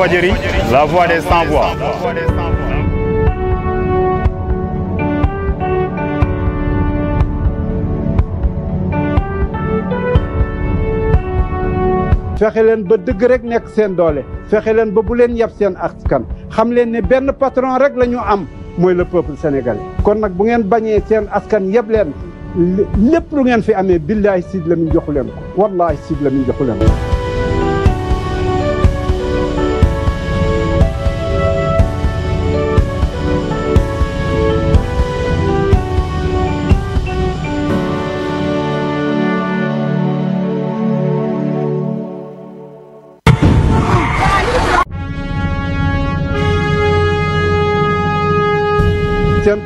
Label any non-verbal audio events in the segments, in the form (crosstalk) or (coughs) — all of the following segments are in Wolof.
Walfadjri la voix des sans fexe leen ba dëgg rek nekk seen doole fexe leen ba bu leen yab seen askan xam leen ne benn patron rek la ñu am mooy le peuple sénégal kon nag bu ngeen bañee seen askan yëpp leen lépp lu ngeen fi amee billahi Sidy Lamine joxu leen ko wallahi Sidy Lamine joxu leen ko.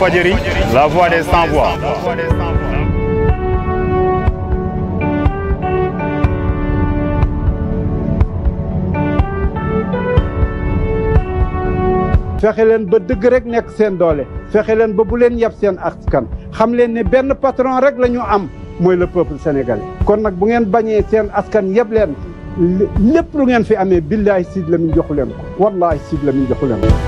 Walfadjri la voix des sans fexe leen ba dëgg rek nekk seen doole fexe leen ba bu leen yab seen askan xam leen ne benn patron rek la ñu am mooy le peuple sénégal kon nag bu ngeen bañee seen askan yab leen lépp lu ngeen fi amee billahi Sidy Lamine joxu leen ko wallahi Sidy Lamine joxu leen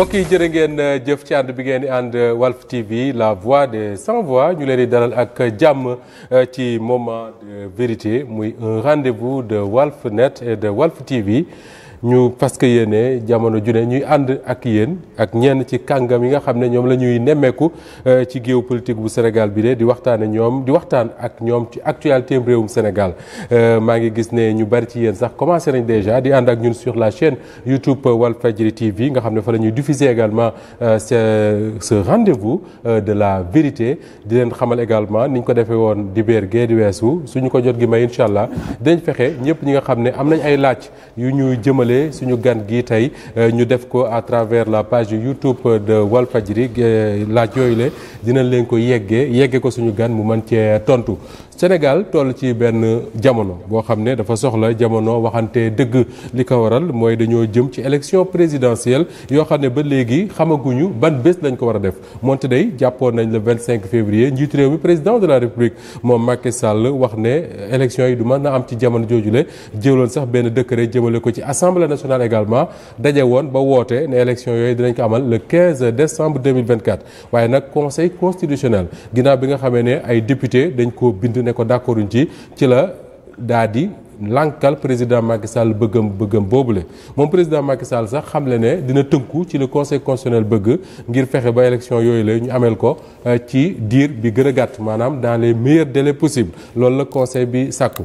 mbokk yi jërë ngeen euh, jëf ci ànd bi ngeen di ànd euh, Walf TV la voix de sans voix ñu leen di dalal ak jàmm euh, ci moment de vérité muy un rendez de Walf Net et de Walf TV. ñu fas ko yéene jamono ju june ñuy ànd ak yéen ak ñenn ci kàngam yi nga xam ne ñoom la ñuy nemmeeku euh, ci géopolitique bu Sénégal bi de di waxtaane ñoom di waxtaan ak ñoom ci actualité réewum Sénégal euh, maa ngi gis ne ñu bari ci yéen sax commencé nañ déjà di ànd ak ñun sur la chaîne YouTube Walfadjri TV nga xam ne fa la ñuy diffuser également euh, ce ce rendez-vous de la vérité di leen xamal également niñ ko defee woon di gee di weesu suñu ko jot gi may incha allah dañ fexe ñëpp ñi nga xam ne am nañ ay laaj yu lëkkale suñu gan gi tey euh, ñu def ko à travers la page YouTube de Walfadjri euh, laaj yooyu le dinañ leen ko yeggee yeggee ko suñu gan mu mën cee tontu Sénégal toll ci benn jamono boo xam ne dafa soxla jamono waxante dëgg li ko waral mooy dañoo jëm ci élection présidentielle yoo xam ne ba léegi xamaguñu ban bés lañ ko war a def moonte day jàppoon nañ le 25 février njiitu réew mi président de la république moo Macky Sall wax ne élection yi du mën na am ci jamono joojule jëloon sax benn décret jëmale ko ci assemblée nationale également daje woon ba woote ne élection yooyu dinañ ko amal le 15 décembre 2024 waaye nag conseil constitutionnel bi nga xamee ne ay député dañ ne ko d'accord ci ci la daa di lankal président Macky Sall bëggam boobu boobule moom président Macky Sall sax xam le ne dina tënku ci la conseil constitutionnel bëgg ngir fexe ba élection yooyu la ñu ameel ko euh, ci diir bi gën a gàtt maanaam dans les meilleurs délais possibles loolu la conseil bi sàkku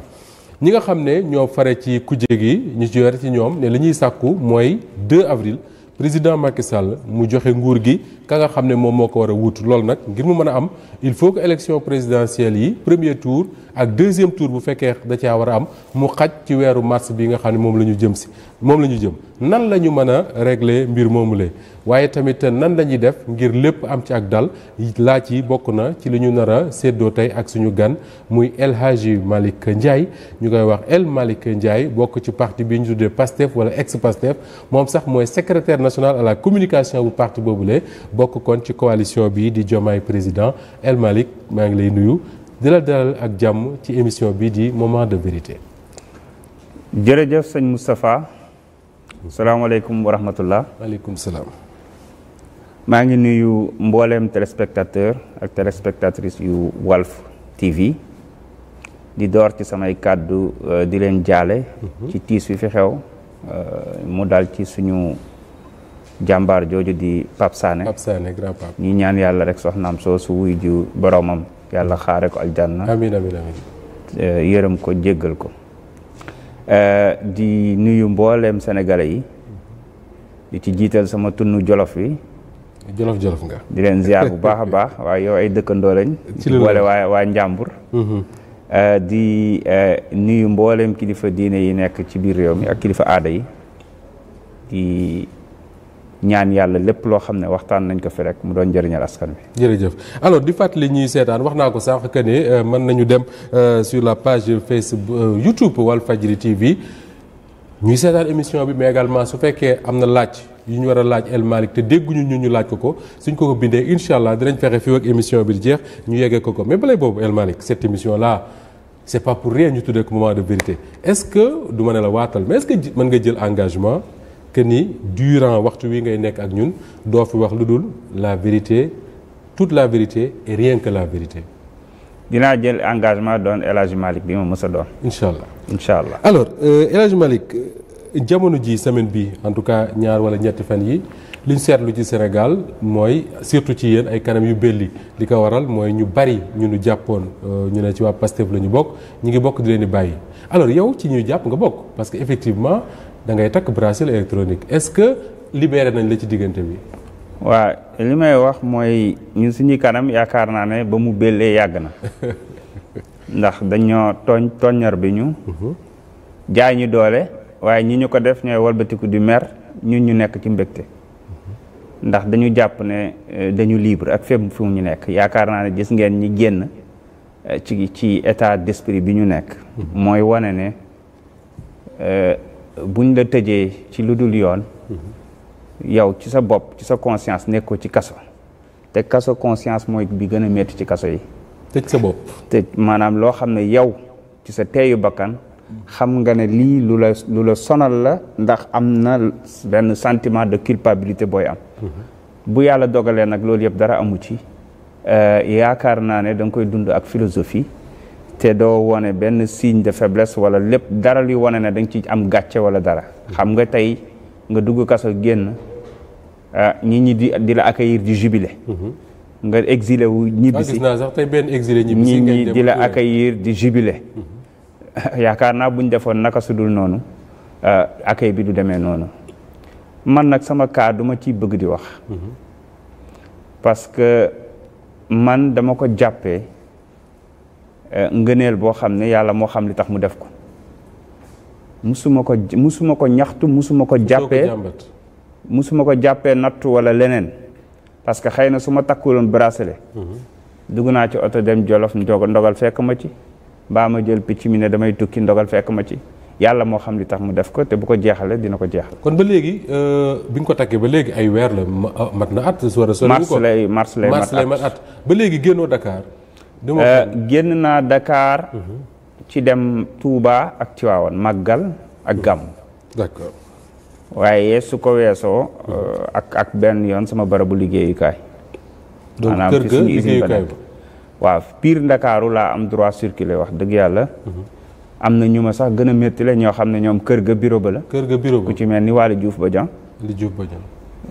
ñi nga xam ne ñoo fare ci kujje gi ñu ci yore ci ñoom ne li ñuy sàkku mooy 2 avril président Macky Sall mu joxe nguur gi ka nga xam ne moom moo ko war a wut loolu nag ngir mu mën a am il faut que élection présidentielle yi premier tour ak deuxième tour bu fekkee da caa war a am mu xaj ci weeru mars bi nga xam ne moom la ñu jëm si moom la ñu jëm nan la ñu mën a régler mbir moomu lee waaye tamit nan la def ngir lépp am ci ak dal laa yi bokk na ci li ñu nar a séddoo tey ak suñu gan muy El Hadji Malick Ndiaye ñu koy wax El Malick njaay bokk ci parti bi ñu tuddee PASTEF wala ex PASTEF moom sax mooy secrétaire national à la communication bu parti boobule bokk kon ci coalition bii di Diomaye président El Malick maa ngi lay nuyu di la dalal ak jàmm ci émission bii di moment de vérité. jërëjëf sëñ Moustapha. salaamaaleykum wa rahmatullah. waaleykum salaam. maa ngi nuyu mbooleem téléspectateur ak téléspectatrice yu Walf TV. di door ci samay kàddu euh, di leen jaale. Mhm. ci tiis wi fi xew euh, mu dal ci suñu. jàmbaar jooju di Pape Sané Pape Sané ñi ñaan yàlla rek soxnaam soosu wuy ju boromam yàlla xaare ko aljanna amiin eh, yërëm ko jéggal ko eh, di nuyu mbooleem sénégalais yi di ci jiital sama tunnu jolof yi jolof jolof nga di leen ziar bu baax a baax (laughs) waaye yow ay dëkkandoo lañ boole waa waa njàmbur mm-hmm. eh, di nuyu mbooleem kilifa diine yi nekk ci biir réew mi ak kilifa aada yi di ñaan yàlla lépp loo xam ne waxtaan nañ ko fi rek mu doon njëriñal askan bi jërëjëf alors di fàttali ñuy seetaan wax naa ko sànq que ni euh, mën nañu dem euh, sur la page Facebook euh, YouTube Walfadjri TV ñuy seetaan émission bi mais également su fekkee am na laaj yu ñu war a laaj El Malick te dégguñu ñu ñu laaj ko ko suñ ko ko bindee incha allah dinañ fexe fii ak émission bi di jeex ñu yeggee ko ko mais balay boobu El Malick cette émission là c' est ñu tuddee ko de vérité est ce que du ma ne waatal mais mën nga jël engagement. que ni durant waxtu wi ngay nekk ak ñun doo fi wax lu dul la vérité tout la vérité et rien que la vérité. dinaa jël engagement doon El Hadj Malick bi ma mës a doon. incha allah incha allah alors euh, El Hadj euh, jamono ji semaine bi en tout cas ñaar wala ñetti fan yi li ñu seetlu ci Sénégal mooy surtout ci yéen ay kanam yu belli li ko waral mooy ñu bari ñu nu jàppoon euh, ñu ne ci waa Pastef la ñu bokk ñu ngi bokk di leen di bàyyi alors yow ci ñuy jàpp nga bokk da ngay takk bracelet électronique est-ce que libéré nañ la ci diggante bi. waa li may wax mooy ñun suñu kanam yaakaar naa ne ba mu bellee yàgg na (laughs) ndax dañoo tooñ tooñar bi ñu. Mhm. jaay ñu doole waaye ñi ñu ko def ñooy walbatiku di mer ñun ñu nekk ci mbégte. Mhm. ndax dañu jàpp ne eh, dañu libre ak fépp fu ñu nekk yaakaar naa ne gis ngeen ñi génn eh, ci ci état d'esprit bi ñu nekk. Mhm. mooy wane ne eh, buñ la tëjee ci lu dul yoon yow ci sa bopp ci sa conscience nekkoo ci kaso te kaso conscience mooy bi gën a métti ci kaso yi tëj sa bopp tëj maanaam loo xam ne yow ci sa teeyu bakkan xam nga ne lii lu la lu la sonal la ndax am na benn sentiment de culpabilité booy am bu yàlla dogalee nag loolu yëpp dara amu ci euh, yaakaar naa ne da nga koy dund ak philosophie te doo wane benn signe de faiblesse wala lépp dara luy wane na da nga ci am gàcce wala dara xam nga tey nga dugg kaso génn ñi ah, ñi di di la accueillir di jubilé mhm. nga exilé wu ñibbisi ah, gis naa sax tey benn exilé ñibbisi di la mhm. (laughs) yaakaar naa buñ defoon naka su dul noonu ah, accueil bi du demee noonu man nag sama kaar du ma ciy bëgg di wax mhm. parce que man dama ko jàppee Euh, ngëneel boo xam ne yàlla moo xam li tax mu def ko musuma ko musuma ko ñaxtu musuma ko jàppee musuma ko jàppee nattu wala leneen parce que xëy na su ma takkuloon bracelet mhm. dugg naa ci oto dem jolof ndogal fekk ma ci mbaa ma jël picc mi ne damay tukki ndogal fekk ma ci yàlla moo xam li tax mu def ko te bu ko jeexalee dina ko jeexal. kon ba léegi euh, bi nga ko takkee ba léegi ay weer la mat na at. war a sori ko mars lay mars lay mat at ba léegi génnoo Dakar. Euh, génn naa dakaar ci dem Touba ak Tiwaawan Màggal ak Gàmmu. waaye su ko weesoo. Mhm. Euh, ak ak benn yoon sama barabu liggéeyukaay. donc kër ga liggéeyukaay ba waaw pire ndakaaru laa am droit circuler wax dëgg yàlla. Mhm. am na ñu ma sax gën a metti la ñoo xam ne ñoom kër ga bureau ba la. kër ga bureau ku ci mel ni Waly Diouf Badiane. li Diouf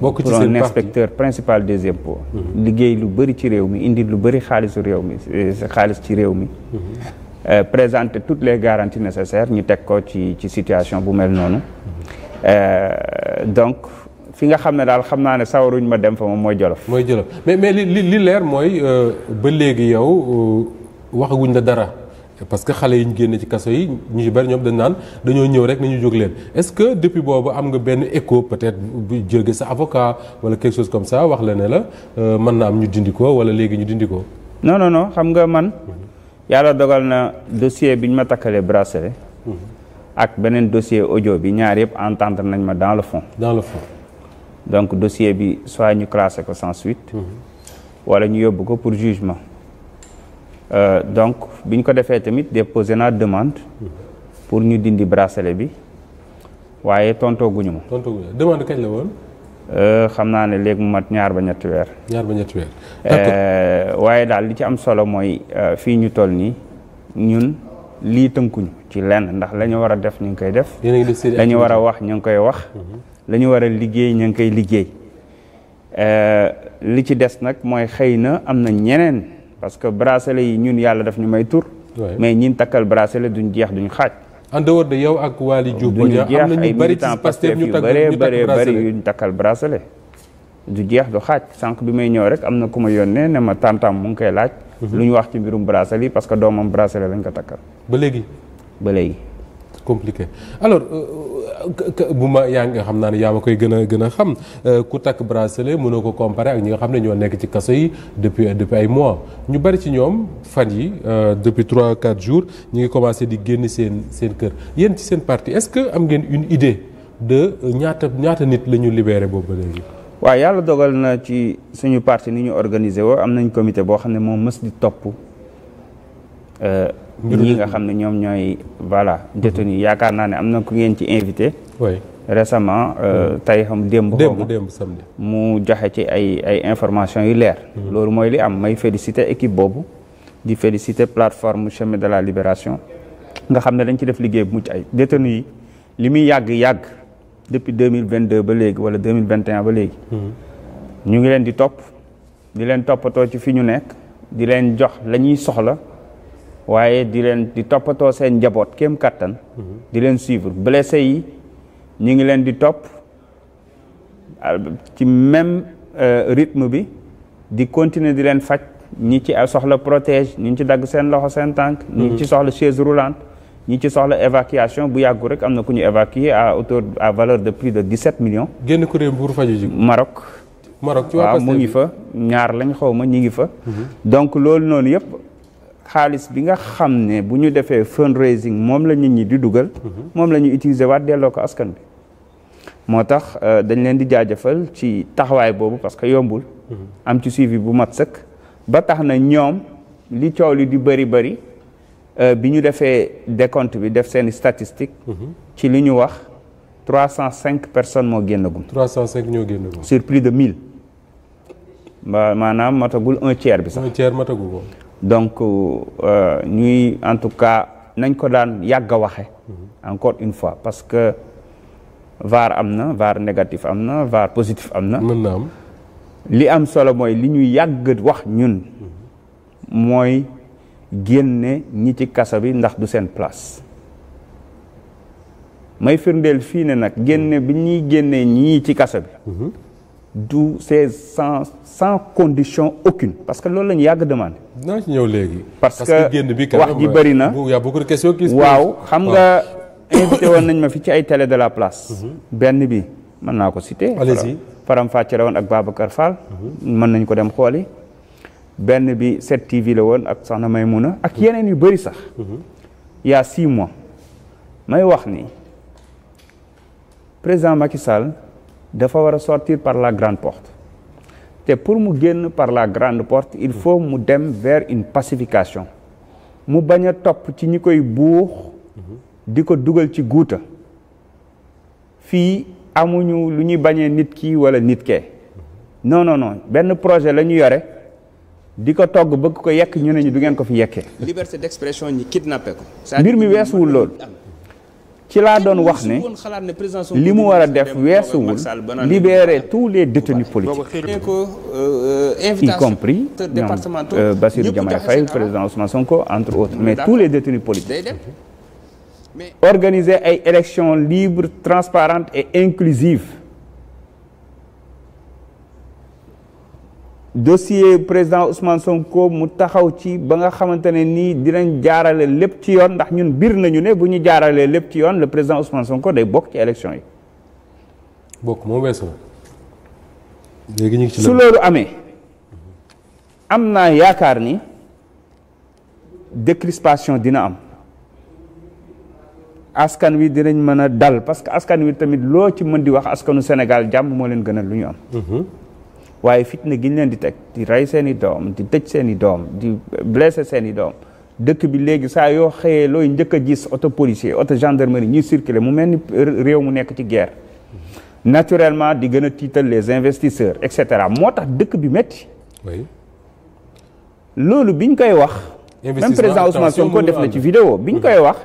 bokk ci seen parti pour un inspecteur principal des impôts. Mhm. liggéey lu bëri ci réew mi indi lu bëri xaalisu réew mi eh, xaalis ci réew mi. Mhm. Euh, présenter toutes les garanties nécessaires ñu teg ko ci ci situation bu mel noonu. Mhm. Euh, donc fi nga xam ne daal xam naa ne sawaruñ ma dem fa moom mooy Jolof. mooy Jolof mais mais li li leer mooy euh, ba léegi yow waxaguñ la dara. parce que xale yi ñu génne ci kaso yi ñu ci bari ñoom dañ naan dañoo ñëw rek nañu jóg leen est-ce que depuis boobu am nga benn écho peut-être bu jóge sa avocat wala quelque chose comme ça wax la ne la euh, mën na am ñu dindi ko wala léegi ñu dindi ko. non non non xam nga man. yàlla dogal na dossier bi ñu ma takkalee bracelet. Mhm. ak beneen dossier audio bi ñaar yëpp entendre nañ ma dans le fond. dans le fond. donc dossier bi soit ñu classé ko sans suite. Mhm. wala ñu yóbbu ko pour jugement. Euh, donc bi ñu ko defee tamit déposé naa demande pour ñu dindi bracelet bi waaye tontooguñu ma. tontooguñu demande kañ euh, xam naa ne léegi mu mat ñaar ñetti weer. ñaar ba ñetti euh, waaye daal li ci am solo mooy fii ñu toll nii ñun lii tënkuñu ci lenn ndax la ñu war a def ñu ngi koy def. la ñu war a wax ñu ngi koy wax. Mhm. lañu ñu war a liggéey ñu ngi koy liggéey. li ci des nag mooy xëy na am na ñeneen. parce que bracelet yi ñun yàlla daf ñu may tur. mais ñin takkal bracelet duñ jeex duñ xaaj. en dehors yow ak Waly Diouf. duñu jeex ay militants Pastef yu bëree bëree bëri yuñ takkal bracelet. du jeex du xaaj sànq bi may ñëw rek am na ku ma yónnee ne ma tam-tam mu ngi koy laaj. Mhm. lu ñu wax ci mbirum bracelet yi parce que doomam bracelet lañ ko takkal. ba léegi. ba léegi. bu ma yaa ngi xam naa ne yaa ma koy gën a gën a xam euh, ku takk bracelet mënoo ko comparer ak ñi nga xam ne ñoo nekk ci kaso yi depuis depuis ay mois ñu bari ci ñoom fan yi euh, depuis trois 4 jours ñi ngi commencé di génn seen seen kër yéen ci seen parti est-ce que am ngeen une idée de ñaata ñaata nit la ñu libéré boobu ba léegi. waaw yàlla dogal na ci suñu parti ni ñu organisé woo am nañ comité boo xam ne moom mës di topp. Euh, ñi nga xam ne ñoom ñooy voilà mhm. détenu yaakaar naa ne am na ku ngeen ci invité récemment euh, mhm. tey xam démb démb mu joxe ci ay ay information yu leer mhm. loolu mooy li am may féliciter équipe boobu di féliciter plateforme chemin de la libération nga xam ne dañ ci def liggéey bu mucc ay détenu yi li muy yàgg-yàgg depuis mille 2022 ba léegi wala 2021 ba léegi ñu ngi leen di topp di leen toppatoo ci fi ñu nekk di leen jox la ñuy soxla waaye di leen di toppatoo seen njaboot kéem kattan. di leen suivre blessé yi ñu ngi leen di topp ci même euh, rythme bi di continuer di leen faj ñi ci soxla protège ñi ci dagg seen loxo seen tànk. ñi ci mhm. soxla chaise roulante ñi ci soxla évacuation bu yàggu rek am na ku ñu évacuer à hauteur à valeur de plus de 17 millions. génn ko réew Mbour faju ji Maroc. ci waa waaw mu ngi fa ñaar lañ xaw ma ñu ngi fa. Mhm. donc loolu noonu yëpp. xaalis bi nga xam ne bu ñu defee fundraising moom la nit ñi di dugal. Mhm. moom la ñu utiliser waat delloo ko askan bi. moo tax euh, dañ leen di jaajëfal ci taxawaay boobu parce que yombul. Mhm. am ci suivi bu mat sëkk. ba tax na ñoom li coow li di bëri bëri euh, bi ñu defee décompte bi def seen statistique. Mhm. ci li ñu wax trois cent cinq personnes moo génnagum. trois cent cinq ñoo génnagum. sur plus de mille. maanaam matagul un tiers bi sax. un tiers donc euh, ñuy en tout cas nañ ko daan yàgg a waxe encore une fois parce que VAR am na VAR négatif am na VAR positif am na mën na am li am solo mooy li ñuy yàgg wax ñun mooy génne ñi ci kaso bi ndax du seen place may firndeel fii ne nag génne bi ñuy génnee ñii ci kaso bi mhm. du c'est sans sans condition aucune parce que loolu la yàgg demandé. ñëw léegi. parce que génn bi wax ji bëri na. y'a beaucoup de questions qui waaw xam nga invité nañ ma fi ci ay télé de la place. Mhm. benn bi mën naa ko citer. allez-y Faram Facce la woon ak Babacar Fall. Mhm. mën nañ ko dem xooli. benn bi 7TV la woon ak Soxna Maymuna ak yeneen yu bëri sax. Mhm. y'a six mois. may wax ni président Macky dafa war a sortir par la grande porte te pour mu génn par la grande porte il faut mu dem vers une pacification mu bañ a topp ci ñi koy buux di ko dugal ci guuta fii amuñu lu ñuy bañee nit kii wala nit kee non non non benn projet lañu yore di ko togg bëgg ko yekk ñu nañu du ngeen ko fi yekkee liberté d'expression ñi kidnappé ko mbir mi weesuwul loolu ci laa doon wax ne li mu war a def weesuwul libérer tous les détenus politiques euh, euh, y compris ñoom euh, Bassirou Diomaye Faye président Ousmane Sonko entre autres mais tous les détenus politiques organiser ay élections libres transparentes et inclusives dossier président Ousmane Sonko mu taxaw ci ba nga xamante ne nii dinañ jaarale lépp ci yoon ndax ñun biir nañu ne bu ñu jaaralee lépp ci yoon le président Ousmane Sonko day bokk ci élection yi. léegi ñu su loolu amee am naa yaakaar ni décrispation dina am askan wi dinañ mën a dal parce que askan wi tamit loo ci mën di wax askanu Sénégal jàmm moo leen gënal lu ñu am. Mhm. waaye fitna gi ñu leen di teg di rey seeni doom di tëj seeni doom di blessé seen i doom dëkk bi léegi saa yoo xëyee looy njëkk a gis auto policier auto gendarmerie ñuy circuler mu mel ni réew mu nekk ci ger naturellement di gën a tiital les investisseurs et cetera moo tax dëkk bi métti loolu biñ koy wax même président Ousmane Sonko def na ci vidéo biñ mmh. koy wax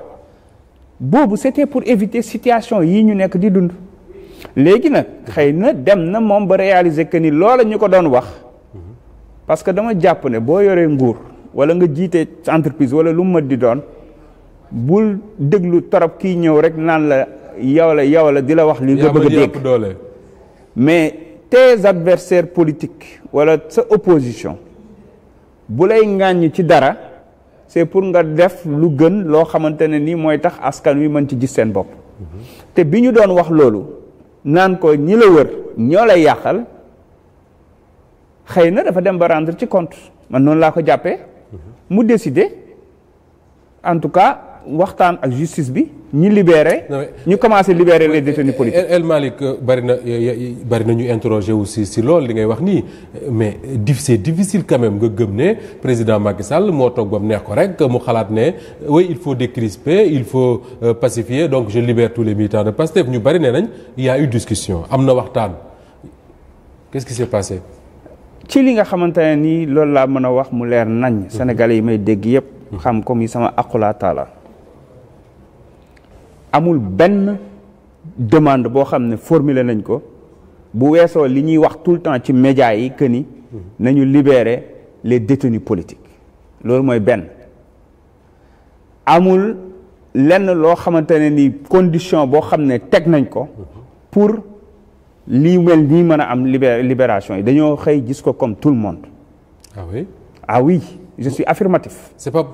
boobu setee pour éviter situation yi ñu nekk di dund léegi nag xëy na dem na moom ba réaliser que ni loola ñu ko doon wax parce que dama jàpp ne boo yoree nguur wala nga jiitee entreprise wala lu mat di doon bul déglu torop kii ñëw rek naan la yow la yow la di la wax li nga bëgg a dégg mais tes adversaires politiques wala sa opposition bu lay ŋàññ ci dara c'est pour nga def lu gën loo xamante ne nii mooy tax askan wi mën ci gis seen bopp mm-hmm. te bi ñu doon wax loolu naan ko ñi la wër ñoo lay yàqal xëy na dafa dem ba rendre ci compte man noonu laa ko jàppe mu décider en tout cas waxtaan ak justice bi ñi libéré. ñu commencé libérer les détenus politiques. El Malick euh, bari na euh, bari na ñu interroger aussi si lool li ngay wax nii mais c'est difficile quand même nga gëm ne président Macky Sall moo toog ba neex ko rek mu xalaat ne euh, oui il faut décrisper il faut pacifier donc je libère tous les militants de Pastef ñu bari nee nañ yaa y a discussion am na waxtaan qu'est-ce qui s'est passé. ci li nga xamante ne nii loolu laa mën a wax mu leer nañ. Sénégalais yi may dégg yépp xam comme yi amul benn demande boo xam ne formuler nañ ko bu weesoo li ñuy wax tout le temps ci médias yi que ni nañu libérer les détenus politiques loolu mooy benn amul lenn loo xamante ne ni condition boo xam ne teg nañ ko pour lii mel nii mën a am libération yi dañoo xëy gis ko comme tout le monde ah ah je suis affirmatif. c'est pas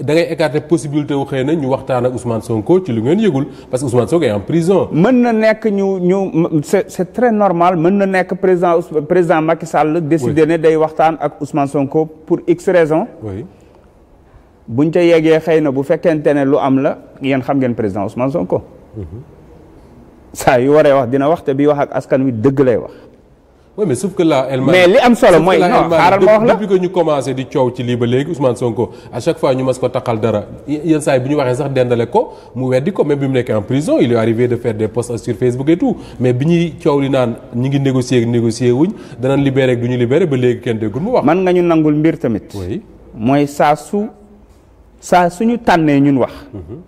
da ngay écarter possibilité wu xëy na ñu waxtaan ak Ousmane Sonko ci lu ngeen yëgul parce que Ousmane Sonko est en prison. mën na nekk ñu ñu c'est c'est très normal mën na nekk président président Macky Sall. décidé ne day waxtaan ak usman Sonko pour x raison. oui buñ ca yeggee xëy na bu fekkente ne lu am la yéen xam ngeen président Ousmane Sonko. Mhm. saa yu waree wax dina waxte te bi wax ak askan wi dëgg lay wax. oui mais sauf li am solo mooy non xaaral ma wax la depuis que ñu commencé di coow ci lii ba léegi Ousmane Sonko à chaque fois ñu mas ko taqal dara yenn saa yi bu ñu waxee sax dendale ko mu weddi ko même bi mu nekkee en prison il est arrivé de faire des posts sur Facebook et mais bi ñuy coow li naan ñi ngi négocier ak négocier wuñ danañ libéré ak du ñu libéré ba léegi kenn déggul mu wax. man nga ñu nangul mbir tamit. oui mooy saa su saa suñu tànnee ñun wax. Mhm.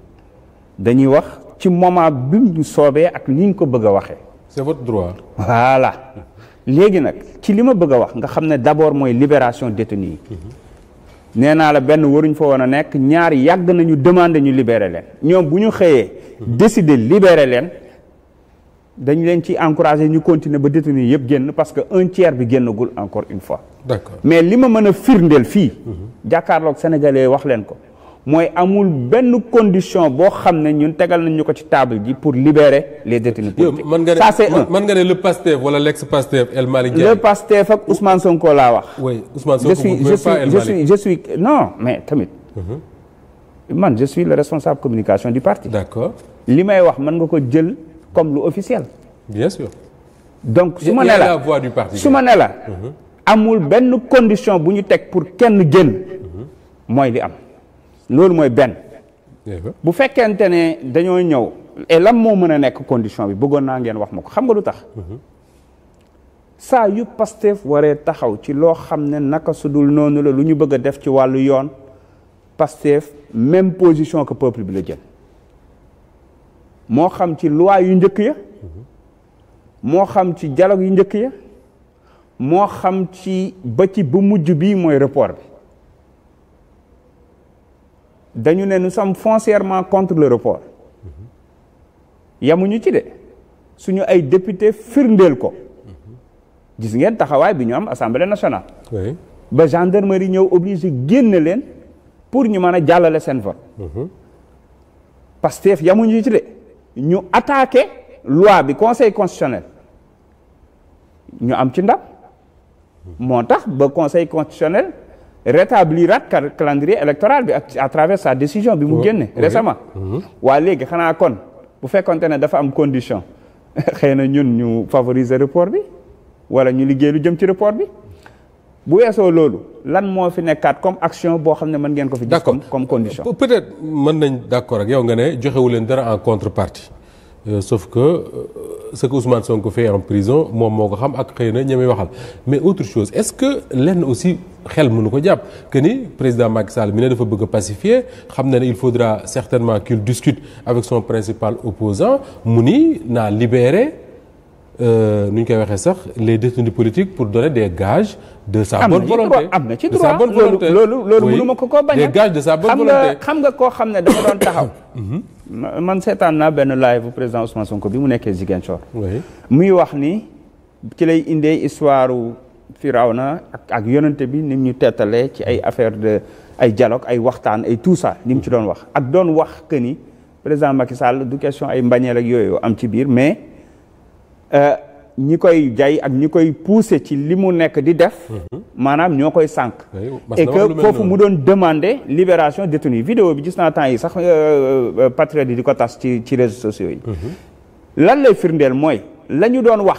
dañuy wax ci moment bi mu soobee ak ni ko bëgg a waxee. c'est droit. léegi nag ci li ma bëgg a wax nga xam ne d'abord mooy libération détenu yi nee naa la benn waruñ fa woon a nekk ñaar yàgg nañu demander ñu libérer leen ñoom bu ñu xëyee décider libére leen dañ leen ci encourager ñu continuer ba détenu yi yëpp génn parce que un tiers bi génnagul encore une fois d'accord mais li ma mën a firndeel fii jàkkaarlook mhm. jàkkaarloog sénégalais wax leen ko mooy amul benn condition boo xam ne ñun tegal nañ ñu ko ci table ji pour libérer les détenus politiques. ça c'est un mën nga ne le Pastef wala l'ex Pastef El Malick Ndiaye. le Pastef ak Ousmane Sonko laa wax. oui Ousmane Sonko je suis je suis je suis non mais tamit. Mhm. man je suis le responsable communication du parti. d'accord li may wax man nga ko jël comme lu officiel. bien sûr. donc su ma ne la su ma ne la. Mhm. amul benn condition bu ñu teg pour kenn génn. Mhm. mooy li am. loolu mooy benn. Eh bu fekkente ne dañoo ñëw. et lan moo mën a nekk condition bi bëggoon naa ngeen wax ma ko xam nga lu tax. Mhm. saa yu Pastef waree taxaw ci loo xam ne naka sudul noonu la lu ñu bëgg a def ci wàllu yoon Pastef même position que peuple bi la jël moo xam ci loi yu njëkk ya mhm. moo xam ci dialogue yu njëkk ya moo xam ci ba ci bu mujj bii mooy report bi dañu ne nous sommes foncièrement contre le report yamuñu ci de suñu ay député firndeel ko gis ngeen taxawaay bi ñu am assemblée nationale. oui ba gendarmerie ñëw obligé génn leen pour ñu mën a jàllale seen vote. Mhm. Pastef yamuñu ci de ñu attaqué loi bi conseil constitutionnel ñu am ci ndam. moo tax ba conseil constitutionnel. rétabliraat calendrier électoral bi ak à travers sa décision bi mu génne récemment mhm. waa léegi xanaa kon bu fekkonte ne dafa am condition (laughs) xëy na ñun ñu favoriser report bi wala ñu liggéey lu jëm ci report bi bu weesoo loolu lan moo fi nekkaat comme action boo xam ne mën ngeen ko fi gis comme condition peut-être mën nañ d'accord ak yow nga ne joxewu leen dara en contrepartie Euh, sauf que euh, ce que Ousmane Sonko fait en prison moom moo ko xam ak xëy na ñamay waxal mais autre chose est-ce que lenn aussi xel nu ko jàpp que ni président Macky Sall mu ne dafa bëgg a pacifier xam na ne il faudra certainement qu'il discute avec son principal opposant mu ni naa libérer euh, nu ñu koy waxee sax les détenus politique pour donner des gages de sa bonne volonté am na ci droit loolu loolu mënu ma ko koo bañ sa bonne xam nga koo xam ne dafa doon taxaw (coughs) mhm. man seetaan naa benn live bu président Ousmane Sonko bi mu nekkee jigéen Ziguinchor. muy wax ni ci lay indee histoire Firawna na ak yonante bi nim ñu teetalee ci ay affaire de ay dialogue ay waxtaan ay tout ça ni mu ci doon wax ak doon wax que ni président Macky Sall du question ay mbañeel ak yooyu am ci biir mais euh, ñi koy jay ak ñi koy pousser ci li mu nekk di def. Mhm. maanaam ñoo koy sànq et foofu mu doon demander libération détenu vidéo bi gis naa temps yi sax euh, euh, euh, patriote yi di ko tas ci ci réseaux sociaux yi mhm. lan lay firndeel mooy la ñu doon wax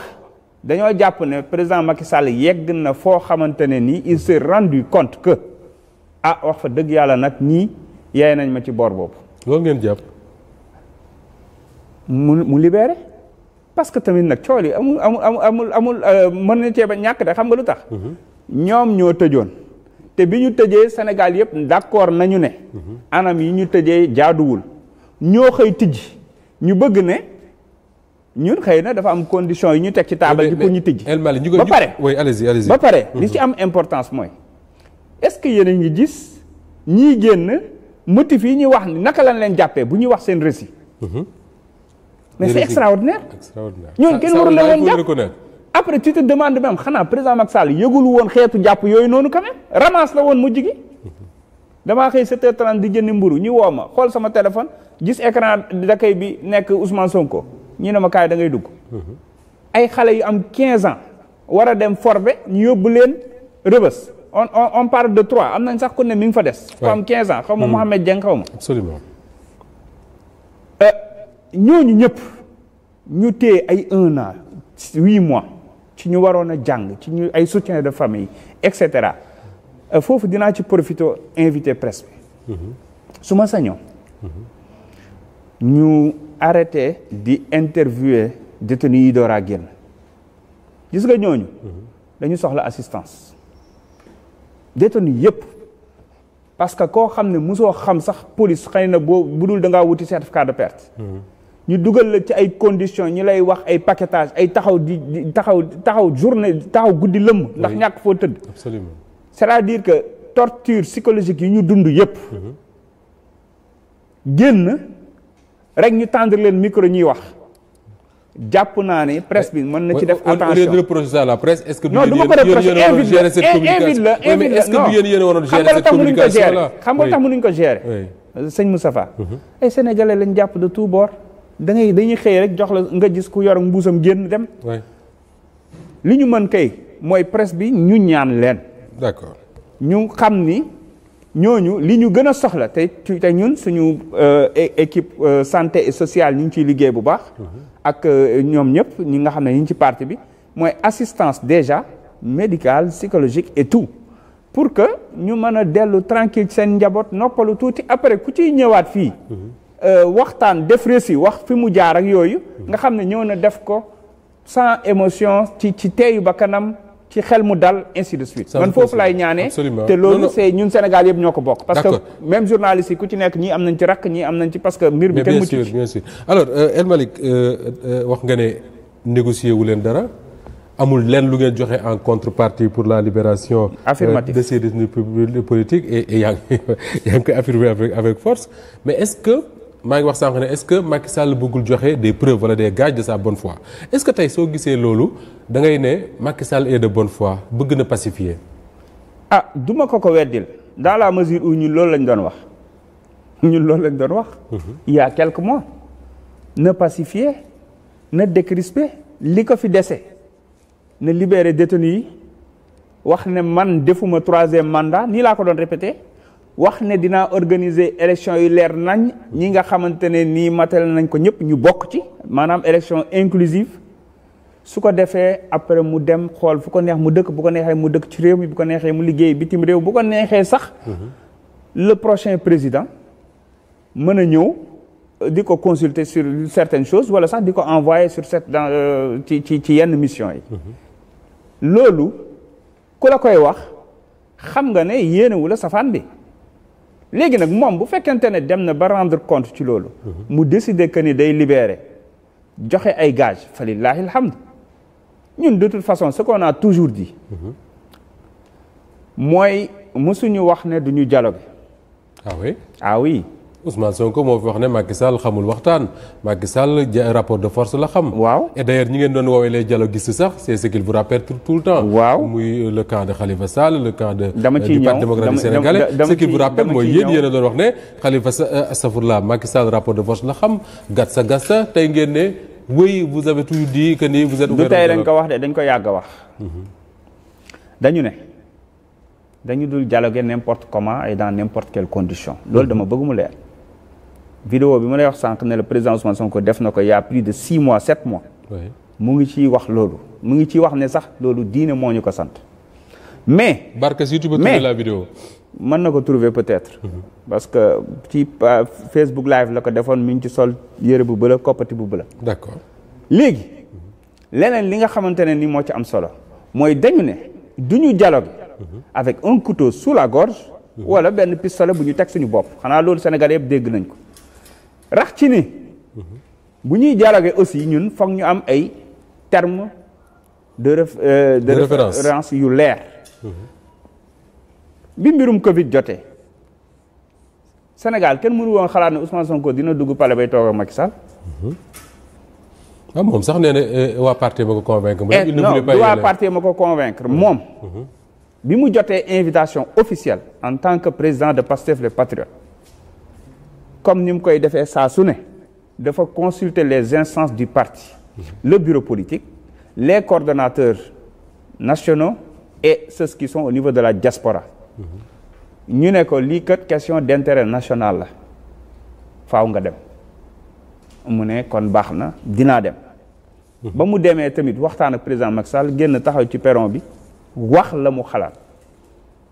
dañoo jàpp ne président Macky Sall yegg na foo xamante ne nii il s'est rendu compte que ah wax fa dëgg yàlla nag ñii yaay nañ ma ci boor boobu loolu ngeen jàpp mu mu libéré parce que tamit nag cool yi amul amul amul amul mën na cee ba ñàkk de xam nga lu tax mhm. ñoom ñoo tëjoon te bi ñu tëjee Sénégal yëpp d'accord nañu ne anam yi ñu tëjee jaaduwul ñoo xëy tijji ñu bëgg ne ñun xëy na dafa am condition yi ñu teg ci taabal ji pour ñu tijji ba pare ba pare li mhm. ci am importance mooy est-ce que yéen ngi gis ñii génn motif yi ñuy wax naka lañ leen jàppee bu ñuy wax seen rési mhm. mais c'est extraordinaire ñoo kenn waru leen woon jàpp après tu te demandes même xanaa président Macky Sall yëgul woon xeetu jàpp yooyu noonu quand même ramasse la woon mujj gi damaa xëy 7h30 di jënd mburu ñu woo ma xool sama téléphone gis écran d'accueil bi nekk Ousmane Sonko ñu ne ma kaay da ngay dugg. ay xale yu am 15 ans war a dem forbe ñu yóbbu leen rëbës on on on parle de trois am nañ sax ko ne mi ngi fa des. ku am 15 xaw ma hmm. Mouhamed Dieng xaw ma. absolument. Euh, ñooñu ñëpp ñu téye ay un an huit mois. ci ñu waroon a jàng ci ñu ay soutien de famille et cetera euh, foofu dinaa ci profité invité presse mm-hmm. su ma sañoo mm-hmm. ñu arrêté di interviewer détenu yi door a génn gis nga ñooñu mm-hmm. dañu soxla assistance détenu yëpp parce que koo xam ne mosoo xam sax police xëy na boo budul da ngaa wuti certificat de perte ñu dugal la ci ay conditions ñu lay wax ay paquetage ay taxaw di taxaw taxaw journée taxaw guddi lëmm. ndax ñàkk foo tëdd. absolument c'est-à-dire que torture psychologique yi ñu dund yépp mhm. génn rek ñu tendre leen micro ñuy wax. jàpp naa ne presse bi mën na ci def attention reprocher ça ko reprocher invite la invite la est-ce que du yéen yéen a waroon gérer cette communication xam nga tax mënuñ ko gérer xam nga tax mënuñ ko gérer sëñ Moustapha mhm. ay sénégalais lañ jàpp de tout bord da ngay dañuy xëy rek jox la nga gis ku yor mbuusam génn dem. li ñu mën kay mooy presse bi ñu ñaan leen. d'accord ñu xam ni ñooñu li ñu gën a soxla te te ñun suñu euh, équipe euh, santé et sociale ñu ngi ciy liggéey bu baax. Mhm. ak euh, ñoom ñëpp ñi nga xam ne ñu ngi ci parti bi mooy assistance déjà médicale psychologique et tout. pour que ñu mën a dellu tranquille seen njaboot noppalu tuuti après ku ciy ñëwaat fii. Mhm. Euh, waxtaan def récit wax fi mu jaar ak yooyu nga xam ne ñëw na def ko sans émotion ci ci teeyu ba kanam ci xel mu dal ainsi de suite man foofu lay ñaane te loolu c'est ñun Sénégal yëpp ñoo ko bokk parce que même journalistes yi ku ci nekk ñii am nañ ci rakk ñii am nañ ci parce que mbir bi kenn mu ci bien sûr alors euh, El Malick euh, wax nga ne négocier leen dara amul leen lu ngeen joxe en contrepartie pour la libération affirmative de ces détenus politiques et yaa ngi (laughs) yaa koy affirmer avec force mais est maa ngi wax sànq ne est-ce que Macky Sall bëggul joxe des preuves wala des gages de sa bonne foi est-ce que tey soo gisee loolu da ngay ne Macky Sall est de bonne foi bëgg na pacifier. ah du ma ko ko weddil dans la mesure où ñun loolu lañ doon wax ñun loolu lañ doon wax. Mhm. il y a quelques mois na pacifier na décrisper li ko fi dese na libérer détenus yi wax ne man defuma troisième mandat nii laa ko doon répété. wax ne dinaa organiser élection yu leer nañ ñi nga xamante ne nii matal nañ ko ñëpp ñu bokk ci maanaam élection inclusive su ko defee après mu dem xool fu ko neex mu dëkk bu ko neexee mu dëkk ci réew mi bu ko neexee mu liggéey bitim réew bu ko neexee sax mhm. le prochain président mën a ñëw di ko consulter sur certaines choses wala sax di ko envoyer sur cette dans euh, ci ci ci yenn mission yi mhm. loolu ku la koy wax xam nga ne yéenewu la safaan bi léegi nag moom bu fekkente ne dem na ba rendre compte ci loolu mhm. mu décider que ni day libérer joxe ay gage fa lillahi ñun de toute façon ce qu'on a toujours dit mhm. mooy mësuñu wax ne duñu dialogue ah oui ah oui Ousmane Sonko moo fi wax ne Macky Sall xamul waxtaan Macky Sall rapport de force la xam. waaw et ñi ngeen doon woowee les dialoguistes sax c'est ce qu'il vous rappelle tout tout le temps. waaw muy euh, le camp de Khalifa Sall le camp de. dama euh, ciy ñëw du Parti démocratique sénégalais ce qu'il vous a doon wax ne euh, ngeen ne oui vous avez tout dit que ni vous êtes. wax de dañ ko yàgg wax. Mhm. dañu ne. dañu dul dialoguer n'importe comment et dans n'importe quelle condition loolu mhm. dama bëgg mu vidéo bi ma lay wax sànq ne le président Ousmane Sonko def na ko il y a plus de six mois sept mois. mu ngi ciy wax loolu. mu ngi ciy wax ne sax loolu diine moo ñu ko sant. mais Barka si YouTube mais la vidéo. mën na ko trouver peut-être. Mhm. parce que ci euh, Facebook live la ko defoon mi ngi ci sol yére bu bëla koppati bu bëla. d'accord léegi. leneen li nga xamante ne ni moo ci am solo. mooy dañu ne duñu dialogue. Mhm. avec un couteau sous la gorge. Mhm. wala benn pistolet bu ñu teg suñu bopp xanaa loolu Sénégal yëpp dégg nañ ko. rax ci ni bu ñuy dialoguer aussi ñun foog ñu am ay termes de ref euh, de référence yu leer bi mbirum Covid jotee Sénégal kenn mënu woon xalaat ne Ousmane Sonko dina dugg pale bay toog ak Macky ah, moom sax nee na euh, waa parti ma ko convaincre. il ne voulait pas non ma ko convaincre mm-hmm. moom. Mm-hmm. bi mu jotee invitation officielle en tant que président de Pastef le Patriotes. comme ni mu koy defee saa su ne dafa consulter les instances du parti le bureau politique les coordonnateurs nationaux et ceux qui sont au niveau de la diaspora ñu ne ko lii kat question d'intérêt national la faw nga dem mu ne kon baax na dinaa dem ba mu demee tamit waxtaan ak président Macky Sall génn taxaw ci perron bi wax la mu xalaat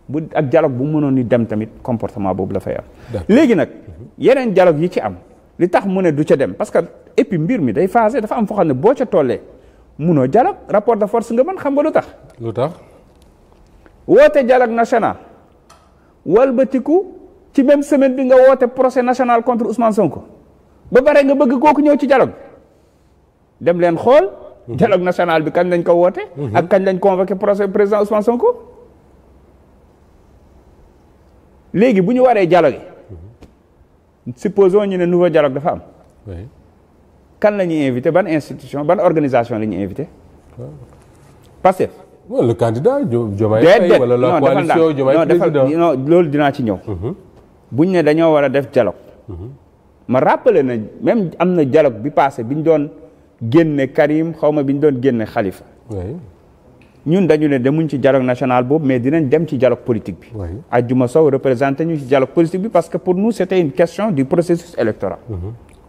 bu ak dialogue bu mënoon ni dem tamit comportement boobu la fay am léegi nag mhm. yeneen dialogue yi ci am li tax mu ne du ca dem parce que et mbir mi day phasé dafa am foo xam ne boo ca tollee munoo dialogue rapport de force nga mën xam nga lu tax lu tax woote dialogue national walbatiku ci même semaine bi nga woote procès national contre Ousmane Sonko ba pare nga bëgg kooku ñëw ci dialogue dem leen xool mhm. dialogue national bi kañ lañ ko woote mhm. ak kañ lañ convoqué procès président Ousmane Sonko léegi bu ñu waree dialogue supposons ñu ne nouveau dialogue dafa am. kan la ñuy invité ban institution ban organisation la ñuy invité. parce que. le candidat Diomaye Faye wala la coalition Diomaye président non loolu dinaa ci ñëw. Mhm. buñ ne dañoo war a def dialogue. Mhm. ma rappelé na même am na jalog bi passé bi ñu doon génne Karim xaw ma bi ñu doon génne Khalifa. ñun dañu ne demuñ ci dialogue national boobu mais dinañ dem ci dialogue politique bi Adjuma Sow représenté ñu ci dialogue politique bi parce que pour nous c'était une question du processus électoral mmh.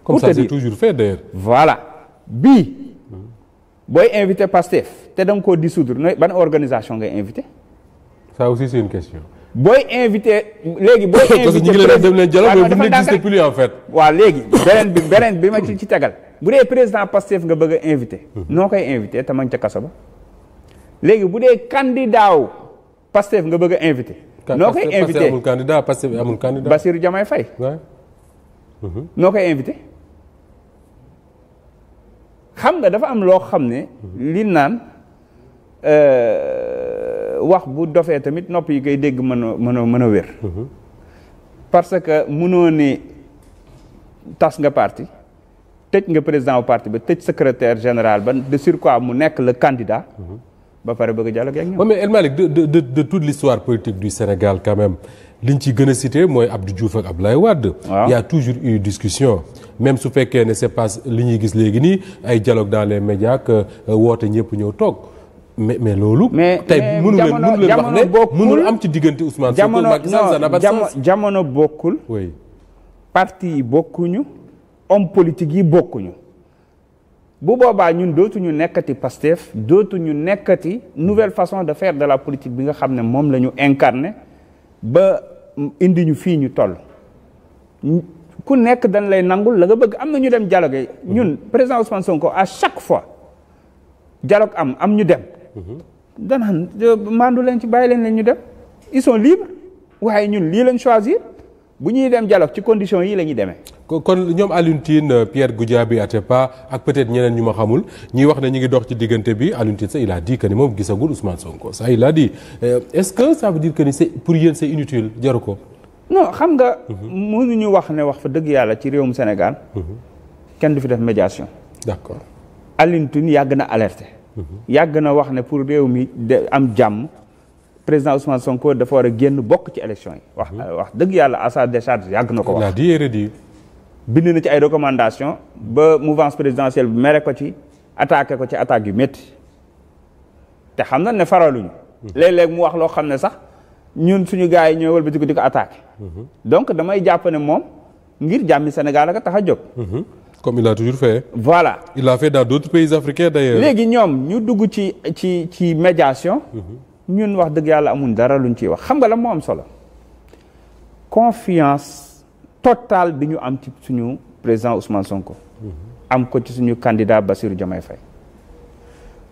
comme pour ça c'est voilà bii mm-hmm. booy invité Pastef te da nga koo dissoudre nooy organisation nga invité ça aussi c'est une question booy invité léegi booy (coughs) invité président en fait. waaw léegi beneen bi beneen ma ci ci tegal (coughs) bu dee président Pastef nga bëgg invité mm-hmm. noo koy invité te ma ca kaso ba léegi bu dee candidat wu Pastef nga bëgg a invité. noo koy invité Pastef amul candidat Pastef amul candidat. Bassirou Diomaye Faye. Mhm. noo koy invité. xam nga dafa am loo xam ne. Mhm. li naan euh, wax bu dofee tamit nopp yi koy dégg mën a mën a mën a wér. Mhm. parce que mënoo ni tas nga parti tëj nga président wu parti ba tëj secretaire général ba de sur quoi mu nekk la candidat. ba pare bëgg a dialoguer ak ñoom. mais El Malick de de de de toute l'histoire politique du Sénégal quand même liñ ci gën a cité mooy Abdou Diouf ak Abdoulaye Wade. waaw y toujours eu discussion. même su fekkee ne c'est pas li ñuy gis léegi nii ay dialogue dans les médias euh, woote ñëpp ñëw toog. mais mais loolu. mais tey mënu leen mënu leen wax ne mënul am ci diggante Ousmane Sonko Macky n'a pas de jamono bokkul. oui yi bokkuñu homme politique yi bokkuñu. bu boobaa ñun dootuñu nekkati Pastef dootuñu nekkati nouvelle façon de faire de la politique bi nga xam ne moom la ñu incarné ba indi ñu fii ñu toll ku nekk dañ lay nangul la nga bëgg am na ñu dem dialogue ñun président Ousmane ko à chaque fois dialogue am am ñu dem danaan mandu leen ci bàyyi leen leen ñu dem ils sont libres waaye ñun lii lañ choisir bu ñuy dem dialogue ci condition yii la ñuy demee kon ñoom Alioune Tine bi euh, Goudiaby Atepa ak peut-être ñeneen ñu ma xamul ñuy wax ne ñu ngi dox ci diggante bi Alioune Tine ça il a dit que ni moom gisagul Ousmane Sonko ça il a dit euh, est-ce que ça veut dire que pour yéen c'est inutile jaru ko. non xam nga. Mhm. ñu wax ne wax fa dëgg yàlla ci réewum Sénégal. Mhm. kenn du fi def médiation. d'accord Alioune Tine yàgg na alerté. Mhm. yàgg na wax ne pour réew mi de am jàmm. président Ousmane Sonko dafa war a génn bokk ci élection yi. wax wax dëgg yàlla à sa décharge yàgg na ko bind na ci ay recommandation ba mouvance présidentielle bi mere ko ci attaqué ko ci attaque yu métti te xam na ne faraluñu mhm. léeg-léeg mu wax loo xam ne sax ñun suñu gars yi ñooy wëlbatiku di ko attaqué mhm. donc damay jàpp ne moom ngir jàmmi Sénégal tax a jóg mhm. comme toujours voilà il a fait dans d'autres pays africains léegi ñoom ñu dugg ci ci ci médiation ñun wax dëgg yàlla amuñ dara luñ ciy wax xam nga la moo am solo confiance total bi ñu am ci suñu président Ousmane Sonko. Mhm. am ko ci suñu candidat Bassirou Diomaye Faye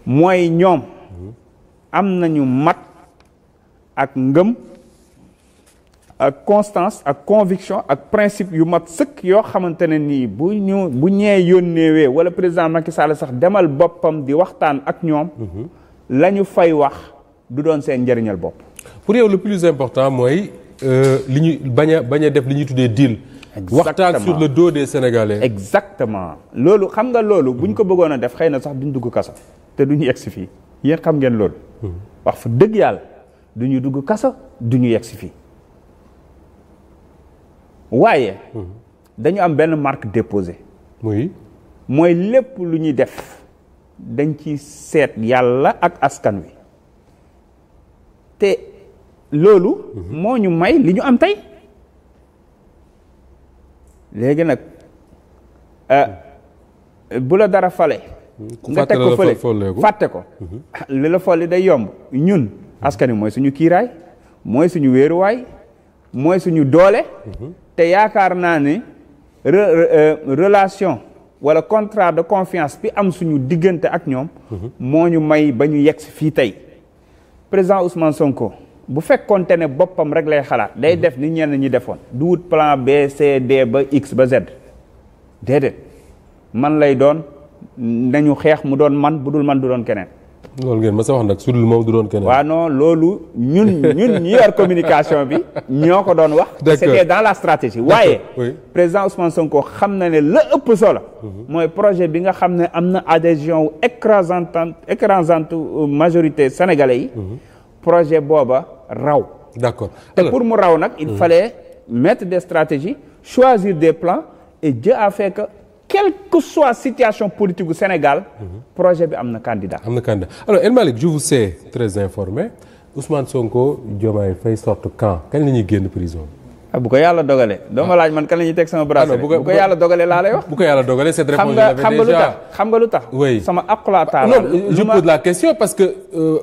mooy ñoom mhm. am nañu mat ak ngëm ak constance ak conviction ak principe yu mat sëkk yoo xamante ne nii bu ñu bu ñee yónneewee wala président Macky Sall sax demal boppam di waxtaan ak ñoom mhm. la ñu fay wax du doon seen njëriñal bopp pour yow le plus important mooy Euh, li ñu bañ a bañ a def li ñuy tuddee deal. waxtaan sur le dos des sénégalais. exactement loolu xam nga loolu. buñ ko bëggoon a def xëy na sax duñ dugg kaso. te duñu yegg si fii yéen xam ngeen loolu. Hmm. wax dëgg yàlla duñu dugg kaso duñu yegg si fii waaye. Hmm. dañu am benn marque déposée. mooy lépp lu ñuy def dañ ci seet yàlla ak askan wi te. loolu mhm. moo ñu may li ñu am tey léegi nag euh, bu la dara fale mhm. nga teg ko fële fàtte ko mhm. li la folli day yomb ñun askan wi mooy suñu kiiraay mooy suñu wéeruwaay mooy suñu doole te yaakaar naa ni euh, relation wala contrat de confiance bi am suñu diggante ak ñoom moo ñu may ba ñu yegg fii tey président Ousmane Sonko bu fekkoonte ne boppam rek lay xalaat day mhm. def ni ñenn ñi defoon du wut plan B C D ba X ba Z déedéet man lay doon nañu xeex mu doon man bu dul man du doon keneen. loolu ngeen ma sa wax doon keneen. waaw loolu ñun ñun ñi yor communication bi ñoo ko doon wax. c'était dans la stratégie. waaye oui. président Ousmane Sonko xam na ne la ëpp solo. Mhm. mooy projet bi nga xam ne am na adhésion wu écrasante écrasante majorité sénégalais yi. Mhm. projet booba. raw d'accord et pour mu raw nag il mmh. fallait mettre des stratégies choisir des plans et je a fait que quelle soit situation politique gu Sénégal mmh. projet bi am na candidat am na candidat alors El Malick je vous sais très informé Ousmane Sonko Diomaye Faye sort quand kañ la ñuy génn prison Ah, bu ko yàlla dogalee doo ma ah. laaj man kan la ñuy teg sama bracelet ah, bu ko yàlla dogalee laa lay wax bu ko yàlla dogalee cette réponse je l'avais déjà xam nga lu tax xam nga lu tax oui sama aqulata non je pose la question parce que euh,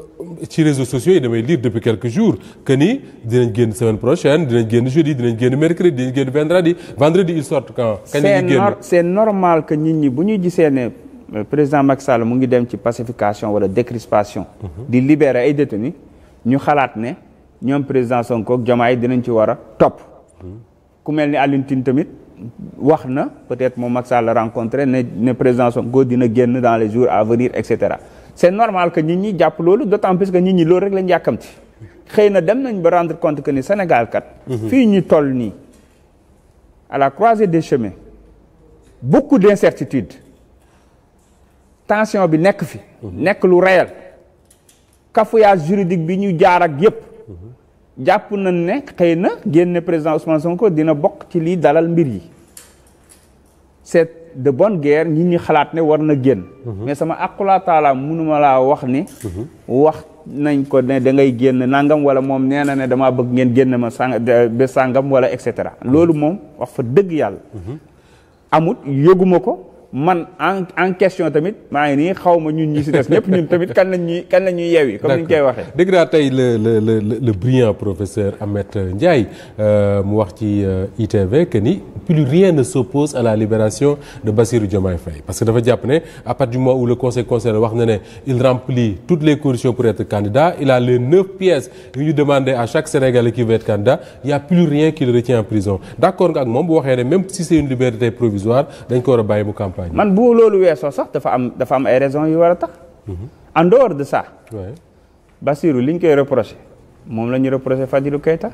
ci réseaux sociaux yi damay lire depuis quelques jours que ni dinañ génn semaine prochaine dinañ génn jeudi dinañ génn mercredi dinañ génn vendredi vendredi ils sortent quand quand ñu génn c'est normal que nit ñi bu ñuy gisee ne euh, président Macky Sall mu ngi dem ci pacification wala décrispation mhm. di libérer ay détenus ñu xalaat ne ñoom président Sonko ak Diomaye dinañ ci war a topp ku mel ni Alioune Tine tamit wax na peut-être moom Macky Sall la rencontré ne ne président Sonko dina génn dans les jours à venir et cetera c'est normal que nit ñi jàpp loolu d'autant plus que nit ñi loolu rek lañ yàkkamti xëy na dem nañ ba rendre compte que ni Sénégal kat. Mhm. fii ñu toll nii à la croisée des chemins beaucoup d'incertitudes tension bi nekk fi. Mhm. nekk lu réel cafouillage juridique bi ñu jaar ak yépp mhm. jàpp nañ ne xëy na génne président Ousmane Sonko dina bokk ci lii dalal mbir yi c'est de bonne guerre ñi ñi xalaat ne war na génn mhm. mais sama aqulaa taala mënuma laa wax ni mhm. wax nañ ko ne da ngay génn nangam wala moom nee na ne damaa bëgg ngeen génn ma sang ba sàngam wala et cetera mhm. loolu moom wax fa dëgg yàlla amut yëguma ko man en en question tamit maa ngi nii xaw ma ñun ñi si des ñëpp ñun tamit kan lañ ñuy kan comme ni ñu koy waxee dëgg naa tey le le le le brillant professeur Ahmet Ndiaye euh, mu wax ci euh, ITV que ni plus rien ne s'oppose à la libération de Bassirou Diomaye Faye parce que dafa jàpp ne à partir du moment où conseil wax na ne il remplit toutes les conditions pour être candidat il a pièces yu ñu demandé à chaque Sénégalais qui veut être candidat il plus rien qui le moom bu waxee ne même si c'est une liberté provisoire dañ man bu loolu weesoo sax dafa am dafa am ay raisons yu war a tax. Mhm. en de ça. oui Bassirou li ñu koy reproché moom la ñu reproché Fadilou Keita.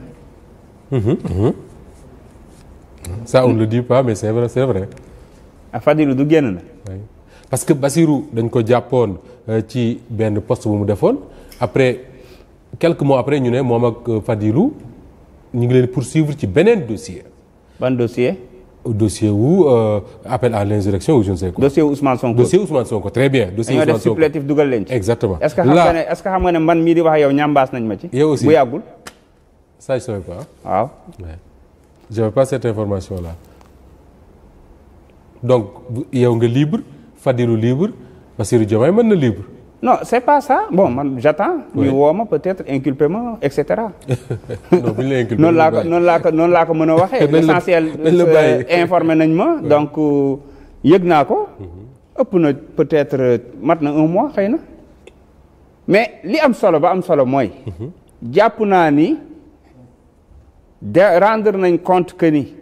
Mhm, mhm. ça on le dit pas mais c'est vrai c'est vrai. ah Fadilou du génn na. parce que Bassirou dañ ko jàppoon euh, ci benn post bu mu defoon après quelque mois après ñu ne moom ak euh, Fadilou ñu ngi leen poursuivre ci beneen dossier. ban dossier. dossier wu euh, appel à l'insurrection ou je ne sais quoi. dossier Ousmane Sonko dossier bien. dossier Ousmane Sonko def supplétif dugal exactement est-ce que xam nga ne est-ce que xam nga ne man yow nañ ma ci. yow aussi bu yàggul. je savais pas. waaw. j'avais pas cette information là donc yow nga libre Fadilou libre Bassirou Diomaye mën na libre. non c'est pas ça bon man j'attends woo ma peut-être inculpé ma et cetera. (laughs) non bu ñu la inculpé noonu laa ko laa ko noonu laa ko mën a waxee. (laughs) l'essentiel (laughs) informé nañ ma. donc euh, yëg naa ko. Mhm. ëpp na peut-être euh, mat na un mois xëy na. mais li am solo ba am solo mooy. Mhm. jàpp naa ni de rendre nañ compte que ni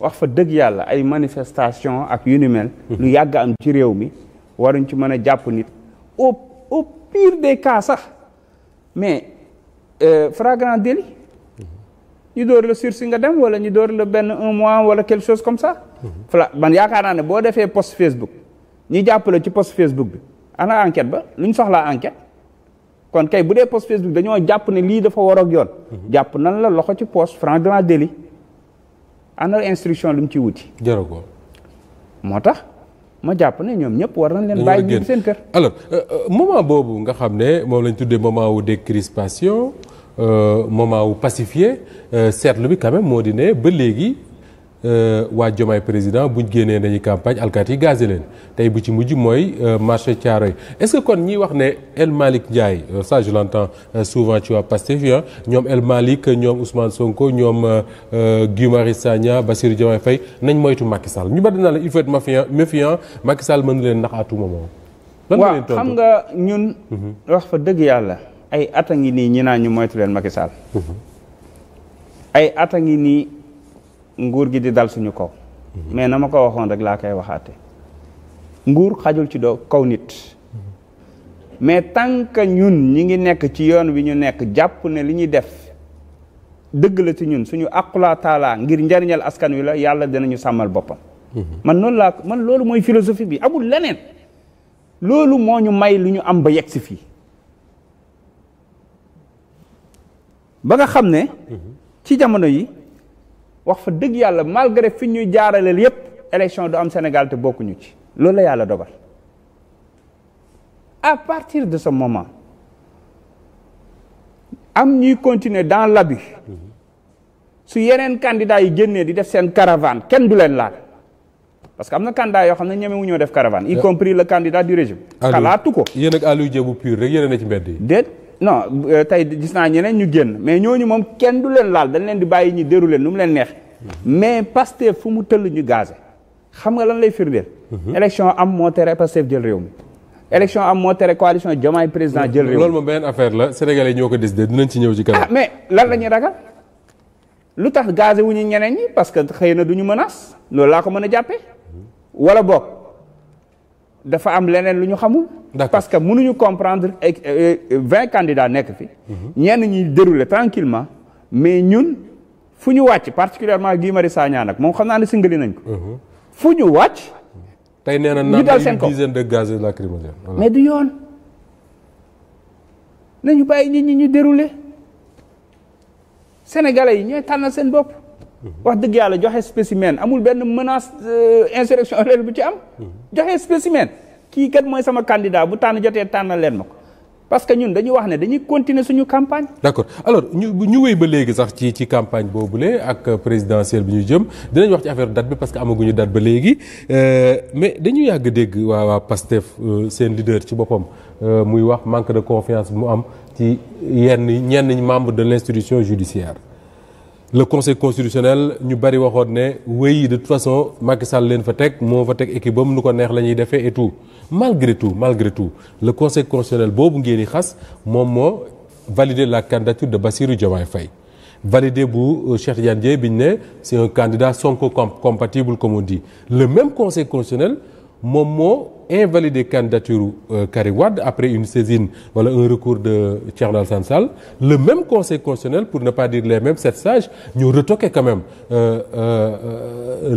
wax fa dëgg yàlla ay manifestation ak yu mhm. lu yàgg am ci réew mi waruñ ci mën a jàpp nit. au pire des cas sax mais euh, flagrant délit mhm. ñu door la sursis nga dem wala ñu door la benn un mois wala quelque chose comme ça. Mhm. fla man yaakaar naa ne boo defee post Facebook ñi jàppale ci post Facebook bi ana enquête ba lu ñu soxlaa enquête kon kay bu dee post Facebook dañoo jàpp ne lii dafa war ak yoon. Mhm. jàpp nan la loxo ci post flagrant délit ana instruction lu mu ciy wuti. jërë moo tax. ma jàpp ne ñoom ñëpp war nañ leen bàyyi ñu seen kër alors euh, euh, moment boobu nga xam ne moom lañ tuddee moment wu décrispation euh, moment wu pacifié seetlu bi quand moo di ne ba léegi Euh, waa Diomaye président buñ génnee nañu campagne alkaati yi gazé leen tey bu ci mujj mooy euh, marché Thiaroye est-ce que kon ñi wax ne El Malick Ndiaye euh, ça je l'entends souvent ci waa Pastef ñoom El Malick ñoom Ousmane Sonko ñoom Guy Marius Sagna Bassirou Diomaye Faye nañ moytu Macky Sall ñu bari naa la il faut être méfiant Sall mën leen ndax à tout moment. nga leen xam nga ñun. Mhm. wax fa dëgg yàlla ay at a ngi nii ñi naan ñu moytu leen Macky mhm. ay at ngi nii. nguur gi di dal suñu kaw mhm. mais na ma ko waxoon rek laa koy waxaate nguur xajul ci doo kaw nit mhm. mais tant que ñun ñi ngi nekk ci yoon wi ñu nekk jàpp ne li ñuy def dëgg la ci ñun suñu aqulaa ngir njariñal askan wi la yàlla dinañu sàmmal boppam mhm. man noonu laa man loolu mooy philosophie bi amul leneen loolu moo ñu may lu ñu am ba yegg si fii ba nga xam ne ci jamono yi wax fa dëgg yàlla malgré fi ñuy jaaraleel yépp élection du am Sénégal te bokkuñu ci loolu la yàlla dogal à partir de ce moment am ñuy continuer dans l'abus su yeneen candidats yi génnee di def seen caravane kenn du leen laal parce que am na candidat yoo xam ne ñeme wu ñoo def caravane y compris le candidat du régime xalaatu ko yéen ak Aliou Dié bu pur rek yéen a ne ci mbedd yi non euh, tey gis naa ñeneen ñu génn mais ñooñu moom kenn du leen laal dañ leen di bàyyi ñu déroulé nu mu leen neex mais Pastef fu mu tëll ñu gazé xam nga lan lay firndeel mhm. élection am moo tere Pastef jël réew mi élection am moo tere coalition Diomaye président jël réew mi loolu moom beneen affaire la sénégalais ñoo ko décidé dinañ ci ñëw ci kanam ah, mais lan la ñuy ragal lu tax gazé wu ñu ñeneen ñi parce que xëy na du ñu menace loolu laa ko mën a jàppe wala boog dafa am leneen lu ñu xamul. parce que mënuñu comprendre ay euh, euh, vingt candidats nekk fi. Mhm. ñenn ñi dérouler tranquillement mais ñun fu ñu wàcc particulièrement Guy Marius Sagna nag moom xam naa ne singali nañ ko. Mhm. fu ñu wàcc. tey nee na ñu dal seen kaw dizaine de gaz mais du yoon nañu bàyyi nit ñi ñu dérouler sénégalais yi ñooy tànnal seen bopp. wax dëgg yàlla joxe spécimen amul benn menace euh, insurrection (laughs) réelle bu ci am. joxe spécimen kii kat mooy sama candidat bu tànn jotee tànnal leen ma ko. parce que ñun dañuy wax ne dañuy continuer suñu campagne. d'accord alors ñu ñu wéy ba léegi sax ci ci campagne boobule ak présidentielle bi ñu jëm dinañ wax ci affaire date bi parce que amaguñu date ba léegi euh, mais dañu yàgg dégg waa waa PASTEF euh, seen leader ci boppam muy wax manque de confiance mu am ci yenn ñenn membre de l'institution judiciaire. le conseil constitutionnel ñu bari waxoon ne wéy de toute façon Macky leen fa teg moo fa teg équipe bam nu ko neex la ñuy defee et tout malgré tout malgré tout le conseil constitutionnel boobu ngeen yi xas moom moo valider la candidature de Bassirou Diomaye fay validé bu euh, Cheikh Tidiane bi ñu ne c'est un candidat Sonko compatible comme on dit le même conseil constitutionnel moom moo invalider candidature euh, Karim Wade après une saisine wala un recours de Thierno Alassane Sall le même conseil constitutionnel pour ne pas dire les mêmes sept sages ñu retoqué quand euh, euh,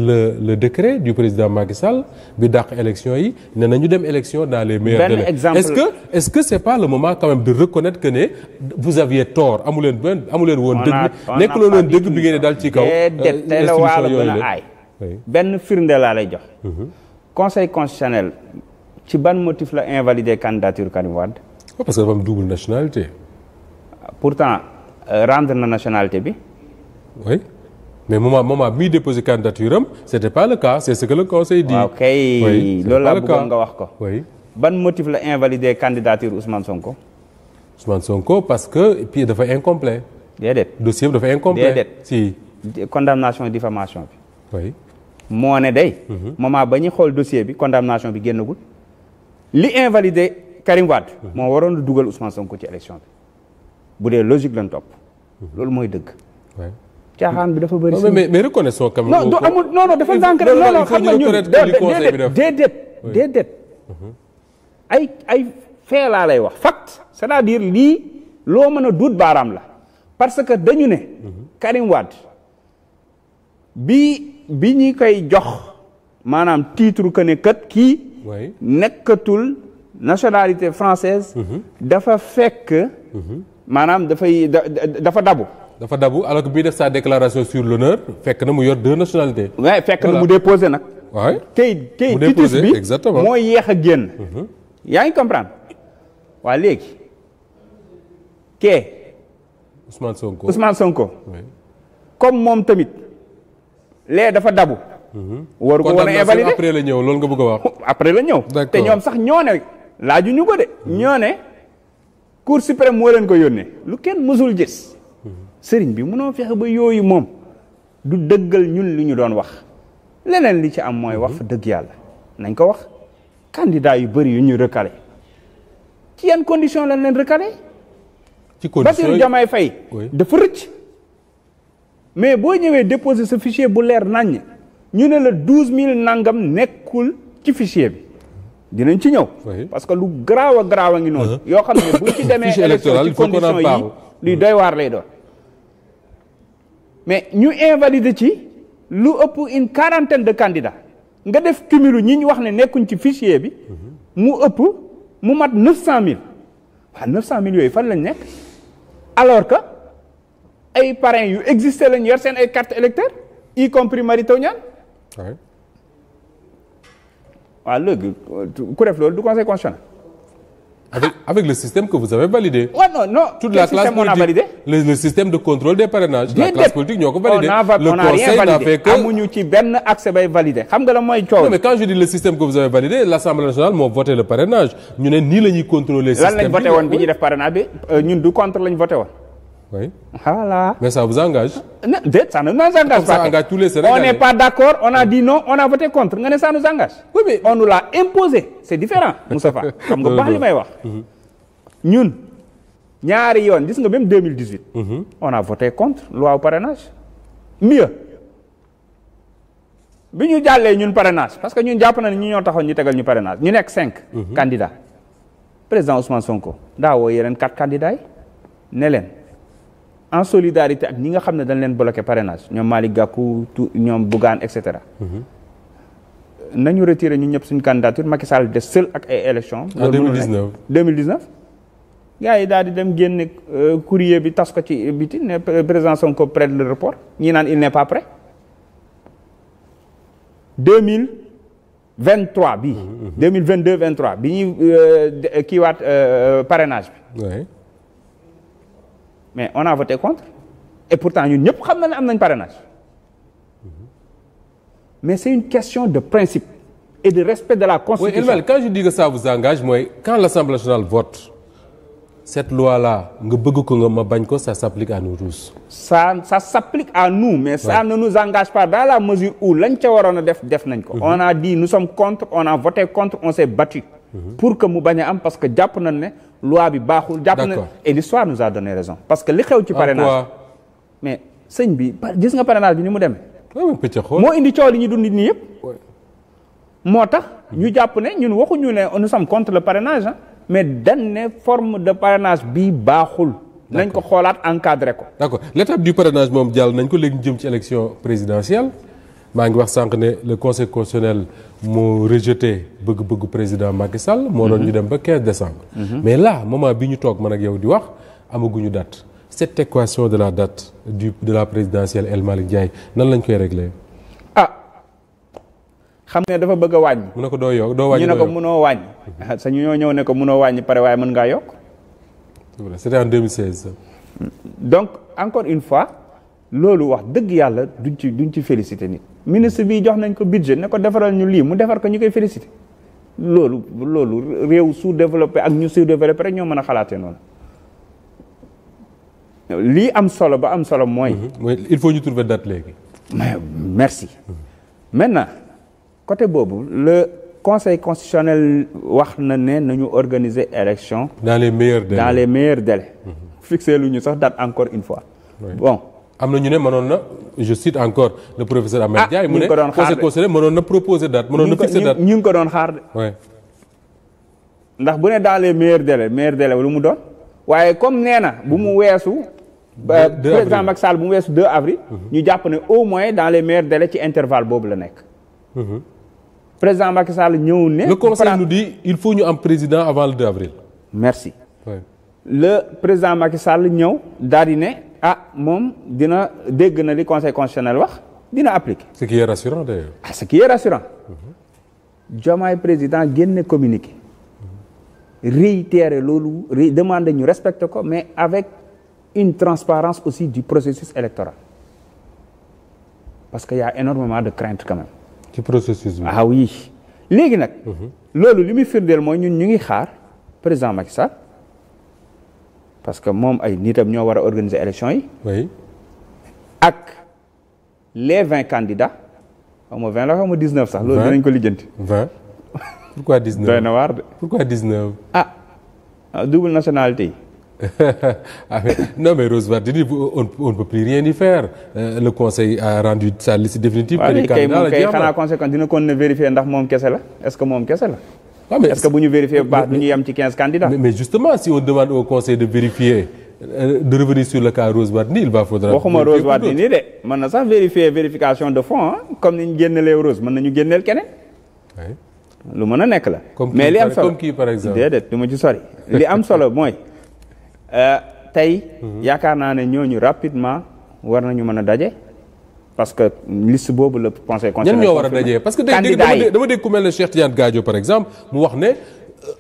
le le décret du président Macky Sall bi dàq élection yi ne nañu dem élection dans les meilleurs délais exemple... est-ce que est-ce que c'est pas le moment quand même de reconnaître que ne vous aviez tort amu leen benn amu woon dëgg nekkuloo leen dëgg bi ngeen dal ci kaw. institution yooyu la benn firnde laa lay jox. Mhm. conseil constitutionnel ci ban motif la invalider candidature Karim Wade. Oh, parce que dafa am double nationalité. pourtant euh, rendre na nationalité bi. mais moment moment bi muy déposé candidature am c'était pas le cas c'est ce que le conseil dit. loolu la bëggoon nga wax ko. ban motif la invalider candidature Ousmane Sonko. Ousmane Sonko parce que et puis dafa incomplet. déedéet dossier bi dafa incomplet. si. condamnation diffamation bi. moo ne day mhm. moment ba ñuy xool dossier bi condamnation bi génnagul li invalidé Karim mhm. moo waroon dugal Ousmane Sonko ci élection bi bu dee logique lañ topp mhm. loolu mooy dëgg caaxaan bi dafa bëri mais mais reconnaissons quand même non du amul non non dafa dànk rek non non xam nga ñun ay ay fee laa wax fact c'est-à-dire lii loo mën a duut baaraam la parce que dañu ne Karim Wade bi ñu koy jox maanaam titre que ne kat kii nekkatul nationalité française mhm. dafa fekk mhm. maanaam dafay dafa dabu dafa dabu alors bii def sa déclaration sur l'honneur fekk na mu yor deux nationalités waaye fekk na mu déposé nag waay kayit kayit titus bi moo yéex a génn mhm. yaa ngi comprendre waa léegi kee Ousmane Sonko Ousmane Sonko comme moom tamit lee dafa dabu. Mhm. waru ko woon a invalider la ñëw loolu nga bëgg a wax. Oh, après la ñëw. te ñoom sax ñoo ne laaju ñu ko de. Mhm. ñoo ne cour suprême moo leen ko yónnee lu kenn mësul gis. Mhm. sëriñ bi mënoo fexe ba yooyu moom du dëggal ñun li ñu doon wax leneen li ci am mooy wax fa dëgg yàlla nañ ko wax. candidat yu bëri yu ñu recalé ci yan condition lañ leen recalé. ci condition Bassirou Diomaye Faye dafa rëcc. mais boo ñëwee déposé sa fichier bu leer naññ ñu ne la douze mille nangam nekkul ci fichier bi dinañ ci ñëw. parce que lu garaaw a garaaw a ngi noonu. Uh-huh. yoo xam ne buñ ci demee (coughs) élection ci condition yi luy doy waar lay doon. mais ñu invalider ci lu ëpp une quarantaine de candidats nga def cumul ñi ñu wax ne nekkuñ ci fichier bi uh-huh. mu ëpp mu mat neuf cent mille waaw neuf cent mille yooyu fan lañ nekk alors ay parrains yu existé lañ yor seen ay carte électeur y compris Mary Teuw Niane waaw léegi ku def loolu du conseil constitutionnel. avec le système que vous avez validé. waaw la classe politique ñoo ko validé. le conseil n'a fait que ci benn accès bay validé xam nga la mooy coow. non mais quand je dis le système que vous avez validé l'Assemblée nationale moo voté le parrainage ñu ne ni la ñuy contrôler. système bi lan lañ voté woon bi ñuy def parrainage bi euh, ñun du contre Oui. Voilà. Mais ça vous engage. Non, ça ne nous engage On n'est pas d'accord, on a dit non, on a voté contre. Nga ne ça nous engage. Oui, mais on nous l'a imposé. C'est différent, Moustapha. (laughs) xam nga baax may wax. Mhm. ñun ñaari yoon gis nga même 2018. Mhm. on a voté contre loi au parrainage. mieux bi ñu jàllee ñun parrainage parce que ñun jàpp na ne ñu ñoo taxoon ñu tegal ñu parrainage ñu nekk cinq. Mhm. candidats président Ousmane Sonko daawoo yeneen quatre candidats yi ne en solidarité ak ñi nga xam ne dañ leen bloqué parrainage ñoom maali Gakou tout ñoom Bougane et cetera. Mhm. nañu retiré ñu ñëpp suñu candidature Macky Sall des seul ak ay élections. en 2019 2019. gars yi daal di dem génne euh, courier bi tas ko ci biti ne président Sonko prête le report ñi naan il ne pas prêt. 2023 bi. 2022 23 bi ñuy euh, kiiwaat euh, parrainage bi. mais on a voté contre et pourtant ñun ñëpp xam na ne am nañ parrainage mais c'est une question de principe et de respect de la constitution. oui Elmel quand je engage mooy quand l'Assemblée nationale vote cette loi là nga bëgg ko nga ma bañ ko ça s'applique à nous tous. ça ça s'applique à nous mais ça ouais. ne nous engage pas dans la mesure où lañ ca waroon a def def nañ ko. Mhm. on a dit nous sommes contre on a voté contre on s'est battu. pour que mu bañ am parce que jàpp nañ ne loi bi baaxul jàpp na et l'histoire nous a donné raison parce que li xew ci parrainage mais sëñ bi gis nga parrainage bi ni mu demee moo indi coow li ñu dund nii yëpp moo tax ñu jàpp ne ñun waxuñu ne nous sommes contre le parrainage ah mais dañ ne forme de parrainage bi baaxul nañ ko xoolaat encadré ko d'accord l'étape du parrainage moom jàll nañ ko léegi ñu jëm ci élection présidentielle maa ngi wax sànq ne le conseil constitutionnel mu rejeté bëgg-bëggu président Macky Sall. moo doon ñu dem ba 15 décembre. Mhm. mais la moment bi ñu toog mën ak yow di wax amaguñu date cette équation de la dat du de la présidentielle El Malick Ndiaye nan lañu koy réglé. ah xam ne dafa bëgg a wàññi. mu ko doo yokk doo wàññi ñu ne ko mënoo wàññi. Mhm. Ah, sa ñu ñoo ñëw ne ko mënoo wàññi pare waaye mën ngaa yokk. voilà c'était en 2016. Mm. donc encore une fois loolu wax dëgg yàlla duñ ci duñ ci félicité nit. ministre bi jox nañ ko budget ne ko defaral ñu lii mu defar ko ñu koy félicité loolu loolu réew sous-développé ak ñu sous-développé rek ñoo mën a xalaatee noonu lii am solo ba am solo mhm. mooy. il faut ñu trouver date léegi. mais merci. maintenant côté boobu le conseil constitutionnel wax na ne nañu organiser élection. dans les meilleurs délais dans les meilleurs délais. Mhm. fixé lu ñu sax date encore une fois. bon. am na ñu ne mënoon na je cite encore le professeur Ahmed ah, Diaye mu ne conseil constitutionnel mënoon na proposer date mënoon na fixer date ñu ngi ko doon xaar de ndax bu ne dans les meilleurs délais meilleurs délais lu mu doon waaye comme nee na bu mu mm-hmm. weesu euh, président Macky Sall bu mu weesu 2 avril mm-hmm. ñu jàpp ne au moins dans les meilleurs délais ci intervalle boobu la nekk mm-hmm. président Macky Sall ñëw ne le conseil nous dit il faut ñu am président avant le 2 avril merci oui. le président Macky Sall ñëw daal di ne ah moom dina dégg na li conseil constitutionnel wax dina appliquer. ce qui est rassurant d'ailleurs. ah ce qui est rassurant. Mm-hmm. Diomaye président génne communiqué. Mm-hmm. réitérer loolu ré demande ñu respecte ko mais avec une transparence aussi du processus électoral parce que y a énormément de crainte quand même. ci processus bi ah oui léegi nag. Mm-hmm. loolu li muy firndeel mooy ñun ñu ngi xaar président Macky Sall. parce que moom ay nitam ñoo war a organiser élection yi. ak les vingt candidats xaw ma vingt la xaw ma dix neuf sax. loolu dinañ ko lijjanti. vingt pourquoi dix neuf doy na waar de. Ah, ah double nationalité yi. (laughs) ah mais non mais Rose Wardini on on peut plus rien y faire euh, le conseil a rendu sa liste définitive. kay moom kay xanaa conséquence dina kon ne vérifier ndax moom kese la est-ce que moom kese la. waaw ah, mais est-ce que bu ñu vérifier bu baax du ñu yem ci quinze candidats. mais justement si on demande au conseil de vérifier euh, de revenir sur le cas Rose Wardini il va faudra. waxuma Rose Wardini nii de mën na sax vérifier vérification de fond comme ni ñu génnelee Rose mën nañu génneel keneen. lu mën a nekk la. mais li am solo comme kii par exemple déedéet du ma ci sori. li am solo mooy (laughs) euh, tey. Mhm. yaakaar naa ne ñooñu rapidement war nañu mën a daje. parce que liste boobu la conseil constitutionnel. parce que dégg dama dégg ku mel mu wax ne euh,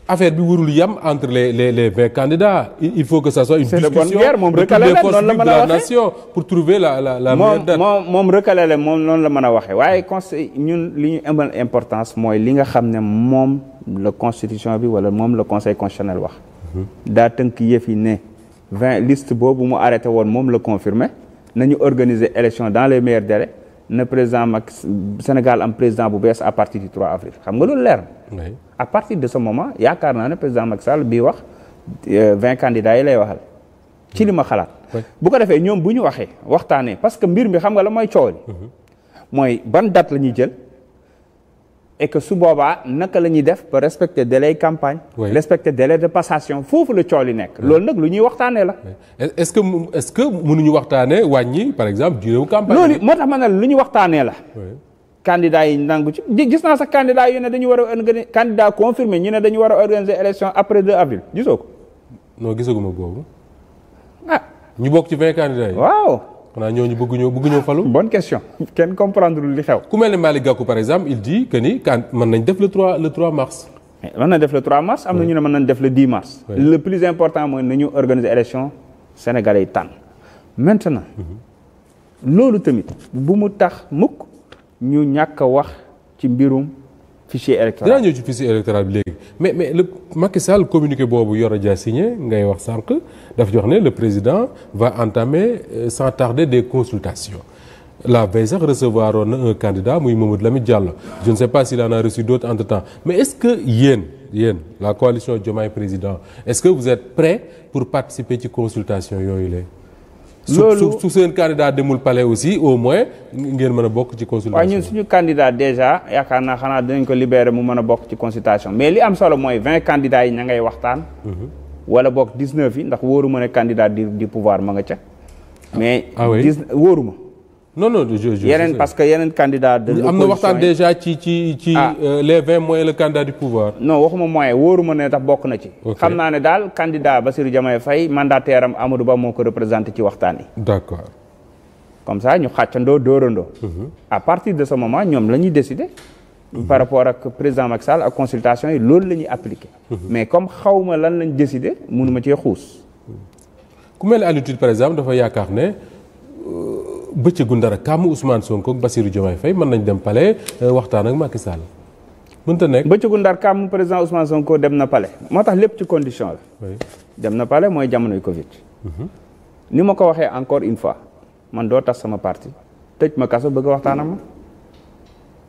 affaire bi warul yam entre les les les vingt candidats faut que ça soit une discussion de toutes les pour trouver la la la meilleure date moom moom recalé la moom noonu la mën a waxee waaye conseil ñun li ñu amal importance mooy li nga xam ne moom la constitution bi wala moom la conseil constitutionnel wax mhm. daa tënk yëf yi ne vingt liste boobu mu arrêté woon moom la confirmé nañu organiser élection dans les meilleurs délais na président Macky Sénégal am président bu bees à partir du 3 avril xam nga loolu leer na. à partir de ce moment yaakaar naa ne président Macky Sall bii wax euh, vingt candidats yi lay waxal. ci li ma xalaat. bu ko defee ñoom bu ñu waxee waxtaanee parce que mbir mi xam nga la mooy coow li. Mhm. mooy ban date la ñuy jël. et que su boobaa naka la ñuy def ba respecter délai campagne. Oui. respecter délai de passation foofu la coow li nekk. loolu nag lu ñuy waxtaanee la. est-ce que est-ce que mënuñu waxtaanee wàññi par exemple durée campagne. loolu moo tax ma ne lu ñu waxtaanee la. candidat yi nangu ci gis naa sax candidat yu ne dañu war a organiser candidat confirmé ñu ne dañu war a organiser après 2 avril gisoo ko. non gisaguma boobu. ah ñu bokk ci vingt candidats yi. waaw. xanaa ñooñu bëgg ñoo bëgg ñoo falu. bonne question kenn comprendre lu li xew. ku mel ne Malick Gakou par exemple il dit que ni kan mën nañ def le 3 le 3 mars. mën nañ def le 3 mars am na ñu ne mën nañ def le 10 mars. Oui. le plus important mooy nañu organiser élection sénégalais yi tànn maintenant. Mhm. loolu tamit bu mu tax mukk ñu ñàkk wax ci mbirum. fichier électoral dinaa ñëw ci fichier électoral bi léegi mais mais le Macky communiqué boobu Yoro signé ngay wax sànq daf jox ne le président va entamer euh, sans tarder des consultations la veille sax recevoir oon na un candidat muy Mamadou Lamine Diallo je ne sais pas s'il en a reçu d'autres entre-temps mais est-ce que yéen yéen la coalition Diomaye président est-ce que vous êtes prêt pour participer ci consultation yooyu la loolu su seen candidat demul pale aussi au moins ngeen mën a bokk ci consultation. waaye ñun suñu candidat déjà yaakaar naa xanaa dinañ ko libérer mu mën a bokk ci consultation mais li am solo mooy vingt candidats yi ña ngay waxtaan. Mhm. wala bokk dix neuf yi ndax wóoru ma ne candidat di du pouvoir ma nga ca. mais ah dix wóoru ma. non non yeneen parce que yeneen candidat de l'opposition am na waxtaan déjà ci ci ci. Ah. les vingt moyens le candidat du pouvoir. non waxuma moyen wóoruma ne tax bokk na ci. xam naa ne daal candidat Bassirou Diomaye Faye mandataire am Amadou Ba moo ko représenté ci waxtaan yi. d'accord. comme sax ñu xàccandoo dóorandoo. Mhm. à partir de ce moment ñoom la ñuy décider. Mhm. par rapport ak président Macky Sall ak consultation yi loolu la ñuy mhm. mais comme xawma lan lañ décider mënuma cee xuus. ku mel ne Alioune par exemple dafa yaakaar ne. Euh, bëccëgu ndara kàmm Ousmane Sonko ak Bassirou Diomaye man mën nañ dem palais euh, waxtaan ak Macky Sall mënta nekk bëccëgu ndar kàmm président Ousmane Sonko dem na pale moo tax lépp ci condition la. dem na pale mooy jamonoy Covid. Mhm. ni ma ko waxee encore une fois man doo tas sama parti tëj ma kaso bëgg waxtaan ak ma.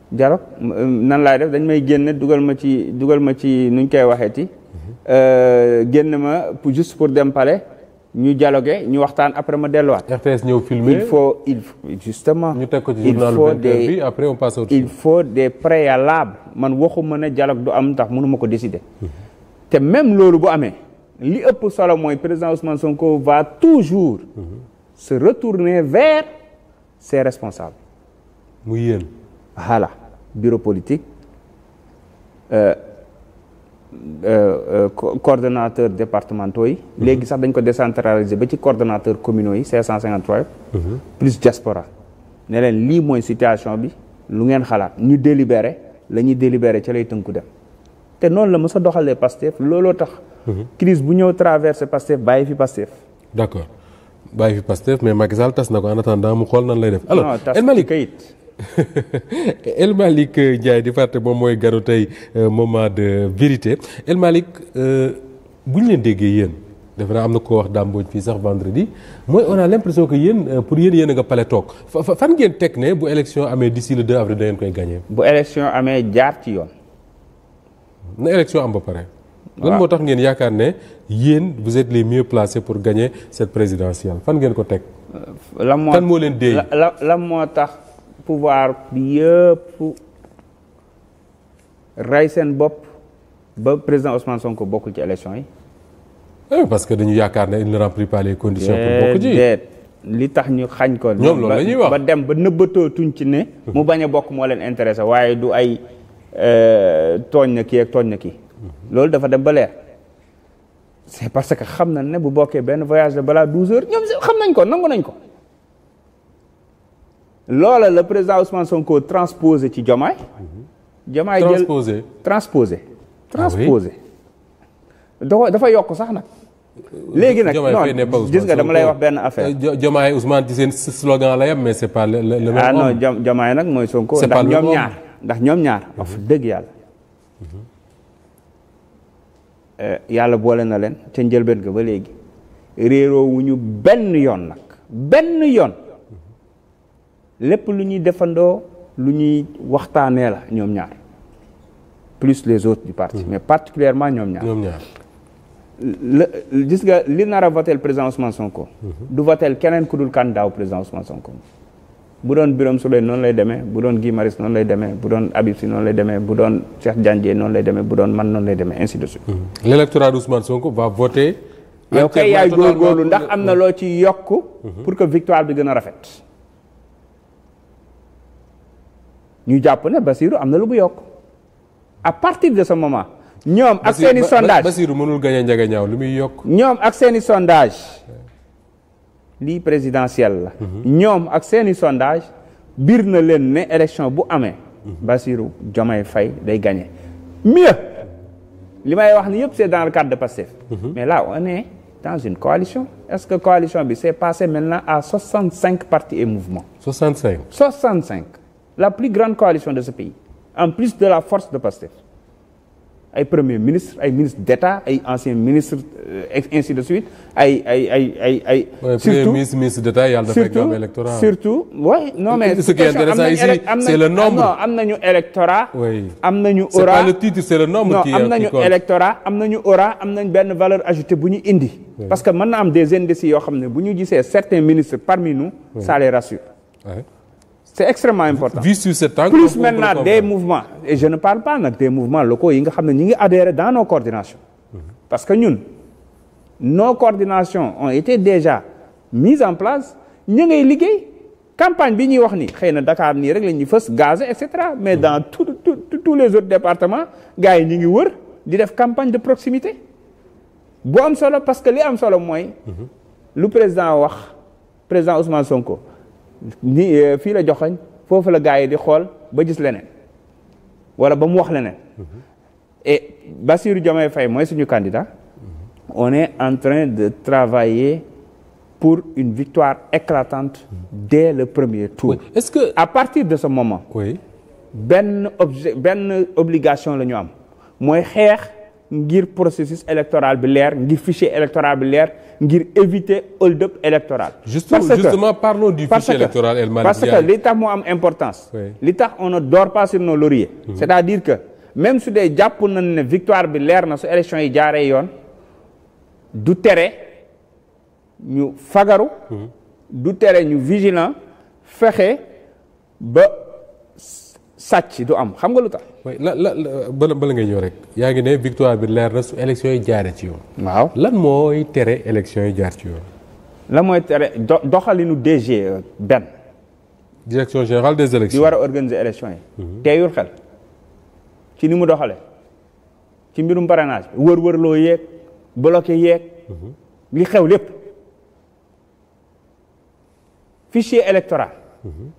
dialogue euh, nan laay def dañ may génne dugal ma ci dugal ma ci nuñ koy waxee ti mhm. génn ma juste pour dem palais. ñu jaloge ñu waxtaan après ma delluwaat. RTS ñëw filmer il faut il faut justement. ñu teg ko ci journal bi après on passe au il faut des préalables man waxuma ne dialogue du am ntax mënuma ko décider. te même loolu bu amee li ëpp solo mooy président Ousmane Sonko va toujours. se retourner vers ses responsables. muy yéen. voilà bureau politique. Euh, Euh, euh, coordonnateurs départementaux yi. Mhm. léegi sax dañ ko décentraliser ba ci coordonnateurs communaux yi 553. Mhm. plus diaspora ne leen lii mooy situation bi lu ngeen xalaat ñu délibéré la ñuy délibéré ca lay tënku dem te noonu la mës a doxalee Pastef looloo tax. Mhm. crise bu ñëw traversé Pastef bàyyi fi Pastef. d' accord bàyyi fi Pastef mais Macky tas na ko en attendant mu xool nan lay def. alors El kayit (laughs) El Malick euh, Ndiaye di fàtte moom mooy ganu tey euh, moment de vérité El Malick euh, bu ñu leen déggee yéen defe naa am na koo wax dàmbooj fii sax vendredi mooy on a l'impression que yéen pour yéen yéen nga pale toog fan ngeen teg ne bu élection amee di le 2 avril da ngeen koy gagné. bu élection amee jaar ci yoon. na élection am ba pare. lan moo tax ngeen yaakaar ne yéen bu set les mieux placés pour gagner cette présidentielle fan ngeen ko teg. lan moo lan moo tax. pouvoir bi yëpp rey seen bopp ba président Ousmane Sonko bokkul ci élection yi. Eh, parce que dañu yaakaar ne il ne remplit pas les bokk ji li tax ñu xañ ko. ñoom loolu la ñuy wax ba dem ba nëbbatootuñ ci ne. mu bañ a bokk moo leen intéressé waaye du ay euh, tooñ na kii ak tooñ na kii. loolu dafa dem ba leer. c'est parce que xam na ne bu bokkee benn voyage la balaa 12 heures ñoom xam nañ ko nangu nañ ko. loola la président Ousmane Sonko transposé ci Diomaye. Diomaye jël transposé transposé. Ah transposé dafa yokk sax nag. léegi nag non gis nga dama lay wax benn affaire. Diomaye Ousmane ci seen slogan la yem mais c'est pas le le même. Ah nag mooy Sonko ndax ñoom ñaar ndax ñoom ñaar. of dëgg yàlla. Mhm. Eh, yàlla boole na leen ca njëlbeen ga ba léegi réeroo wu ñu benn yoon nag benn yoon. lépp lu ñuy defandoo lu ñuy waxtaanee la ñoom ñaar plus les autres du parti mm. mais particulièrement ñoom ñaar ñoom ñaar gis nga li nar a votel président Ousmane Sonko mm-hmm. du votel keneen ku dul candidat wu président Ousmane Sonko bu doon Birame Souleye noonu lay demee bu doon Guy Marius noonu lay demee bu doon Habib Sy lay demee bu doon Cheikh Tidiane noon noonu lay demee bu doon man noonu lay demee ainsi de suite mm-hmm. l'électorat d'Ousmane Sonko va voter yow kay yaay góorgóorlu ndax am na loo ci yokk mm-hmm. pour que victoire bi gën a rafet ñu jàpp ne Basiru am na lu mu yokk à parti de sa moment. ñoom ak seeni sondage Basiru mënul gañe njege ñaaw lu muy yokk. ñoom ak seeni sondage lii présidentiel la. Mhm. ñoom ak seeni sondage biir na leen ne élection bu amee. Mhm. Basiru Diomaye fay day gañe mieux li may wax ni yëpp c'est dans le cadre de Pastef. Mhm. mais là on est dans une coalition est-ce que coalition bi c'est passé maintenant à 65 partis et mouvements. la plus grande coalition de ce pays en plus de la force de Pastef ay premier ministre ay ministre d'État ay ancien ministre euh, ainsi de suite ay ay ay ay ay. surtout premier ministre d'État yàlla dafay gàmm électorat surtout oui non mais. ce qui est intéressant ici c'est le nombre ah am nañu électorat. am nañu aura c'est pas le titre c'est le nombre. am nañu électorat am nañu aura am nañu benn valeur ajoutée bu ñu indi. parce que mën na am des indécis yoo xam ne bu ñu gisee certains ministres parmi nous. les rassure. c'est extrêmement important vu sur cet angle plus maintenant des mouvements et je ne parle pas nag des mouvements locaux yi nga xam ne ñi ngi adhéré dans nos coordinations mhm. parce que ñun nos coordinations ont été déjà mise en place ñu ngay liggéey campagne bi ñuy wax ni xëy na Dakar nii rek la ñuy fës gaz et cetera mais mhm. dans tout tout tous les autres départements gars yi ñu ngi wër di def campagne de proximité bo am solo parce que li am solo mooy mhm. lu président wax président Ousmane Sonko ni eh, fii la joxañ foofu la gars yi di xool ba gis leneen wala ba mu wax leneen ne mm-hmm. Bassirou Diomaye fay mooy suñu candidat mm-hmm. on est en train de travailler pour une victoire éclatante mm-hmm. dès le premier tour oui. est-ce que à partir de ce moment oui. benn objet obligation la ñu am mooy xeex ngir processus électoral bi leer ngir fichier électoral bi leer ngir éviter hold up électoral. parce que justement parce que li tax moo am importance. li tax on ne dort pas sur nos lauriers. Mhm. c'est-à-dire que même su dee jàpp nañ ne victoire bi leer na su élection yi jaaree yoon du tere ñu fagaru. Mhm. du tere ñu vigilant fexe ba. sàcc du am xam nga lu tax. la la bala bala ngay ñëw rek. yaa ngi ne victoire bi leer na su élection yi jaaree ci yoon. waaw lan mooy tere élection yi jaar ci yoon. lan mooy tere doxalinu DGE euh, benn. direction générale des élections. di war a organiser élection yi. Mhm. teeyul xel ci ni mu doxale ci mbirum parrainage bi wër-wër loo mhm. li xew lépp fichier électoral. Mhm.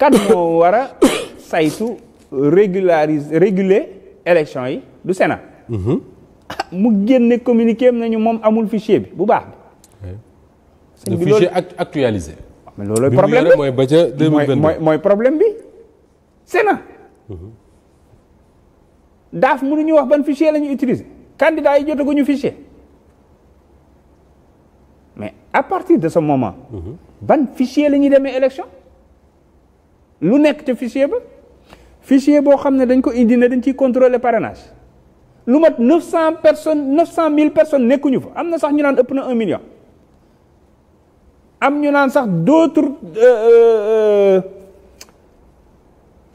kan moo war saytu régulariser réguler élection yi du Sénat. Mhm. Ah, mu génne communiqué am nañu moom amul fichier bi bu baax. le fichier actualisé. Ah, mais loolu problème bi mooy ba ca 2022 mooy mooy problème bi Sénat. Mhm. daaf mënuñu wax ban fichier la ñu utiliser. candidat yi ñu fichier. mais à partir de ce moment. Mhm. ban fichier la ñuy demee élection. lu nekk ca fichier ba. fichier boo xam ne dañ ko indi ne dañ ciy contrôler parrainage lu mat neuf cent personnes neuf cent mille personnes nekkuñu fa am na sax ñu naan ëpp na am ñu naan sax d'autres euh, euh,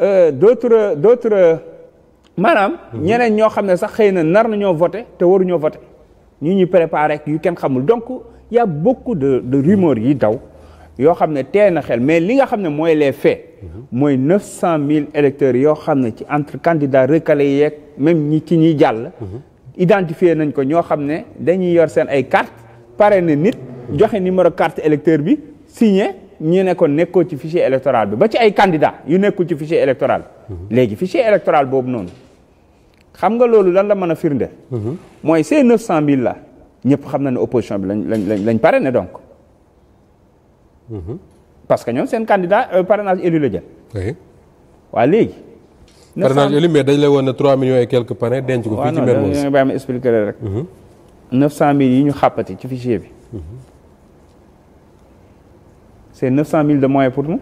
euh, d'autres d'autres maanaam mhm. ñeneen ñoo xam ne sax xëy na nar nañoo voté te waruñoo voté ñu ñuy préparé yu kenn xamul donc y a beaucoup de de rumeurs yi daw yoo xam ne tee na xel mais li nga xam ne mooy les faits mooy neuf cent mille électeurs yoo xam ne ci entre candidats recalés yeeg même ñi ci ñuy jàll identifié nañ ko ñoo xam ne dañuy yor seen ay carte pare ne nit joxe numéro carte électeur bi signe ñu ne ko nekkoo ci fichier électoral bi ba ci ay candidats yu nekkul ci fichier électoral mhm. léegi fichier électoral boobu noonu xam nga loolu lan la mën a firnde mhm. mooy ces neuf cent mille la ñëpp xam na ne opposition bi lañ lañ lañ pare ne donc Mhm. parce que ñoom seen candidat euh, parrainage élu la jël. oui waa léegi. parrainage élu mais dañ la woon ne 3 millions et quelques parrain denc ko. fii ci Mermoz waaw non bàyyi ma expliquer rek. 900000 mhm. yi ñu xàppati ci fichier bi. Mhm. c' est mille de moyens pour nous.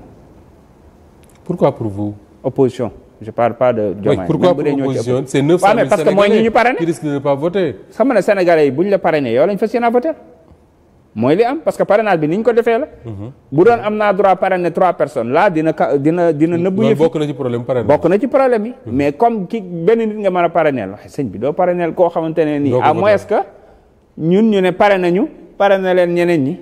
pourquoi pour vous. opposition je parle pas de. Diomaye oui, opposition c' est 900000 sénégalais de ne pas voter. xam nga ne bu ñu la parrainé yow lañ fas yéene à voter. mooy li am parce que parrainage bi ni ñu ko defee la. Mhm. bu doon am naa droit parrainer trois personnes là dina ka dina dina nëbbu. yëf bokk na ci problème parrainage bokk na ci problème yi. Mhm. mais comme ki benn nit nga mën a parrainer waxe sëñ bi doo parrainer koo xamante ne nii. à moins que ñun ñu ne pare nañu pare na leen ñeneen ñi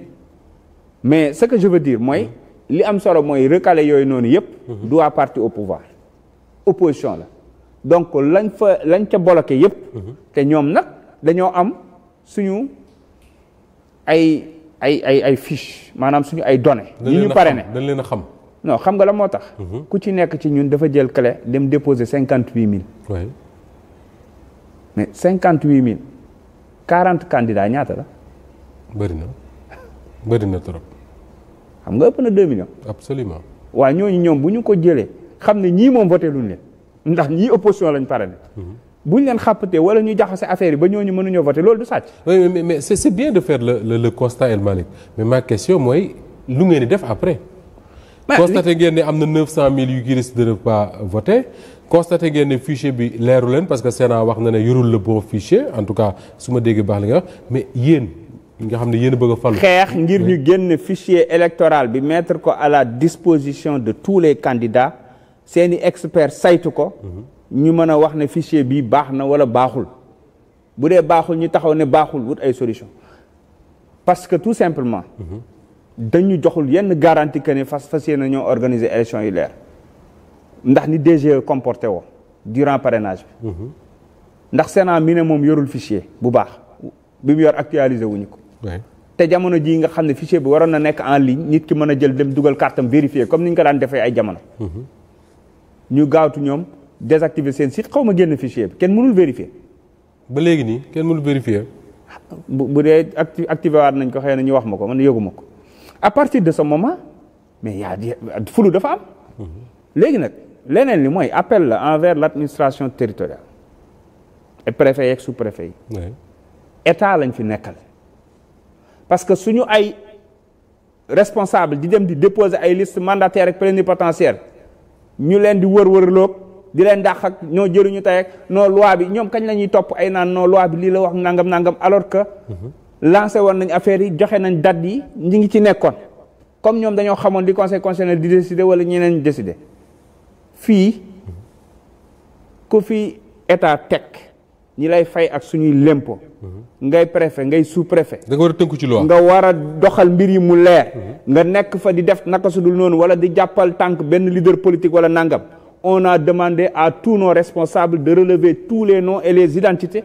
mais ce que je mooy li am solo mooy recalé yooyu noonu yëpp. Mhm. du waa parti au pouvoir opposition la donc lañ fa lañ ca bloqué yëpp. ñoom nag dañoo am suñu. ay ay ay ay fiche maanaam suñu ay données. yi ñu parrainé dañ leen a xam non xam nga la moo tax. Mhm. ku ci nekk ci ñun dafa jël clé dem déposer cinquante huit mille. mais cinquante huit mille quarante candidats ñaata la. bëri na bëri na trop. xam nga ëpp na deux millions. absolument. waaw ñooñu ñoom bu ñu ko jëlee xam ne ñii moom voté luñ ne ndax ñii opposition lañ parrainé. bu ñu leen xàppatee wala ñu jaxase affaire yi ba ñooñu mënuñoo voté loolu du sàcc. oui mais mais c'est bien de faire le le, le constat El Malick mais ma question mooy lu ngeen di def après. constaté ngeen ne am na 900000 yu qui risquent de ne pas voter constaté ngeen ne fichier bi leeru leen parce que Sénat wax na ne yorul le bon fichier en tout cas su ma déggee baax li nga wax mais yéen nga xam ne yéen bëgg a xeex ngir ñu génn fichier électoral bi mettre ko à la disposition de tous les candidats seeni experts saytu ko. Mhm. ñu mën a wax ne fichier bi baax na wala baaxul bu dee baaxul ñu taxaw ne baaxul wut ay solution parce que tout simplement mhm. dañu joxul yenn garanti que ne fas fas yéene ñoo organiser élection yu leer ndax ni DGE comporté woo durant parrainage bi mhm. ndax Sénat mi ne moom yorul fichier bu baax bi mu yor actualiser wuñu ko te jamono jii nga xam ne fichier bi waroon na nekk en ligne nit ki mën a jël dem dugal carte am vérifier comme ni ñu ko daan defee ay jamono mhm. ñu gaawtu ñoom désactiver seen site xaw ma génn fichier bi kenn mënul vérifier. ba léegi nii kenn mënul vérifier. bu bu dee activé waat nañ ko xëy na ñu wax ma ko man yeguma ko à partir de ce moment mais yaa di fulu dafa am. Mhm. léegi nag leneen li mooy appel la envers l' administration territoriale et préfet yeeg sous préfet yi. état lañ fi nekkal. parce que suñu ay responsable di dem di déposer ay liste mandataire ak plénipotentiaire ñu leen di wër-wër loog di leen dàq ak ñoo jëriñu tey ak non bi ñoom kañ la ñuy topp ay naan non loi lii la wax nangam nangam alors que mhm. lancé woon nañ affaire yi joxe nañ date yi ñi ngi ci nekkoon comme ñoom dañoo xamoon di conseil constitutionnel di décider wala ñeneen décider fii ku fi état teg ñi lay fay ak suñuy lémpo mhm. ngay préfet ngay sous préfet. da nga war a tënku ci loi nga war a doxal mbir yi mu leer. Mhm. nga nekk fa di def naka su dul noonu wala di jàppal tànk benn leader politique wala nangam. on a demandé à tous nos responsables de relever tous les noms et les identités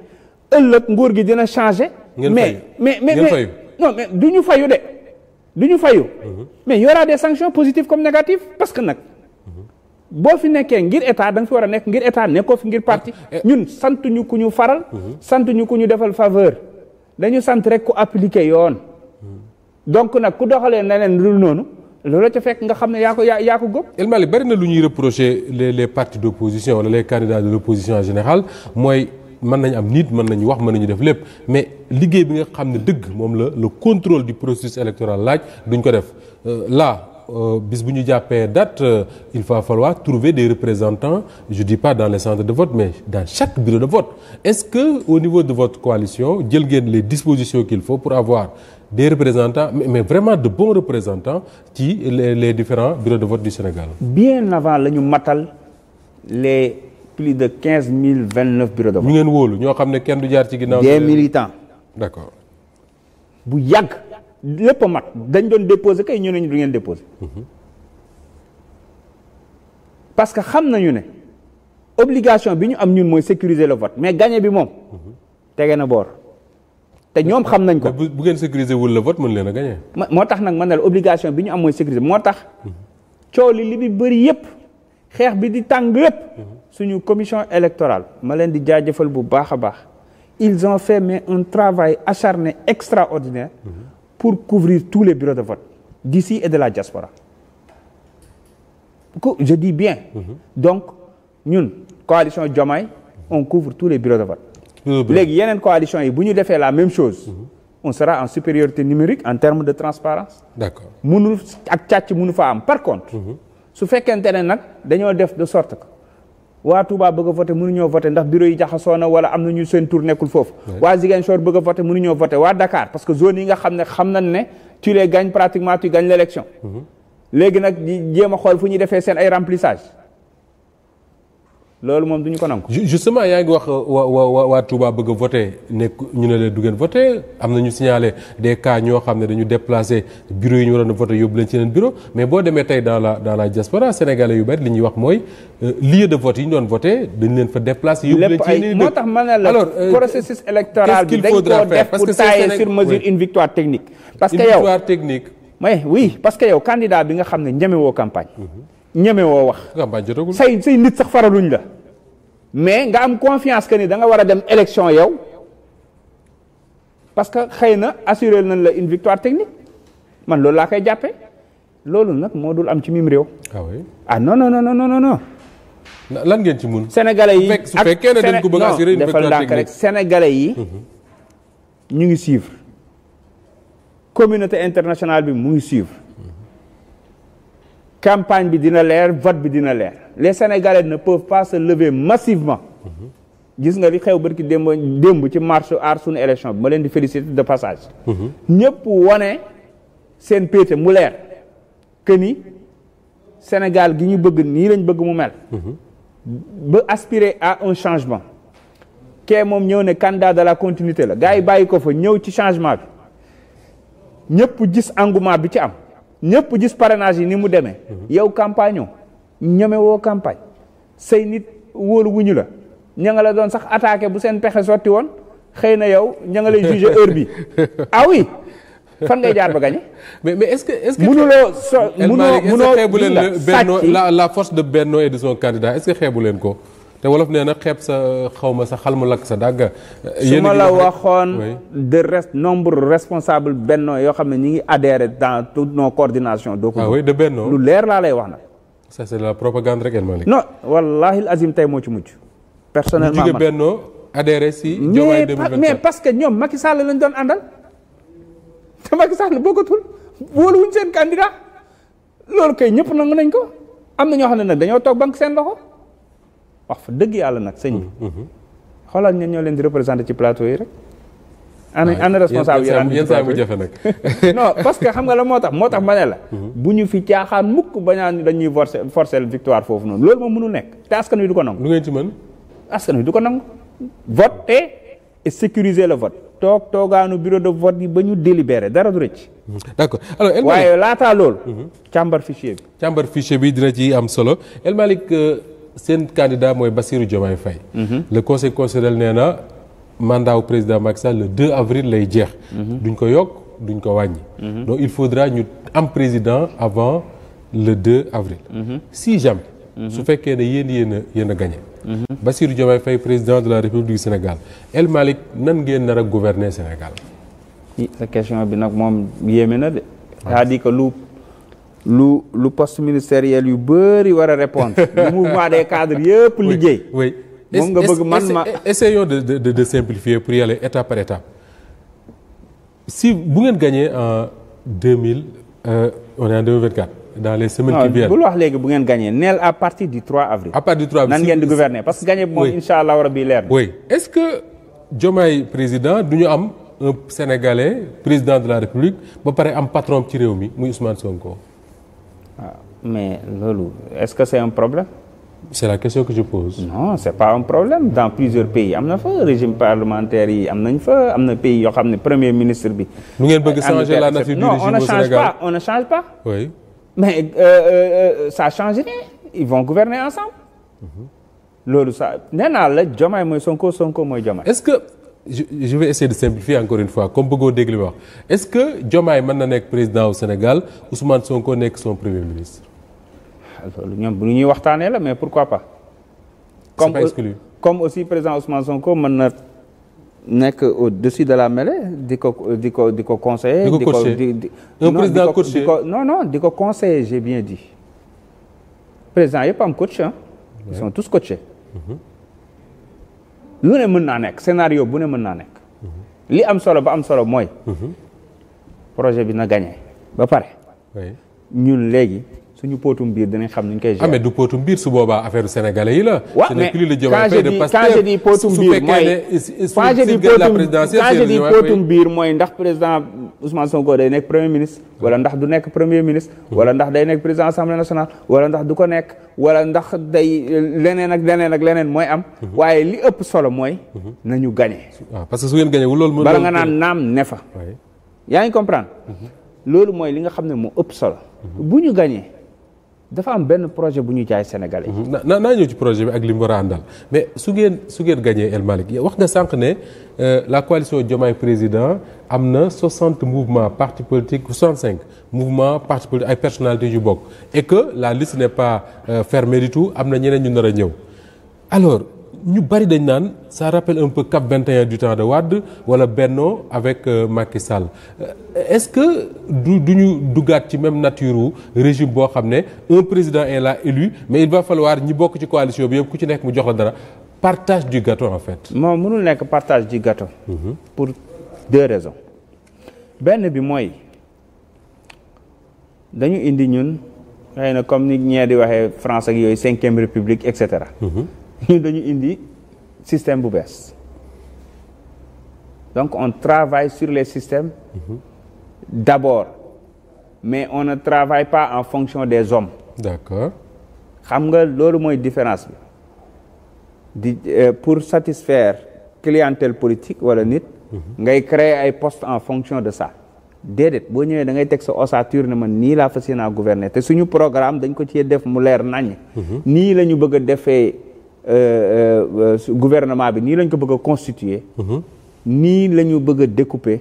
ëllëg nguur gi dina changer mais mais mais mais mais du ñu fayu de du ñu fayu mhm. mais y aura des sanctions comme négatives parce que nag mhm. boo fi nekkee ngir état da nga fi war a nekk ngir état nekkoo fi ngir parti ah, eh. ñun sant ñu ku ñu faral mhm. sant ñu ku ñu defal faveur dañu sant rek ku appliquer yoon donc nag ku doxalee neneen dul noonu loola ca fekk nga xam ne yaa ko yaa yaa ko góob. El na lu ñuy reprocher les les partis d' opposition wala les candidats de l' opposition en général mooy mën nañu am nit mën nañu wax mën nañu def lépp mais liggéey bi nga xam ne dëgg moom la le contrôle du processus électoral laaj duñ ko def euh, là. Euh, bis bu ñu jàppee date euh, il va falloir trouver des représentants je dis pas dans les centres de vote mais dans chaque bureau de vote est-ce que au niveau de votre coalition jël ngeen les dispositions qu'il pour avoir des représentants mais vraiment de bons représentants ci les les différents bureaux de vote du Sénégal. bien avant la ñu matal les plus de quinze mille vingt neuf bureaux de vote. ñu ngeen wóolu ñoo xam ne kenn du jaar ci ginnaaw. des militants. d' accord. bu yàgg lépp a mat dañ doon déposé kay ñu ne ñu du ngeen déposé. Mhm. parce que xam nañu ne obligation bi ñu am ñun mooy sécuriser le vote mais gagné bi moom. Mhm. tege na boor. te ñoom xam nañ ko. bu bu ngeen sécuriser la le vote mën leen a gagné. moo tax nag man ne la obligation bi ñu am mooy moo tax coow li li bi bëri yëpp xeex bi di tàng yëpp. suñu commission électorale ma leen di jaajëfal bu baax a baax ils ont fait mais un travail acharné extraordinaire pour couvrir tous les bureaux de vote si et de la diaspora je dis bien mm-hmm. donc ñun coalition Diomaye on couvre tous les bureaux de vote léegi yeneen coalition yi bu ñu defee la même chose mhm. on sera en supériorité numérique en termes de transparence d'accord mënul ak càcc mënu fa am par contre mhm. su fekkente ne nag dañoo def de sorte que waa Touba bëgg a voté mënuñoo voté ndax bureau yi jaxasoo na wala am na ñu seen tour nekkul foofu waa Ziguinchor bëgg a voté mënuñoo voté waa Dakar parce que zone yi nga xam ne xam na ne tu les gagnes pratiquement tu gagnes l'élection mhm. léegi nag jéem a xool fu ñuy defee seen ay remplissage loolu moom du ko nangu. justement yaa ngi wax wa wa waa Touba bëgg a voté ñu ne leen duggeen ngeen am na ñu signalé des cas ñoo xam ne dañu déplacé bureau yi ñu waroon a voté yóbbu leen ci yeneen bureau mais boo demee tey dans la dans la diaspora sénégalais yu bari li ñuy wax mooy euh, lieu de vote yi ñu doon voté dañu leen fa déplace yóbbu leen ci yeneen moo tax ma ne la euh, processus électoral bi dañ koo def parce que yow une victoire technique. mais oui parce que bi nga xam ne ñemewoo campagne. Mm-hmm. ñeme woo wax. Ah, say say nit sax faraluñ la. mais nga am confiance que ni da nga war a dem élection yow parce que xëy na assuré nañ la une victoire technique man loolu laa koy jàppee loolu nag moo dul am ci mim réew. ah oui ah non non non non lan ngeen ci mun. sénégalais yi ak su ne ko bëgg assuré une victoire technique rek sénégalais yi. Mhm. ñu ngi suivre communauté internationale bi mu ngi suivre. campagne bi dina leer vote bi dina leer les sénégalais ne peuvent pas se lever massivement gis nga li xew barki démb démb ci marche aar sunu élection bi ma leen di féliciter de passage ñëpp wane seen péete mu leer que ni Sénégal gi ñu bëgg nii lañ bëgg mu mel ba aspirer à un changement kee moom ñëw ne candidat de la continuité la gars yi bàyyi ko fa ñëw ci changement bi ñëpp gis engouement bi ci am ñëpp gis parrainage yi ni mu demee. Mhm. yow campagne ñeme woo campagne say nit wóolu wuñu la ña nga la doon sax attaqué bu seen pexe sotti woon xëy na yow ña nga lay jugé heure bi (laughs) ah oui fan ngay jaar ba gagné. mais mais est-ce que est-ce que. mënuloo so mënoo mënoo la sàcc la la force de Benno et de son candidat est xeebu leen ko. te wolof nee na xeeb sa xawma sa xal mu lakk sa dàgg. su ma la waxoon de reste nombre responsable Benno yoo xam ne ñi ngi adhéré dans toutes nos coordinations. donc ah oui lu leer laa lay wax na ça c'est la propagande rek El Malick. non moo ci mujj. personnellement man Benno adhéré si. Diomaye 2024 mais parce que ñoom Macky Sall lañ doon àndal te Macky Sall bokkatul wóoluwuñ seen candidat loolu kay ñëpp nangu nañ ko am na ñoo xam ne nag dañoo toog banque seen loxo. wax fa dëgg yàlla nag sëñ bi. Mm-hmm, mm-hmm. xoolal ñen ñoo leen di représenté ci plateau yi rek. ana ah, ana yi daan mu jafe (laughs) xam nga la moo tax moo tax ma ne la. Mm-hmm. bu ñu fi caaxaan mukk bañaan dañuy forcer forcer victoire foofu noonu loolu moom mënul nekk te askan wi du ko nangu. lu ngeen ci mën. askan wi du ko nangu. vote et sécuriser le vote. toog toogaanu bureau de vote yi ba ñu délibéré dara du rëcc. d'accord alors El waaye laataa loolu. càmbar fichier bi. càmbar fichier bi dina ci am solo seen candidat mooy Bassirou Diomaye Faye mhm. le conseil constitutionnel nee na président Macky Sall le 2 avril lay jeex. Mhm. duñ ko yokk duñ ko wàññi. Mhm. donc il faudra ñu am président avant le 2 avril. si jamais. su fekkee ne yéen yéen a yéen a gagné. Bassirou Diomaye président de la République du Sénégal El nan ngeen nar a gouverner Sénégal. sa question bi nag moom yéeme na de. cest lu lu lu poste ministériel yu bëri war a répondre (laughs) lu mouvement des cadres yëpp liggéey oui moom nga bëgg man ma essayons de de de simplifier pour y aller étape par étape si bu ngeen gañee en deux mille euh, on est en dans les semaines qui viennent bul wax léegi bu ngeen gagné neel à partir du 3 avril. à partir nan ngeen di gouverner parce que gagné bi moom incha allah rabi leer na. oui est-ce que Diomaye président du ñu am un sénégalais président de la république ba pare am patron ci réew mi muy Ousmane ko Ah, mais loolu est-ce que c'est un problème. c'est la question que je pose. non c'est pas un problème dans plusieurs pays am na fa régime parlementaire yi am nañ fa am na pays yoo xam ne premier ministre bi. nu ngeen bëgg changer la nature du régime au Sénégal non ne change pas on ne change pas. mais euh, euh, euh, ça change rien ils vont gouverner ensemble. Mhm. loolu ça nee naa la Diomaye mooy Sonko Sonko mooy Diomaye. est-ce que. je vais essayer de simplifier encore une fois comme bëggoo dégg wax est-ce que Diomaye mën na nekk président au Sénégal Ousmane Sonko nekk son premier ministre. loolu ñoom bu ñuy waxtaanee la mais pourquoi pas. comme pas comme aussi président Ousmane Sonko mën na nekk au-dessus de la mêlée di ko di ko di ko conseiller. di ko di di un président coaché non non di ko conseiller j'ai bien dit président yëpp am coach ah. ils tous coachés. Mm-hmm. lu ne mën naa nekk scénario bu ne mën naa nekk mhm. li am solo ba am solo mooy mhm. projet bi na gagné ba pare ñun léegi suñu pootum biir dinañ xam nuñ koy gérer. ah mais du pootum biir su boobaa affaire sénégalais yi la. waaw mais quand je dis quand je dis pootum biir mooy quand je dis pootum quand je dis pootum biir mooy ndax président Ousmane Sonko day nekk premier ministre. wala ndax du nekk premier ministre. wala ndax day nekk président assemblée nationale. wala ndax du ko nekk. wala ndax day leneen ak leneen ak leneen mooy am. Mhm. waaye li ëpp solo mooy. Mhm. nañu gagné. waaw ah, parce que su ngeen gagné wu loolu. bala nga naan naam ne fa. yaa ngi comprendre. Mhm. loolu mooy li nga xam ne moo ëpp solo. bu ñu gagné. dafa am benn projet bu ñuy jaay sénégalais. Mhm. na naa ñëw ci projet bi ak li mu a mais su ngeen su ngeen gagné El Malick wax nga sànq ne euh, la coalition Diomaye président am na 60 mouvements partis politiques 65 mouvements partis politiques ay personnalités yu bokk et que la liste n'est pas euh, fermée am na ñeneen ñu nar a ñëw alors. ñu bari dañ naan ça rappelle un peu CAP 21 du temps de Wade wala Benno avec euh, Macky Sall euh, est-ce que du du ñu duggaat ci même nature régime boo xam ne un président et la élu mais il va falloir ñi bokk ci coalition bi yëpp ku ci nekk mu jox la dara partage du gato en fait. non mënul nekk partage du gato mhm. pour deux raisons. benn bi mooy dañu indi ñun xëy na comme ni ñee di waxee France ak yooyu cinquième république et cetera. Mhm. ñun dañu indi système bu bees donc on travail sur les systèmes d'abord mais on ne travail pas en fonction des hommes d'accord xam nga loolu mooy différence bi di euh, pour satisfaire clientèle politique wala nit ngay créer ay postes en fonction de ça déedéet boo ñëwee da ngay teg sa ossature ne man nii laa fas yéenaa te suñu programme dañ ko ci def mu leer nañ mhm. nii la ñu defee Euh, euh, euh, gouvernement bi nii lañ ko bëgg a constituer mhm. nii la ñu bëgg découper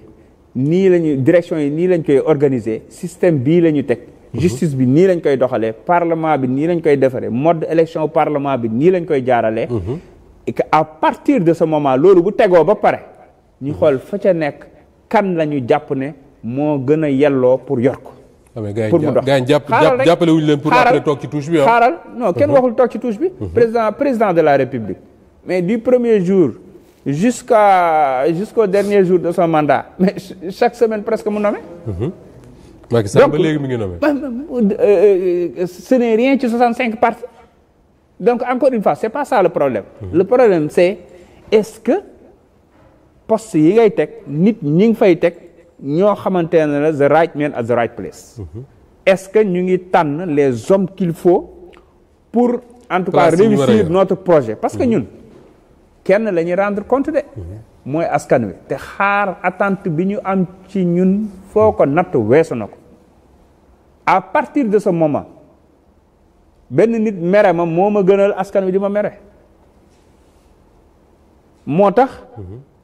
nii la ñu direction yi nii lañ koy organiser système bii la ñu teg mhm. justice bi nii lañ koy doxalee parlement bi nii lañ koy defaree mode élection parlement bi nii lañ koy jaarale mhm. et à partir de sa moment loolu bu tegoo ba pare ñu xool fa ca nekk kan lañu jàpp ne moo gën a yelloo pour yor ko Ah, pour mu dox xaaral rek jàppale wuñu leen pour après toog ci touche bi ah. xaaral non kenn waxul toog ci touche bi. Mhm. président de la république. mais du premier jour. jusqu'à jusqu'au dernier jour de son mandat mais chaque semaine presque mu nommé. Mhm. Macky Sall ba léegi mi ngi nommé. Euh, euh, ce rien ci 65 donc encore une fois c'est pas ça le problème. Mhm. le problème c'est est-ce que poste yi teg nit ñi fay teg. ñoo xamante ne la the right man at the right place. Mhm. est-ce que ñu ngi tànn les hommes qu'il faut pour. en tout projet. parce que mhm. ñun kenn la ñuy rendre compte de. Mhm. mooy askan wi te xaar attente bi ñu am ci ñun foo ko natt weesu na ko à partir de ce moment benn nit mere ma moo ma gënal askan wi di ma mere moo tax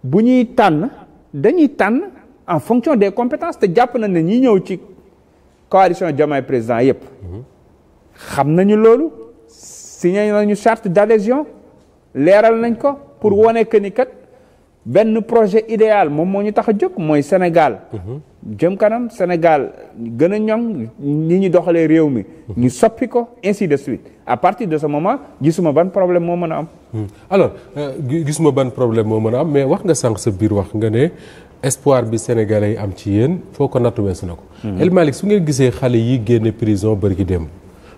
bu ñuy tànn dañuy tànn. en fonction des compétence te jàpp na ne ñi ñëw ci coalition Diomaye président yëpp xam nañu loolu si signé nañu charte d'adhésion leeral nañ ko pour mhm. wone que ni kat benn projet idéal moom moo ñu tax a jóg mooy Sénégal mhm. jëm kanam Sénégal gën a ñoŋ ni ñu doxalee réew mi mhm. ñu soppi ko ainsi de suite à partir de ce moment gisuma ban problème moo mën a am alors euh, gisuma ban problème moo mën a am mais wax nga sànq sa biir wax nga ne espoir bi sénégalais yi am ci yéen foo ko nattu weesu na ko. El su ngeen gisee xale yi génne prison bërki dem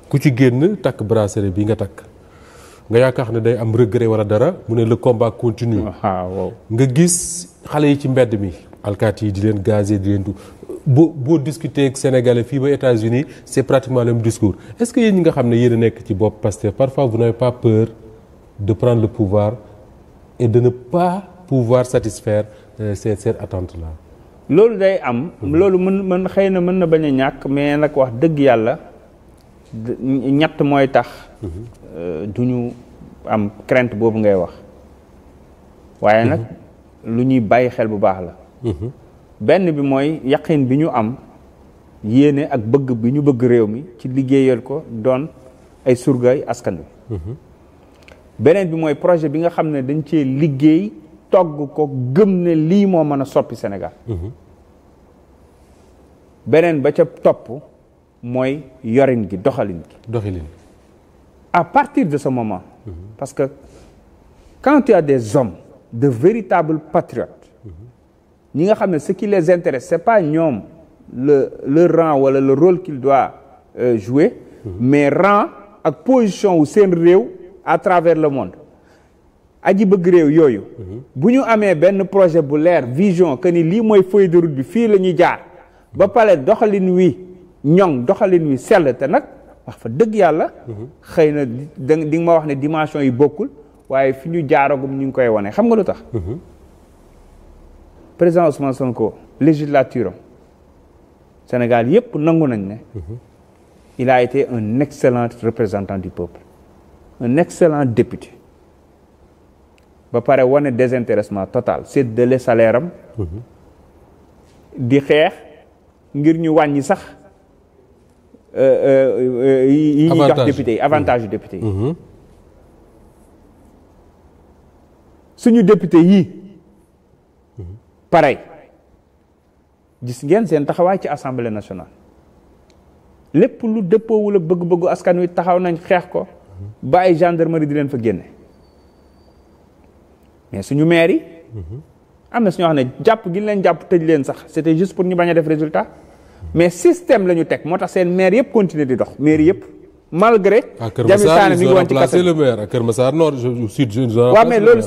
ku ci génn takk bracelet bi nga takk nga yaakaar ne day am regret wala dara mu ne le combat continue ah, nga gis xale yi ci mbedd mi. alkaati yi di leen gazé di leen du boo boo discuter ak sénégalais fii ba États-Unis c'est pratiquement le même discours est-ce que yéen ñi nga xam ne yéen a nekk ci bopp Pastef parfois vous n'avez pas peur de prendre le pouvoir et cette euh, cette attente là. loolu day am. loolu mën mën xëy na mën na bañ a ñàkk mais nag wax dëgg yàlla ñett mooy tax. Euh, du ñu am crainte boobu ngay wax. waaye nag lu ñuy bàyyi xel bu baax la. benn bi mooy yaqin bi ñu am yéene ak bëgg bi ñu bëgg réew mi ci liggéeyal ko doon ay surgay askan wi. Mhm. beneen bi mooy projet bi nga xam ne dañ cee liggéey. togg ko gëm ne lii moo mën a soppi Sénégal mhm. beneen ba ca topp mooy yorin gi doxalin gi doxalin à partir de ce moment mhm. parce que quand tu des hommes de véritables patriotes mhm. ñi nga xam ne ce qui les intéresse c'est pas ñoom le le rang wala le rôle qu'il doit euh, jouer mais rang ak position wu seen réew à travers le monde aji bëgg réew yooyu mhm. bu ñu amee benn projet bu leer vision que ni lii mooy feuille de bi fii la ñuy jaar ba pare doxalin wi ñoŋ doxalin wi sell te nag wax fa dëgg yàlla mhm. xëy na da di ma wax ne dimension yi bokkul waaye fi ñu jaaragum ñu ngi koy wane xam nga lu tax mhm. président Ousmane Sonko législature am Sénégal yëpp nangu nañ ne il a été un excellent représentant du peuple un excellent député ba pare wane désintéressement total séddale salaire am mhm. di xeex ngir ñu wàññi sax euh, euh, yi ñuy jox député yi avantage yu mhm. suñu député yii mhm. pareil gis ngeen seen taxawaay ci assemblée nationale lépp lu dëppoowul a bëgg-bëggu askan wi taxaw nañ xeex ko ba ay gendarmerie di leen fa génne mais suñu maire yi mhm. am na suñoo xam ne jàpp gin leen jàpp tëj leen sax c'était juste pour ñu bañ a def résultat mais système la ñu teg moo tax seen maire yëpp continuer di dox maire yëpp malgré Jami Sané le maire à Kër Massar Nord sud waaw mais loolu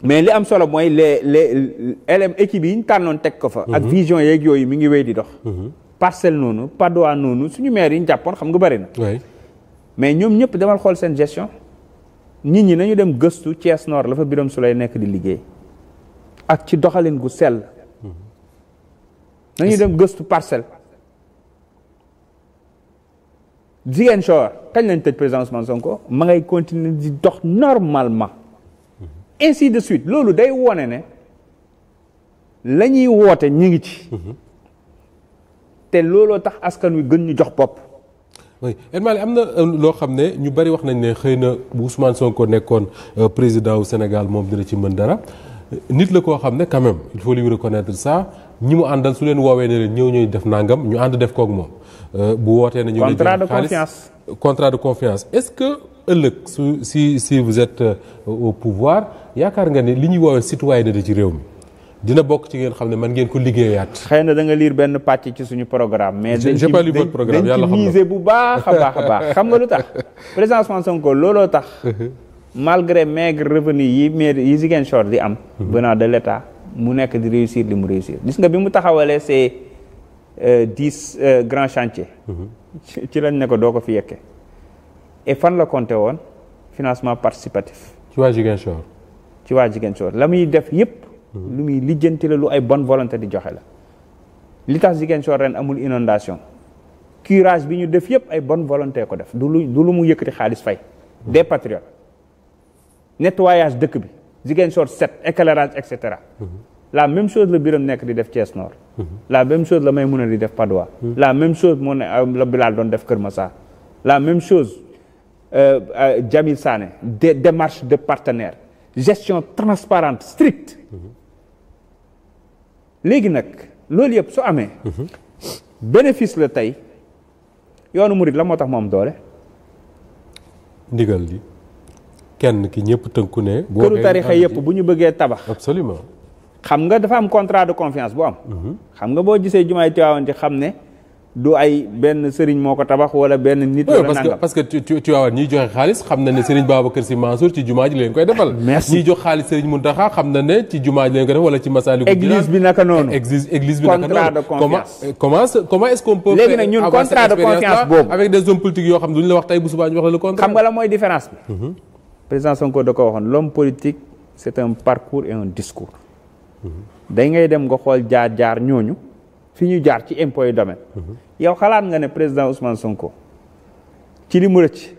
mais li am solo mooy les les élèves équipe yi ñu tànnoon teg ko fa ak mhm. vision yeeg yooyu mi ngi wéy di dox mhm. parcelle noonu Padoa noonu suñu maire yi ñu jàppoon xam nga bari na mais ñoom ñëpp demal xool seen gestion nit ñi nañu dem gëstu Thiès Nord la fa Birame Souleye nekk di liggéey ak ci doxalin gu sel nañu dem gëstu parcelle Ziguinchor kañ lañ tëj président Ousmane Sonko ma ngay continuer di dox normalement mhm. ainsi de suite loolu day wone ne lañuy woote ñi ngi ci mhm. te looloo tax askan wi gën ñu jox bopp oui El am na euh, loo xam ne ñu bari wax nañ ne xëy na bu Ousmane Sonko nekkoon euh, président wu Sénégal moom dina ci mën dara nit la koo xam ne quand même il faut lui reconnaître ça ñi mu àndal su leen woowee ne leen ñëw ñooy def nangam ñu ànd def koog moom euh, bu wootee nañu ñu contrat de confiance contrat de confiance est-ce que ëllëg su si si vous êtes pouvoir yaakaar nga ne li ñuy woowee citoyenneté ci réew mi dina bokk ci ngeen xam ne man ngeen ko liggéeyaat. xëy na da nga lire benn pàcc ci suñu programme. mais dañ ci dañ ci miser bu baax a baax a (laughs) xam nga lu tax président Ousmane Sonko looloo tax. (laughs) malgré maigre revenu yi mais yi Ziguinchor di am. Mhm. venant de l' état mu nekk di réussir li mu réussir gis nga bi mu taxawalee ces euh, dix euh, grands chantiers. Mhm. ci lañ ne ko doo ko fi yekke e fan la compté woon financement participatif. ci waa Ziguinchor. ci waa Ziguinchor la muy def yëpp. lu muy lijjanti la lu ay bonne volonté di joxe la li tax Ziguinchor ren amul inondation curage bi ñu def yëpp ay bonne volonté ko def du lu mu yëkkati xaalis fay des patriotes nettoyage dëkk bi Ziguinchor set éclairage et cetera la même chose la Birame nekk di def Thiès Nord la même chose la Maïmouna di def Patte la même chose moo ne la Bilal doon def Kër Massar la même chose euh, euh, Jamil Sané des démarche de partenaires gestion transparente stricte léegi nag loolu yëpp su amee. Mhm. bénéfice la tey yoonu murit la moo tax mu am doole. ndigal li kenn ki ñëpp tënku ne. boo këru tarixa yëpp bu ñu bëggee tabax. absolument xam nga dafa am contrat de confiance bu am. Mhm. xam nga boo gisee jumaay Tiwaawan ji xam ne. du ay benn sëriñ moo ko tabax wala benn nit. wala nangam parce que parce que joxe xaalis xam na ne sëriñ Babacar Sy Mansour ci jumaa ji leen koy defal. merci ñiy jox xaalis sëriñ Mountakha xam na ne ci jumaa ji leen koy defal wala ci Masaalikul Jinaan église bi naka noonu. église bi naka noonu euh, contrat de confiance. comment boobu avec des hommes politiques yoo xam ne duñu la wax tey bu ñu wax la le contraire. xam nga la mooy différence bi. Mhm. président Sonko da ko waxoon l'homme politique c'est un mhm. ngay dem nga xool jaar jaar ñooñu fi ñu jaar ci impôt et domaine mhm. yow xalaat nga ne président Ousmane Sonko ci li mu rëcc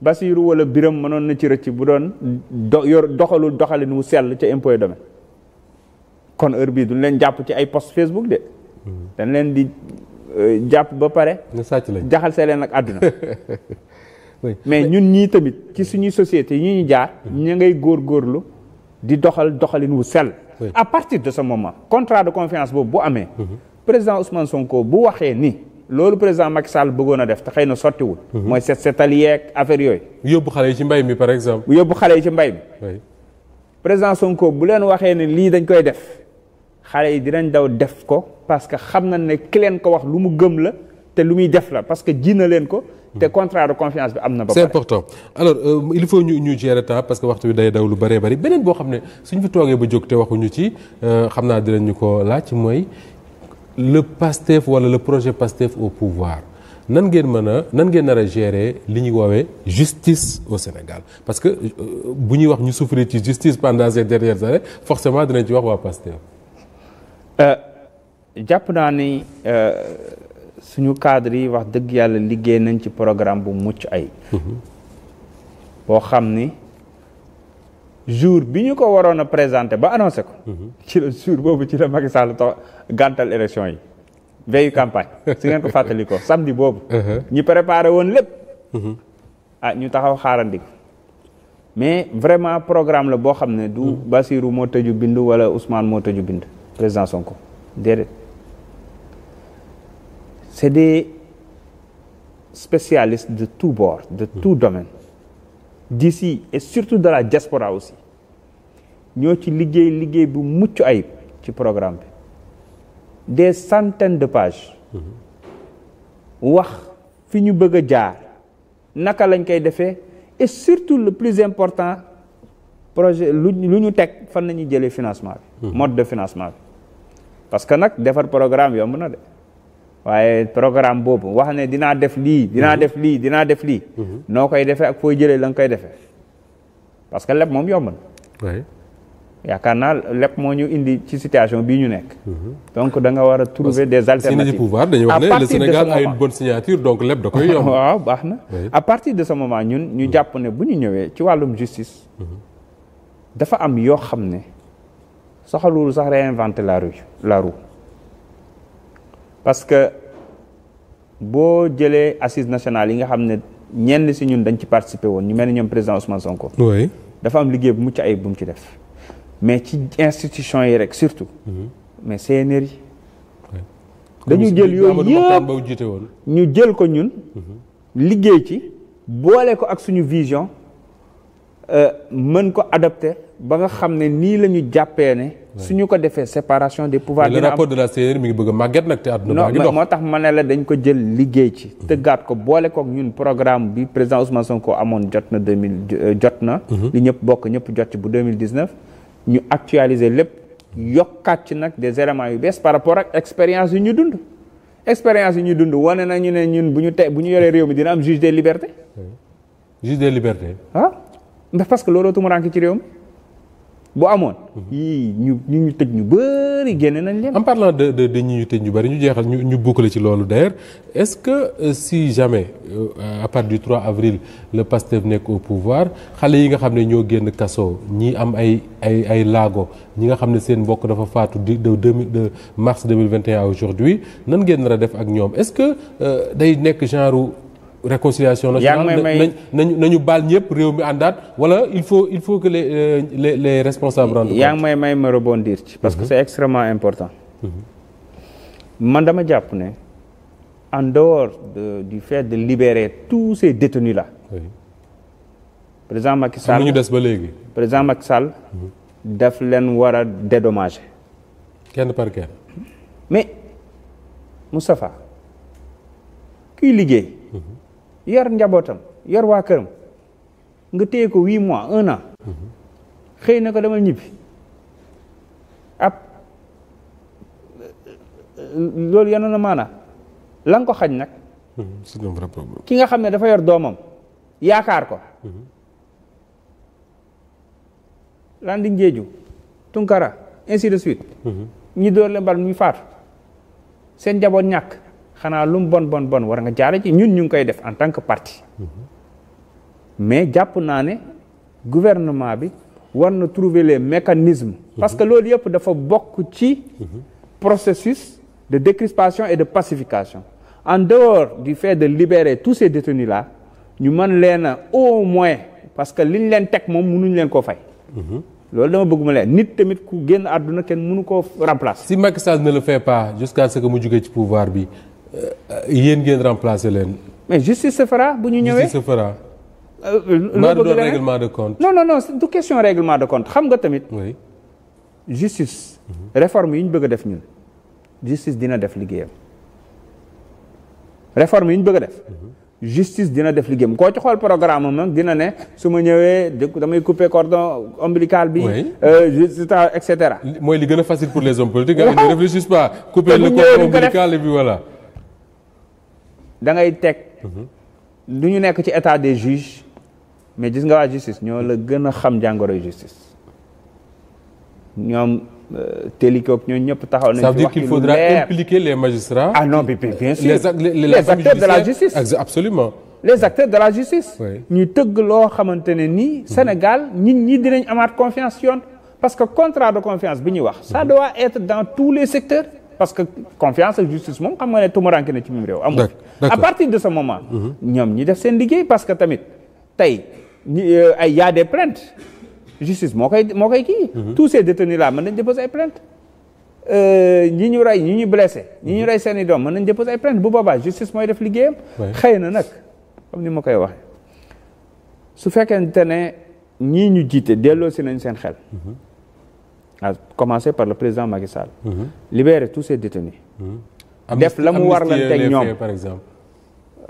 Basiru wala Biram mënoon na ci rëcc bu doon do yor doxalul doxalin wu sel ca impôt domaine kon heure bii duñ leen jàpp ci ay post Facebook de hmm. dañ leen di euh, jàpp ba pare jaxal see leen ak àdduna (laughs) mais ñun ñii tamit ci hmm. suñuy société yi ñu jaar hmm. ñu ngay góor góorlu di doxal doxalin wu sel à partir de sa moment contrat de confiance boobu bu amee président Ousmane Sonko bu waxee nii loolu président Macky Sall bëggoon a def te xëy na sottiwul. Mhm. mooy set setal yeeg affaire yooyu. yóbbu xale yi ci mbay mi par exemple. bu yóbbu xale yi ci mbay mi. président Sonko bu leen waxee ne lii dañ koy def xale yi dinañ daw def ko parce que xam na ne ki leen ko wax lu mu gëm la te lu muy def la parce que ji na leen ko. te mhm. contrat de confiance bi am na. ba pare c'est important alors euh, il faut ñu ñu gérer temps parce que waxtu bi day daw lu bëree bari beneen boo xam ne suñ fi toogee ba jóg waxuñu ci euh, xam naa dinañu ko laaj mooy. le PASTEF wala le projet PASTEF au pouvoir nan ngeen mën a nan ngeen nar a gérer li ñuy woowee justice au Sénégal parce que euh, bu ñuy wax ñu souffrir ci justice pendant ces dernières années forcément dinañ ci wax waa PASTEF. Euh, jàpp naa ni euh, suñu cadre yi wax dëgg yàlla liggéey nañ ci programme bu mucc ay mm-hmm. boo xam ni. jour bi ñu ko waroon a présenté ba annoncé ko. Mhm. ci la jour boobu ci la Macky Sall tax gàntal élection yi veille campagne si ngeen ko fàttali ko samedi boobu. Mhm. ñu préparé woon lépp. Mhm. ah ñu taxaw xaarandi ko mais vraiment programme la boo xam ne. du bassiru moo tëju bindu wala Ousmane moo tëju bind président Sonko déedéet c'est des spécialistes de tout bord de tout domaine. si et surtout de la diaspora aussi ñoo ci liggéey liggéey bu mucc ayib ci programme bi des centaines de pages mm-hmm. wax fi ñu bëgg a jaar naka lañ koy defee et surtout le plus important projet lu lu ñu teg fan la ñuy jëlee financement bi mm-hmm. mode de financement bi parce que nag defar programme yomb na de waaye programme boobu wax ne dinaa def lii dinaa mhm. def lii dinaa def lii mhm. noo koy defee ak fooy jëlee la nga koy defee parce que leb moom yomb na yaakaar naa lépp moo ñu indi ci situation bii ñu nekk. Mhm. donc danga war a trouver des alternatives. du pouvoir dañuy wax a une bonne signature donc lépp da koy yomb. (laughs) waaw baax na à partir de ce moment ñun ñu jàpp ne bu ñu ñëwee ci wàllum justice. dafa am yoo xam ne soxalul sax réinventer la rue la roue. parce que boo jëlee assise nationale yi nga xam ne ñenn si ñun dañ ci participer woon ñu mel ni ñoom président Ousmane Sonko. oui dafa am liggéey bu mucc ay bu mu ci def mais ci institution yi rek surtout. Mhm. mais CNRI yi. dañu jël yooyu yëpp ñu jël ko ñun. Mhm. liggéey ci boole ko ak suñu vision euh, mën ko adopté ba nga xam ne nii la ñu jàppee ne. su ñu ko defee séparation des pouvoirs. dina am de la CNRA mi ngi bëgg a nag te àdduna ngi moo tax ma ne la dañ ko jël liggéey ci. Mhm. tëggaat ko boole kook ñun programme bi président Ousmane Sonko amoon jot na deux mille euh, jot na. Mhm. li ñëpp bokk ñëpp jot ci bu deux mille dix neuf ñu actualiser lépp yokkaat ci nag de éléments yu bees par rapport ak expérience yu ñu dund. expérience yi ñu dund wane na ñu ne ñun bu ñu te bu ñu yoree réew mi dina am juge des libertés. juge des libertés. ah ndax parce looloo tuuma bu amoon. yii ñu ñu ñu tëj ñu bëri génne nañ leen. en parlant de de de ñi ñu tëj ñu bëri ñu jeexal ñu ñu boucler ci loolu d'ailleurs est-ce que euh, si jamais euh, à partir du 3 avril le Pastef nekk au pouvoir xale yi nga xam ne ñoo génn kaso ñi am ay ay ay laago ñi nga xam ne seen mbokk dafa faatu di de de mars 2021 à aujourd'hui nan ngeen nar a def ak ñoom est-ce que euh, day nekk genre. na réconciliation nationale nañu nañu baal ñëpp réew mi àndaat wala il faut il faut que les euh, les les responsables rendent compte yaa ngi may may ma rebondir ci parce que mhm. c'est extrêmement important mhm. man dama jàpp ne en dehors de, du fait de libérer tous ces détenus là oui. président Macky Sall ñu ba léegi président Macky Sall mhm. daf leen war a dédommager kenn par kenn mais Moustapha kuy liggéey yor njabootam yor waa këram nga téye ko huit mois un xëy na ko dama ñibbi ab loolu yenoon na maanaam ko xaj nag ki nga xam ne dafa yor doomam yaakaar ko lan di njeeju tunkara ainsi de suite mhm. ñi door leen bal ñu faatu seen njaboot ñàkk xanaa lum mu bon bon bon war nga jaare ji ñun ñu ngi koy def en tant que parti mais jàpp naa ne gouvernement bi war na trouver les mécanismes parce que loolu yëpp dafa bokk ci processus de décrispation et de pacification en dehors du fait de libérer tous ces détenus là ñu man leen a au moins parce que li ñu leen teg moom mënuñ leen koo fay loolu dama bëgg ma leen nit tamit ku génn àdduna kenn munu koo remplacer si Macky Sall ne le fait pas jusqu'à ce mu jugee ci pouvoir bi Euh, yéen ngeen remplacer leen. mais justice se fera bu ñu ñëwee justice se fera. Euh, euh, maa doon règlement de compte non non du question règlement de compte xam nga tamit. oui justice. Mhm. réforme yi ñu bëgg def ñun justice dina def liggéeyam réforme yi ñu bëgg a def. Mhm. justice dina def liggéeyam koo ci xool programme am nag dina ne su ma ñëwee damay couper cordon ombilical bi. justice et cetera. mooy li gën a facile pour les hommes bi voilà. da ngay teg mhm. du ñu nekk ci état des juges mais gis nga waa justice ñoo la gën a xam jàngoro justice ñoom euh, Téliko ñoo ñëpp taxaw nañ. ci wax ça veut dire qu'il faudra impliquer ah non bien bien sûr les les, les acteurs de la justice. absolument les acteurs de la justice. ñu tëgg loo xamante ne nii. Mhm. Sénégal nit ñi dinañ amaat confiance yoon parce que contrat de confiance bi ñuy wax. ça mhm. doit être dans tous les secteurs. parce que confiance ak justice moom xam nga ne tumuranke na ci mim réew amul à partir de ce moment ñoom ñi def seen liggéey parce que tamit tey euh, ay y a des justice moo koy moo koy kii mhm. tous ces détenus là mën nañ déposer ay plainte euh, ñi ñu rey ñi ñu blessé ñi ñu mhm. rey seen i doom mën nañ déposer ay plainte bu boobaa justice mooy def liggéeyam xëy na nag comme ni ma koy waxee su fekkente ne ñii ñu jiite delloo si nañ seen xel mhm. à commencer par le président Macky Sall. Mhm. libérer tous ces détenus. Mhm. def la mu war lan teg ñoom par exemple.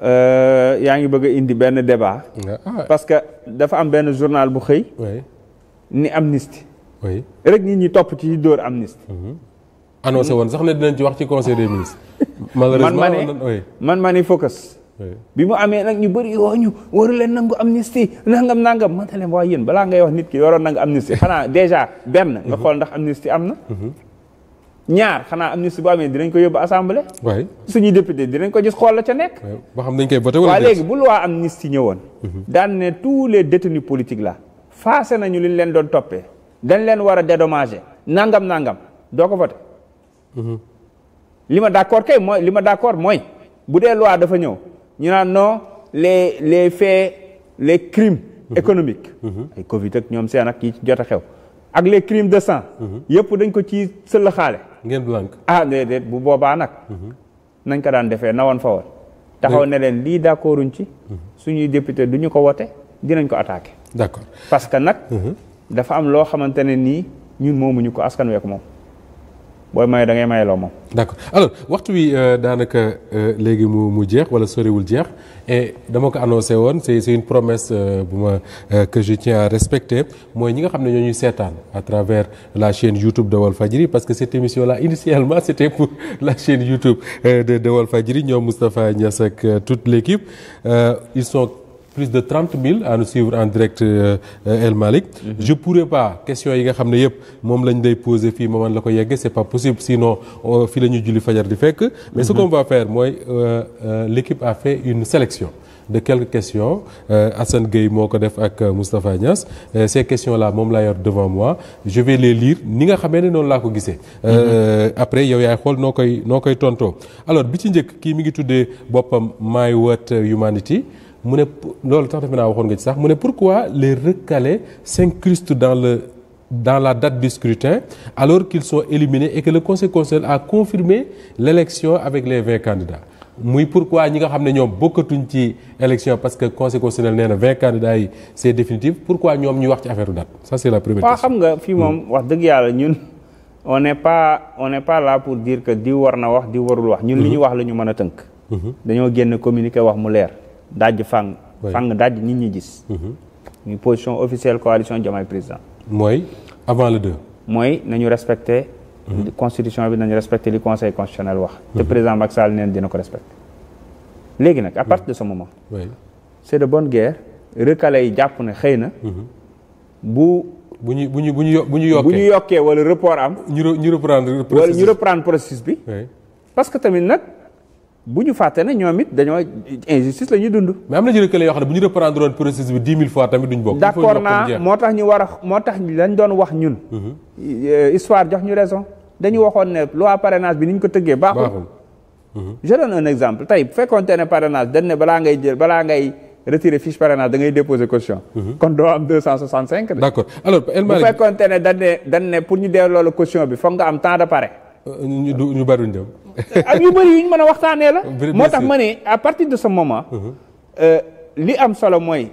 Euh, yaa ngi bëgg indi benn débat. Ah, ah, parce que dafa am benn journal bu xëy. ni amnistie. oui rek nit ñi topp ci dóor amnistie. Mhm. annoncé woon sax ne dinañ ci wax ci conseil des ministres. (laughs) man ma ne bi mu amee nag ñu bëri woo ñu waru leen nangu amnistie nangam nangam man waa yéen balaa ngay wax nit ki waroon nangu amnistie xanaa déjà benn nga xool ndax amnistie am na mhm. ñaar xanaa amnistie bu amee dinañ ko yóbbu assemblée waay suñuy député dinañ ko gis xool la ca nekk ba xam dañ koy voté wala waa léegi bu loi amnistie ñëwoon mhm. daan ne tous les détenus politiques là faase nañu li ñu leen doon toppee dañ leen war a dédommager nangam nangam doo ko voté mhm. li ma d'accord kay mooy li ma d'accord mooy bu dee dafa ñëw ñu naan no les les faits les crimes économiques mhm. ay covid ak ñoom seen ak yi jot a xew ak les crimes de sang mhm. yëpp dañ ko ci sëll xaale ngeen blanc ah bu boobaa nag mhm. nañ ko daan defee na woon fa woon taxaw ne leen lii d'accorduñ ci suñuy député du ñu ko wote dinañ ko attaqué d'accord parce que nag dafa am loo xamante ne nii ñu moomuñu ko askan week moom booy maye da ngay maye loo moom. d'accord alors waxtu wi euh, daanaka euh, léegi mu mu jeex wala soriwul jeex et dama ko annoncé woon c'est c'est une promesse euh, bu ma que je tiens à respecter mooy ñi nga xam ne ñoo ñuy seetaan à travers la chaîne YouTube de Walfadjri parce que cette émission là initialement (laughs) c'était pour la chaîne YouTube de de Walfadjri ñoom Moustapha Niass ak toute l'équipe euh, ils sont plus de trente mille à nous suivre en direct euh, El Malick. Mhm. je pourrais pas question yi nga xam ne yëpp moom lañ day poser fii ma man la ko yeggee c'est pas possible sinon fii la ñuy julli fajar di fekk. mais ce mhm. qu'on va faire mooy euh, euh, l'équipe a fait une sélection de quelques question euh, Assane Gueye moo ko def ak Moustapha Niass ces questions là moom laa yor devant moi je vais les lire ni nga xamee ne noonu laa ko gisee. Mhm. après yow yaay xool noo koy noo koy tontoo alors bi ci njëkk kii mi ngi tuddee boppam My World Humanity. mu ne loolu tax defe naa waxoon nga ci sax mu ne pourquoi les recalés s'incrustent dans le dans la date du scrutin alors qu'ils sont éliminés et que le conseil à a confirmé l'élection avec les vingt candidats muy pourquoi ñi nga xam ne ñoom bokkatuñ ci élection parce que conseil constitutionnel nee na vingt candidats yi c'est définitif pourquoi ñoom ñu wax ci affaire date ça c'est la première question. waaw xam nga fii moom hmm. wax dëgg yàlla ñun on n'est pas on n'est pas là pour dire que diw war na wax diw warul wax. ñun li ñu hmm. wax la ñu mën a tënk. Hmm. dañoo génn communiqué wax mu leer. dajj fang. fang dajj nit ñi gis. Mhm. muy position officielle coalition Diomaye président. mooy avant le deux. mooy na ñu respecté. Mhm. constitution bi nañu respecté li conseil constitutionnel wax. te mhm. président Macky Sall neen dina ko respecté. léegi nag à partir de ce moment. oui c'est de bon guerre. recalé yi jàpp na xëy na. bu bu ñu bu ñu bu ñu bu ñu yokkee ñu yokkee wala report am. ñu reprendre processus wala processus bi. parce que tamit nag. bu ñu fàtte ne ñoom it dañoo injustice la ñuy dund. mais am na ci rëkkale yoo xam ne bu ñu reprendre woon processus bi dix mille fois tamit duñ bokk. d'accord naa moo tax ñu war a moo tax lañ doon wax ñun. Mhm. Euh, histoire jox ñu raison. dañu waxoon ne loi parrainage bi ni ñu ko tëggee baaxul. Mhm. je donne un exemple tey bu fekkoonte ne parrainage dañ ne balaa ngay jël balaa ngay retirer fiche parrainage da ngay déposer caution. Mhm. kon doo am deux cent soixante cinq. d'accord alors El Malick bu fekkoonte ne dañ ne dañ ne pour ñu delloo la caution bi foog nga am temps de pare. Euh, ñu ñu bari dem. (laughs) ak yu bëri yuñ mën a waxtaanee la moo tax ma ne à partir de ce moment mhm. euh, li am solo mooy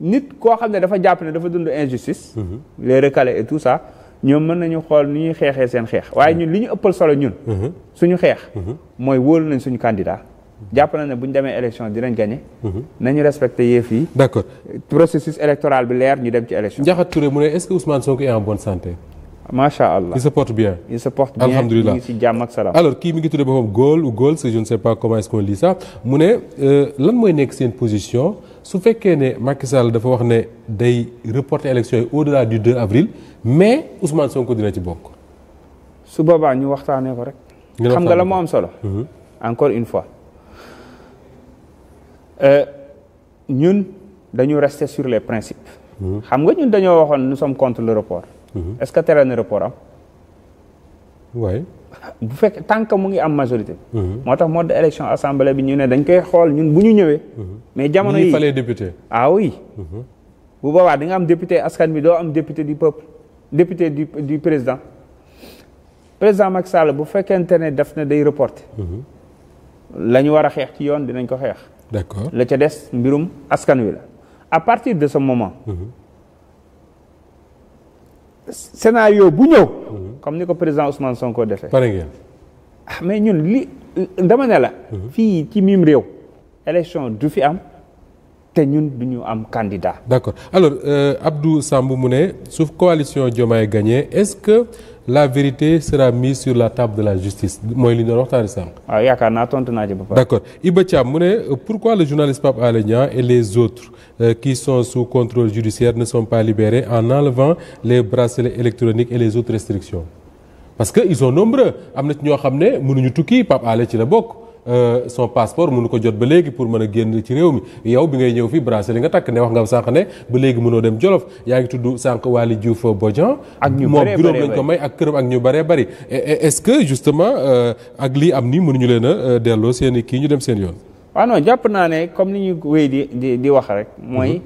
nit koo xam ne dafa jàpp ne dafa dund injustice mhm. les recalés et tout ça ñoom mën nañu xool ni ñuy xeexee seen xeex waaye ñun li ñu ëppal solo ñun mhm. suñu xeex mooy wóolu nañ suñu candidat jàpp na ne bu ñu demee élection dinañ gagné. nañu respecté yëf yi. d'accord processus électoral bi leer ñu dem ci élection. Ndiakhate Touré mu ne est-ce que Ousmane Sonko est en bonne santé. macha allah il se porte bien. il se porte bien alhamdulilah mi ngi si jàmm ak salaam. alors kii mi ngi tuddee boppam Gaule ou mu ne euh, lan mooy nekk seen position su fekkee ne Macky Sall dafa wax ne day reporter élection yi au-delà du 2 avril mais Ousmane Sonko dina ci bokk. su boobaa ñu waxtaanee ko rek. xam nga la moo am solo. Mm-hmm. encore une fois euh, ñun dañu rester sur les principes. Mm-hmm. xam nga ñun dañoo waxoon nous sommes contre le report. Mm-hmm. est ce que tere na report am. bu fekkee tant que mu ngi am majorité. Mm-hmm. moo tax mode élection assemblée bi ñu ne dañ koy xool ñun bu ñu ñëwee. Mm-hmm. mais jamono yi falee député. ah oui. bu boobaa di nga am député askan wi doo am député du peuple député du du président président Macky Sall bu fekkente ne def na day reporter. lañu war a xeex ci yoon dinañ ko xeex. d'accord la ca des mbirum askan wi la à partir de ce moment. scénario bu ñëw. Mhm. comme ni ko président Ousmane Sonko defee. pare ngeen. ah ñun li dama ne la. Mhm. fii ci miim réew. élection du fi am. te ñun du ñu am candidat. d'accord alors euh, Abdou Sambou mu ne suuf coalition Diomaye gagné est-ce que. la vérité sera mise sur la table de la justice mooy li ñu doon waxtaani sànq. waaw ah, yaakaar naa tontu naa ci ba pare. d' accord Iba Thiam mu ne euh, pourquoi le journaliste Pape Alé Niang et les autres euh, qui sont sous contrôle judiciaire ne sont pas libérés en enlevant les bracelets électroniques et les autres restrictions parce que ils sont nombreux am na ci ñoo xam ne mënuñu tuki Pape Alé ci la bokk. Euh, son passeport mënu ko jot ba léegi pour mën a génn ci réew mi yow bi ngay ñëw fii fi li nga takk ne wax nga sànq ne ba léegi mënoo dem Jolof yaa ngi tudd sànq Waly Diouf Bodian ak ñu moom juróom lañ ko may ak këram ak ñu bëree bari e, e, est-ce que justement euh, ak lii am nii mënuñu leen a euh, delloo seen i kii ñu dem seen yoon waaw non jàpp naa ne comme ni ñu wéy di di di wax rek mooy mhm.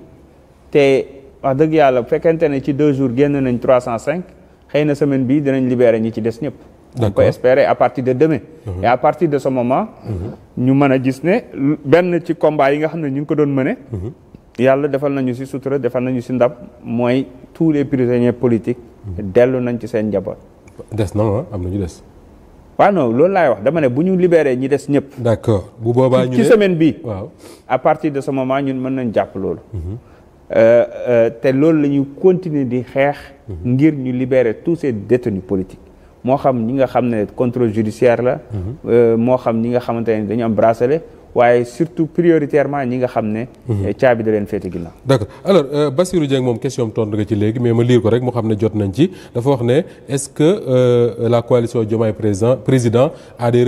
te wax dëgg yàlla fekkente ne ci deux jours génn nañ trois cent cinq xëy na semaine bii dinañ libéré ñi ci des ñëpp on peut à partir de demain mhm. et à partir de ce moment mhm. ñu mën a gis ne benn ci combat yi nga xam ne ñu ngi ko doon mëne mhm. yàlla defal nañu si sutura defal nañu si ndab mooy tous les prisonniers politiques dellu nañ ci seen njaboot des na am na ñu des waaw non loolu laay wax dama ne bu ñu libéré ñi des ñëpp d'accord bu boobaa ñu ci semaine bi waaw à partir de ce moment ñun mën nañ jàpp loolu euh, euh, te loolu la ñuy continuer di xeex ngir ñu liberee tous ces détenus politiques moo xam ñi nga xam ne contrôle judiciaire la mhm. euh, moo xam ñi nga xamante ne dañu am bracelet waaye surtout prioritairement ñi nga xam ne. Mhm. Eh, caabi da leen féete ginnaaw. d'accord alors euh, Bassirou Dieng moom question tontu nga ci léegi mais ma liir ko rek mu xam ne jot nañ ci dafa wax ne est-ce que euh, la coalition Diomaye président président a des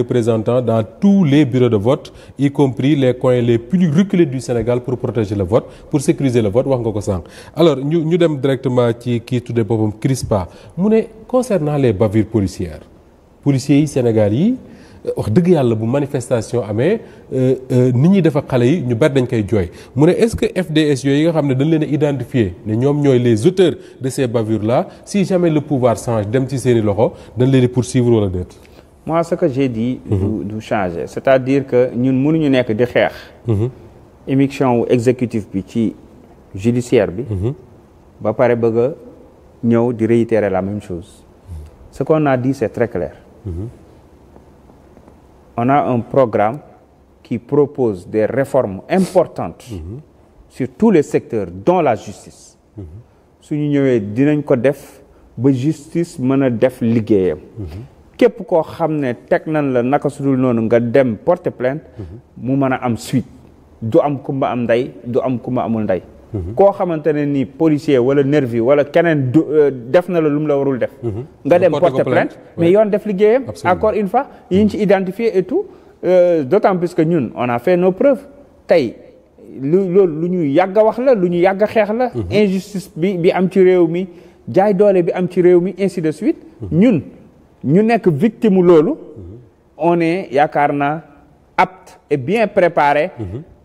dans tous les bureaux de vote y compris les coins les plus reculés du Sénégal pour protéger le vote pour sécuriser la vote wax nga ko sànq alors ñu ñu dem directement ci kii tuddee boppam CRISPA mu ne concernant les bavures policières policiers Sénégal yi. wax dëgg yàlla bu manifestation amee euh, euh, nit ñi defa xale yi ñu bari dañ koy jooy mu ne est-ce que FDS yooyu nga xam ne dañ leen a identifier ne ñoom ñooy les auteurs de ces bavures la si jamais le pouvoir change dem ci seeni loxo dañ leen di poursuivre wala déet. moi ce que j'ai dit. du mhm. du changer c'est-à-dire que ñun mënuñu nekk di xeex. Mhm. émission wu bi ci judiciaire bi. Mhm. ba pare bëgg a ñëw di réitérer la même chose. ce qu'on a c'est très clair. on a un programme qui propose des réformes importantes mmh. sur tous les secteurs dont la justice mm-hmm. suñu ñëwee dinañ ko def ba justice mën a def liggéeyam mm-hmm. képp koo xam ne teg nañ la naka sudul noonu nga dem porter plainte mm-hmm. mu mën a am suite du am kumba am ndey du am kumba amul ndey koo xamante ne ni policier wala nervi wala keneen du euh, def na la lu mu la warul def. Mhm. nga dem porter plainte mais yoon def liggéeyam. encore une fois yi ñu ci identifié et tout euh, d'autant plus que ñun on a fait nos preuves tey. lu loolu lu ñu yàgg a wax la lu ñu yàgg xeex la mhm. injustice bi bi am ci réew mi jaay doole bi am ci réew mi ainsi de suite mhm. ñun ñu nekk victime loolu on est yaakaar na apte et bien préparé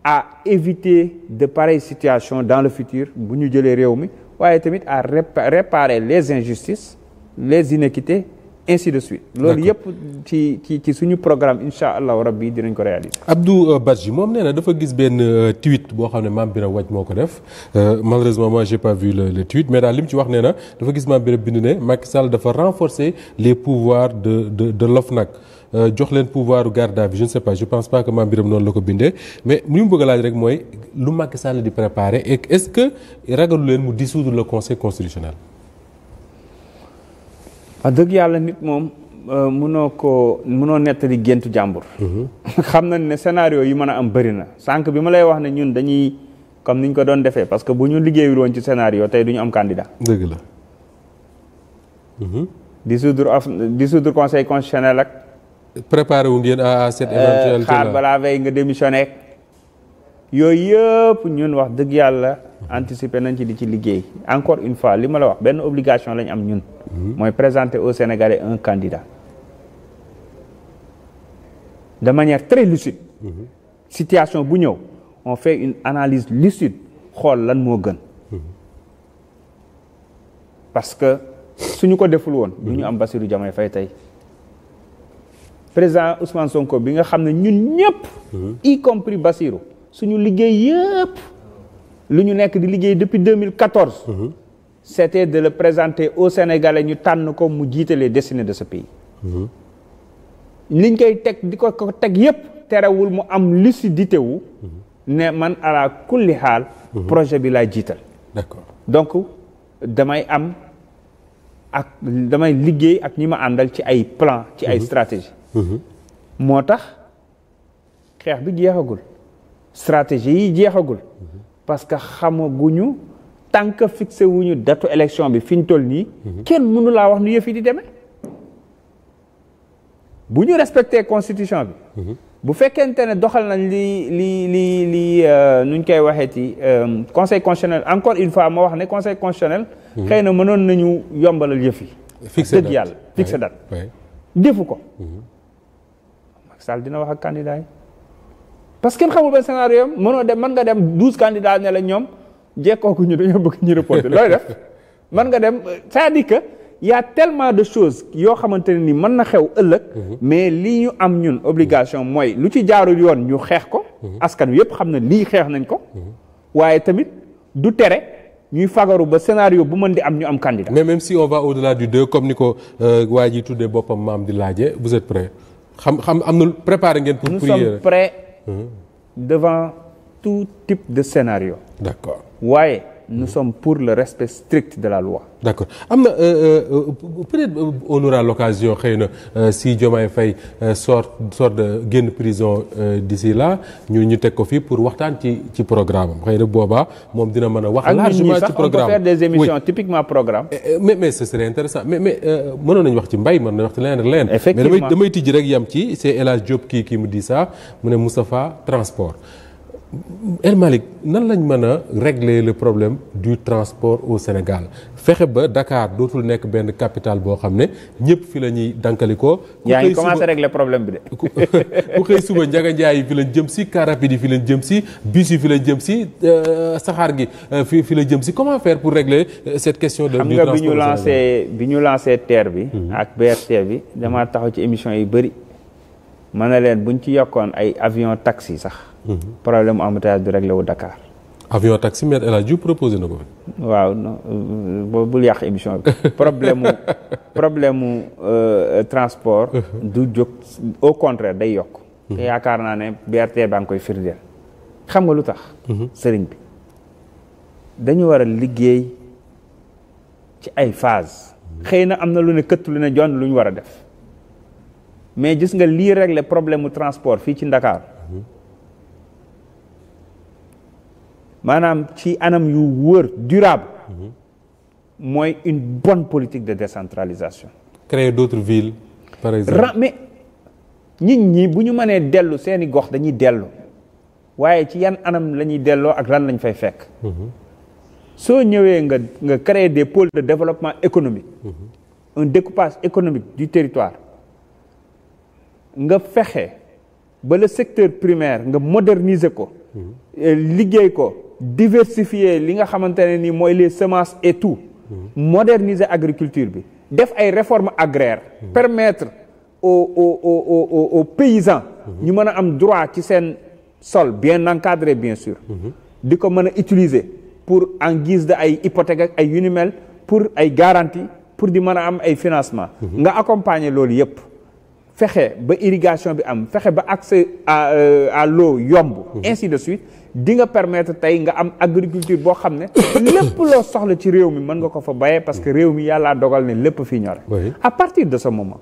à éviter de pareilles situation dans le futur bu ñu jëlee réew mi waaye tamit à réparer les injustices les inéquités ainsi de suite. loolu yëpp ci ci ci suñu programme incha allahu rabbi dinañ ko réaliser. Abdou euh, Badji moom nee na dafa gis benn euh, tweet boo xam ne Mame Birame Wathie moo ko def euh, malheureusement moi j'ai pas vu le le tweet mais daal li mu ci wax nee na dafa gis Mame Birame bind ne Macky Sall dafa renforcer les pouvoirs de de de l'OFNAC. Euh, jox leen pouvoir garde à vue je ne sais pas je pense pas que Mame Birame noonu la ko bindee mais li mu bëgg laaj rek mooy lu Macky Sall di préparer et est-ce que ragalu leen mu dissoudre le conseil constitutionnel. wax dëgg yàlla nit moom euh, mënoo ko mënoo nettali géntu jàmbur. Mhm. (laughs) xam nañ ne scénario yi mën a am bëri na sànq bi ma lay wax ne ñun dañuy comme ni ñu ko doon defee parce que bu ñu liggéeyul woon ci scénario tey du ñu am candidat. dëgg la. Mhm. dissoudre of dissoudre préparé wu ngeen à cette euh, éventualité xaar balaa vey yooyu yëpp ñun wax dëgg yàlla anticiper nañ ci di ci liggéey encore une fois li ma wax benn obligation lañ am ñun. Mhm. mooy présenter au Sénégalais un candidat de manière très lucide. Mhm. situation bu ñëw on fait une analyse lucide xool lan moo gën. Mhm. parce que suñu ko deful woon. lu ñu am Bassirou Diomaye fay tey. président Ousmane Sonko bi nga xam ne ñun ñëpp. Mhm. y compris Bassirou suñu liggéey yëpp. lu ñu nekk di liggéey depuis 2014. Mhm. c'était de le présenter au Sénégalais ñu tànn ko mu jiitalee les destinées de ce pays. Mhm. liñ koy teg di ko ko teg yëpp terewul mu am lucidité wu. ne man ala kulli xaal. projet bi laay jiital. d'accord donc damay am ak damay liggéey ak ñi ma àndal ci ay plan ci ay stratégie moo tax xeex bi jeexagul stratégie yi jeexagul parce que xamaguñu tant que fixé wuñu datu élection bi fi ñu toll nii kenn mënu laa wax nu yëf di deme bu ñu respecté constitution bi bu fekkente ne doxal nañ li li li li euh, nu ñu koy waxee ci euh, conseil constitutionnel encore une fois moo wax ne conseil constitutionnel xëy na mënoon nañu yombalal yëf yi dëgg yàlla fixé date defu ko mhm. Sall dina wax ak candidat yi parce que kenn xamul benn scénario am mënoo dem mën nga dem douze candidats ne la ñoom jekkooku ñu dañoo bëgg ñu reporter looy def man nga dem c'est-à-dire que tellement de choses yoo xamante ne ni mën na xew ëllëg mhm. mais lii ñu am ñun obligation mooy lu ci jaarul yoon ñu xeex ko mhm. askan yépp xam na lii xeex nañ ko mhm. waaye tamit du tere ñuy fagaru ba scénario bu mën di am ñu am candidat mais même si on va au-delà deux comme ni ko euh, waa ji tuddee boppam maam di laajee xam xam am na préparé ngeen pour. pour nous sommes prêts devant tout type de scénario. d'accord waaye. nous some pour le respect strict de la loi. d'accord am na euh, euh, euh, peut-être on aura xëy na si Diomaye Faye sort sort de génn prison d'ici la ñu ñu teg ko fii pour waxtaan ci ci programme am xëy na boobaa moom dina mën a. wax largement ci programme on peut faire des émissions typiquement programme. Eh, eh, mais mais ce serait intéressant mais mais mënoon nañu wax ci mbay mënoon nañu wax ci leen ak leneen. effectivement mais damay damay rek yam ci c'est El Hadj Diop kii kii mu di ça mu ne Moustapha transport. El Malick nan lañ mën a régler le problème du transport au Sénégal fexe ba dakaar dootul nekk benn capital boo xam ne ñëpp fi la ñuy dankalikoo. yaa ngi commencé régler problème bi de. ku xëy suba Ndiaga yi fi lañ jëm si car rapide yi fi lañ jëm si bus yi fi lañ jëm si euh, saxaar gi euh, fi fi la jëm si comment faire pour régler euh, cette question. de du transport xam nga bi ñu lancé bi ñu lancé TER bi. Mhm. ak BRT bi dama taxaw ci émission yi bëri. mën na leen buñ ci yokkoon ay avion taxi sax. problème embouteillage bi réglé wu Dakar. avion taxi Me El Hadj Diouf proposé na ko. waaw non euh, euh, bul yàq émission bi (laughs) problème mu problème mu euh, transport. du jóg au contraire day yokk. te yaakaar naa ne BRT baa ngi koy firndeel. xam nga lu tax. sëriñ bi dañu war a liggéey ci ay phase xëy na am na lu ne këtt lu ne jon lu ñu war a def mais gis nga lii régler problème mu transport fii ci Ndakaar. maanaam ci anam yu wër durable mhm. mooy une bonne politique de décentralisation. créer d'autres villes par exemple. mais nit ñi bu ñu mënee dellu seeni gox dañuy dellu waaye ci yan anam la ñuy delloo ak lan lañ fay fekk. Mhm. soo ñëwee nga nga créer des pôles de développement économique. Mmh. un découpage économique du territoire nga fexe ba le secteur primaire nga moderniser ko. Mhm. Euh, liggéey ko diversifier li nga xamante ne ni mooy les semence et tout moderniser agriculture bi def ay réformes agraires permettre aux paysans ñu mën a am droit ci seen sol bien encadré bien sur di ko mën a utiliser pour en guise de ay hypothèque ak ay yu pour ay garantie pour di mën a am ay financement nga accompagner loolu yëpp fexe ba irrigation bi am fexe ba accès à euh, à l'eau yomb mhm. ainsi de suite di nga permettre tey nga am agriculture boo xam ne (coughs) lépp loo soxla ci réew mi mën nga ko fa bayee parce que mhm. réew mi yàllaa dogal ne lépp fi ñore à partir de ce moment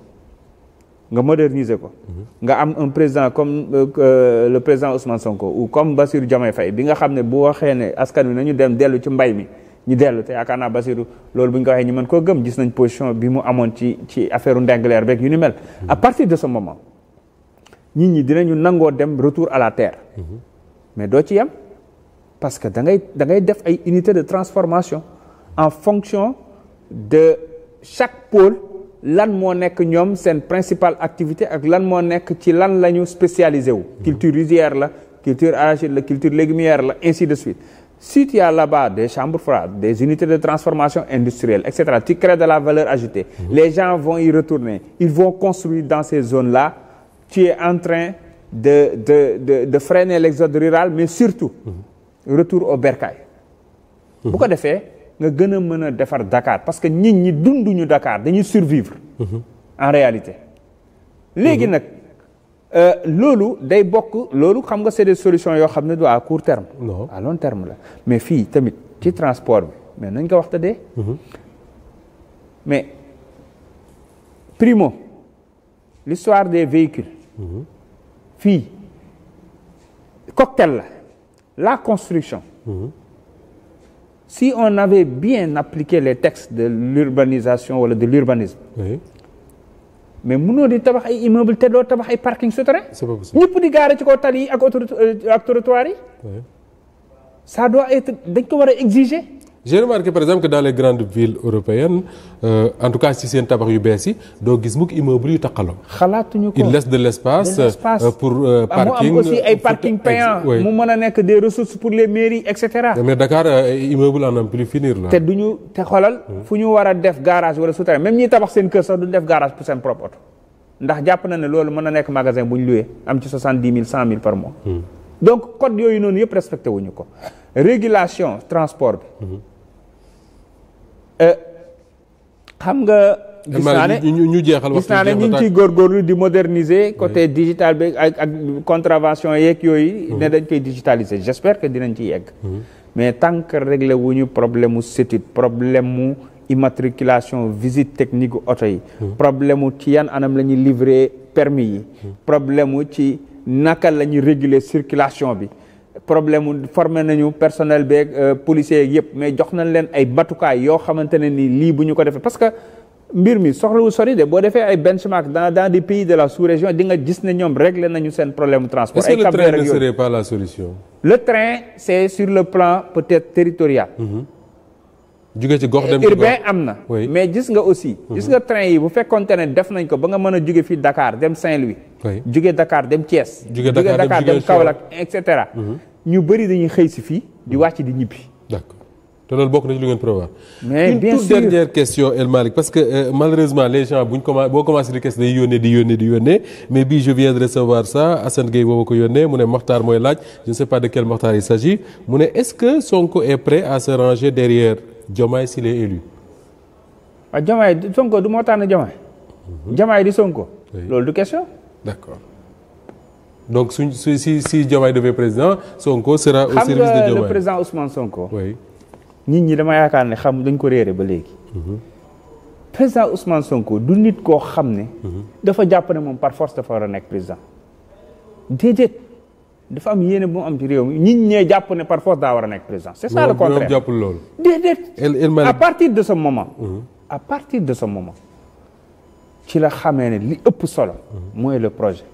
nga moderniser ko mhm. nga am un président comme euh, euh, le président Ousmane Sonko ou comme Bassirou Diomaye Faye bi nga xam ne bu waxee ne askan wi nañu dem dellu ci mbay mi ñu dellu te yaakaar naa Basirou loolu bu ñu ko waxee ñu mën koo gëm gis nañ position bi mu amoon ci ci affaire Ndingler beeg yu ni mel. Mm-hmm. à partir de ce moment nit ñi dinañu nangoo dem retour à la terre. Mm-hmm. mais doo ci yem parce que da ngay da ngay def ay unité de transformation en fonction de chaque pôle lan moo nekk ñoom seen principale activité ak lan moo nekk ci lan la ñu spécialisé wu. Mm-hmm. culture rizière la culture arachide la culture légumière la ainsi de suite. Si tu as des chambres froides, des unités de transformation industrielle, etc., tu crées de la valeur ajoutée. Mmh. Les gens vont y retourner. Ils vont construire dans ces zones-là. Tu es en train de, de, de, de freiner l'exode rural, mais surtout, mmh. retour au bercail. Mhm. bu ko defee nga gën a mën a defar Dakar parce que nit ñi dunduñu Dakar dañuy survivre. Mhm. en réalité. léegi mhm. Euh, loolu day bokk loolu xam nga c'est des solutions yoo xam ne du a court terme. non à long terme la mais fii tamit ci transport bi mais nañ ko waxtaanee. Mhm. mais primo l'histoire des véhicules. Mhm. fii cocktail la la construction. Mhm. si on avait bien appliqué les textes de l'urbanisation wala de l'urbanisme. mais mënoo di tabax ay immeuble te doo tabax ay parking souterrain ñëpp di gaare ci kaw tali yi ak autorité euh, ak trottoir yi ça doit dañ ko war a exiger j'ai remarqué par exemple que dans les grandes villes européennes euh, en tout cas ci seen tabax yu bees yi doo gis mukk immeuble yu taqaloo. xalaatuñu ko il laisse de l'espace euh, pour euh, parking ah, mu am aussi ay payant mu mën a nekk des ressources pour les mairies et cetera. mais Dakar euh, immeuble en am plus finir la. te duñu te xoolal. Hmm. fu ñu war a def garage wala souterrain même ñi tabax seen kër sax duñ def garage pour seen propre oto ndax jàpp na ne loolu mën a nekk magasin bu ñu loué am ci soixante dix mille cent mille par mois. Hmm. donc code yooyu noonu yëpp respecté wuñu ko régulation transport Euh, xam nga. Euh, gis naa ne ñu jeexal gis naa ne ñu ngi di moderniser côté digital bi ak ak contravention yeeg yooyu. ne dañ koy digitaliser j' que dinañ ci yegg. mais tant que réglé wu ñu problème mu CETUD problème mu immatriculation visite technique oto yi. problème mu ci yan anam la ñuy livrer permis yi. problème mu ci naka la ñuy réguler circulation bi. problème mu formé nañu personnel beeg euh, policier yëpp mais jox nañ leen ay batukaay yoo xamante ne nii lii bu ñu ko defee parce que mbir mi soxlawul sori de boo defee ay benchmark dans dans des pays de la sous-région di nga gis ne ñoom réglé nañu seen problème transport. ay camions est-ce que le solution. le train c'est sur le plan peut-être territorial. Mm-hmm. jóge ci gox dem urbain am na. mais gis nga aussi. Mm-hmm. gis nga train yi bu fekkonte ne def nañ ko ba nga mën a jóge fii dakaar dem Saint-Louis. jóge dakaar dem Thiès. jóge Dakar dem Kaolack et cetera. Mm-hmm. ñu bëri dañuy xëy si fii di wàcc di ñibbi. d'accord te loolu bokk na lu ngeen prévoir. mais une toute dernière question El Malick parce que euh, malheureusement les gens buñ commencé boo commencé di kes day yónnee di yónnee di yónnee mais bii je viens de recevoir ça Assane boobu ko yónnee mu ne Mokhtar mooy laaj je ne sais pas de quel Mokhtar il s'agit mu ne est-ce que Sonko est prêt à se ranger derrière Diomaye s'il est élu. waaw ah, Diomaye Sonko du moo tànn Diomaye. Mhm. Diomaye di Sonko. loolu du question. d'accord. donc suñ si si si Diomaye devait président Sonko sera au service de Diomaye xam nga le président Ousmane Sonko. oui nit ñi dama yaakaar ni xam dañ ko réere ba léegi. Mhm. président Ousmane Sonko du nit koo xam ne. Mhm. dafa jàpp ne moom par force dafa war a nekk président. déedéet dafa am yéene bu mu am ci réew mi nit ñee jàpp ne par force daa war a nekk président. c'est ça le contraire jàppul loolu. déedéet à de sa moment. à partir de ce mhm. ci la xamee ne li ëpp solo. mooy le projet.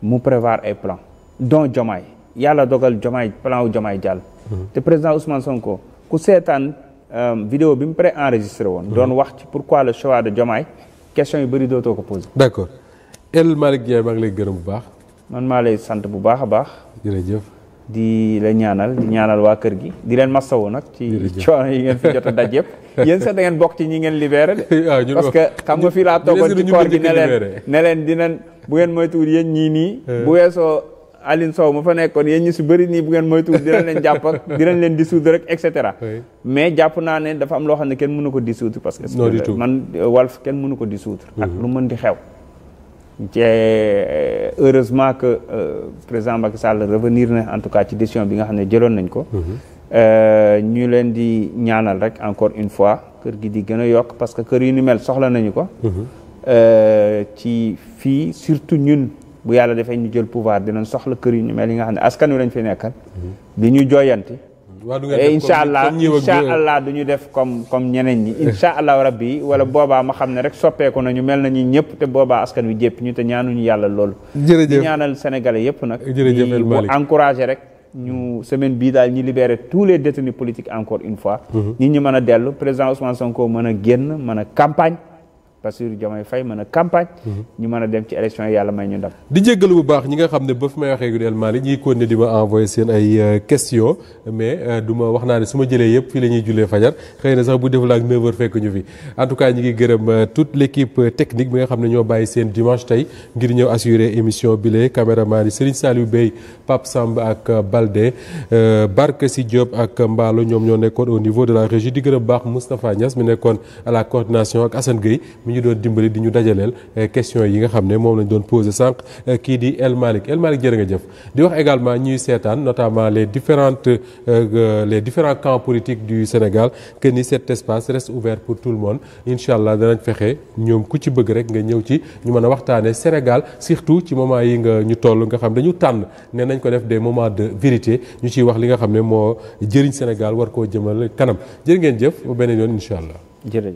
mu prévoir ay plan donc Jomaay yàlla dogal Jomaay plan wu Jomaay jàll. Mhm. te président Ousmane ko ku seetaan euh, vidéo bi mu pré enregistré woon. Mhm. doon wax ci pourquoi le choix de Jomaay question yu bëri dootoo ko posé. d' accord El Malick Ndiaye maa ngi lay gërëm bu baax. man maa lay sant bu baax a baax. jërëjëf. di la ñaanal di ñaanal waa kër gi di leen masawu nag ci coono yi ngeen fi jot a daj yëpp (laughs) yéen sax ngeen bokk ci ñi ngeen libéré de (laughs) ah, parce que xam nga fii laa toogoon ci koor gi ne leen ne leen dinañ bu ngeen moytuwul yéen ñii nii (laughs) eh. bu weesoo Aline Sow ma fa nekkoon yéen ñu si bëri nii bu ngeen moytuwul dinañ leen jàpp ak dinañ leen di dissoudre rek et cetera mais jàpp naa ne dafa am loo xam ne kenn mënu ko di dissoudre parce que man euh, wal kenn mënu ko di dissoudre ak lu mën di xew te eh, heureusement que euh, président Macky Sall revenir ne en tout cas ci décision bi nga xam ne jëloon nañ ko. Mhm. Euh, ñu leen di ñaanal rek encore une fois kër gi di gën a yokk parce que kër yu ni mel soxla nañu ko. Mhm. Euh, ci fii surtout ñun bu yàlla defee ñu jël pouvoir dinañ soxla kër yu ñu mel yi nga xam ne askan wi lañ fi nekkal. Mhm. di ñu jooyanti. incha allah incha allah du eh, ñu def comme comme ñeneen ñi incha allah rabbi wala boobaa ma xam ne rek soppeeku nañu mel na nañu ñëpp te boobaa askan wi jëpp ñu te ñaanuñu yàlla loolu jërëjëf ñaanal sénégalais yëpp nag di encouragé rek ñu semaine bi daal ñi libéré tous les détenus politiques encore une fois mm-hmm. nit ñi mën a dellu président Ousmane Sonko mën a génn mën a campagne Bassirou Diomaye Faye mën a campagne. Mhm. ñu mën a dem ci élection yi yàlla may ñu ndam. di jéggalu bu baax ñi nga xam ne ba fi may waxee Gudel Malick ñi ko ne di ma envoyé seen ay euh, question mais euh, du ma wax naa ne su ma jëlee yëpp fii la ñuy jullee fajar xëy na sax bu def la ak 9h fekk ñu fi en tout cas ñi ngi gërëm euh, toute l' équipe technique bi nga xam ne ñoo bàyyi seen dimanche tey ngir ñëw assurer émission bile caméraman yi Serigne Saliou Bey Pape Samb ak Balde Barke Si Diop ak Mballo ñoom ñoo nekkoon au de la régie di gërëm baax Moustapha Niass mi nekkoon la coordination ak Assane ñu doon dimbali di ñu dajaleel eh, question yi nga xam ne moom lañ doon posé sànq eh, kii di El Malick El Malick jërë nga jëf di wax également ñuy seetaan notamment les différentes euh, euh, les différents camps politiques du Sénégal que ni cet espace reste ouvert pour tout le monde incha allah danañ fexe ñoom ku ci bëgg rek nga ñëw ci ñu mën a waxtaanee Sénégal surtout ci moment yi nga ñu toll nga xam dañu tànn ne nañ ko def de moments de vérité ñu ciy wax li nga xam ne moo jëriñ Sénégal war koo jëmal kanam jërë jëf ba beneen yoon incha allah.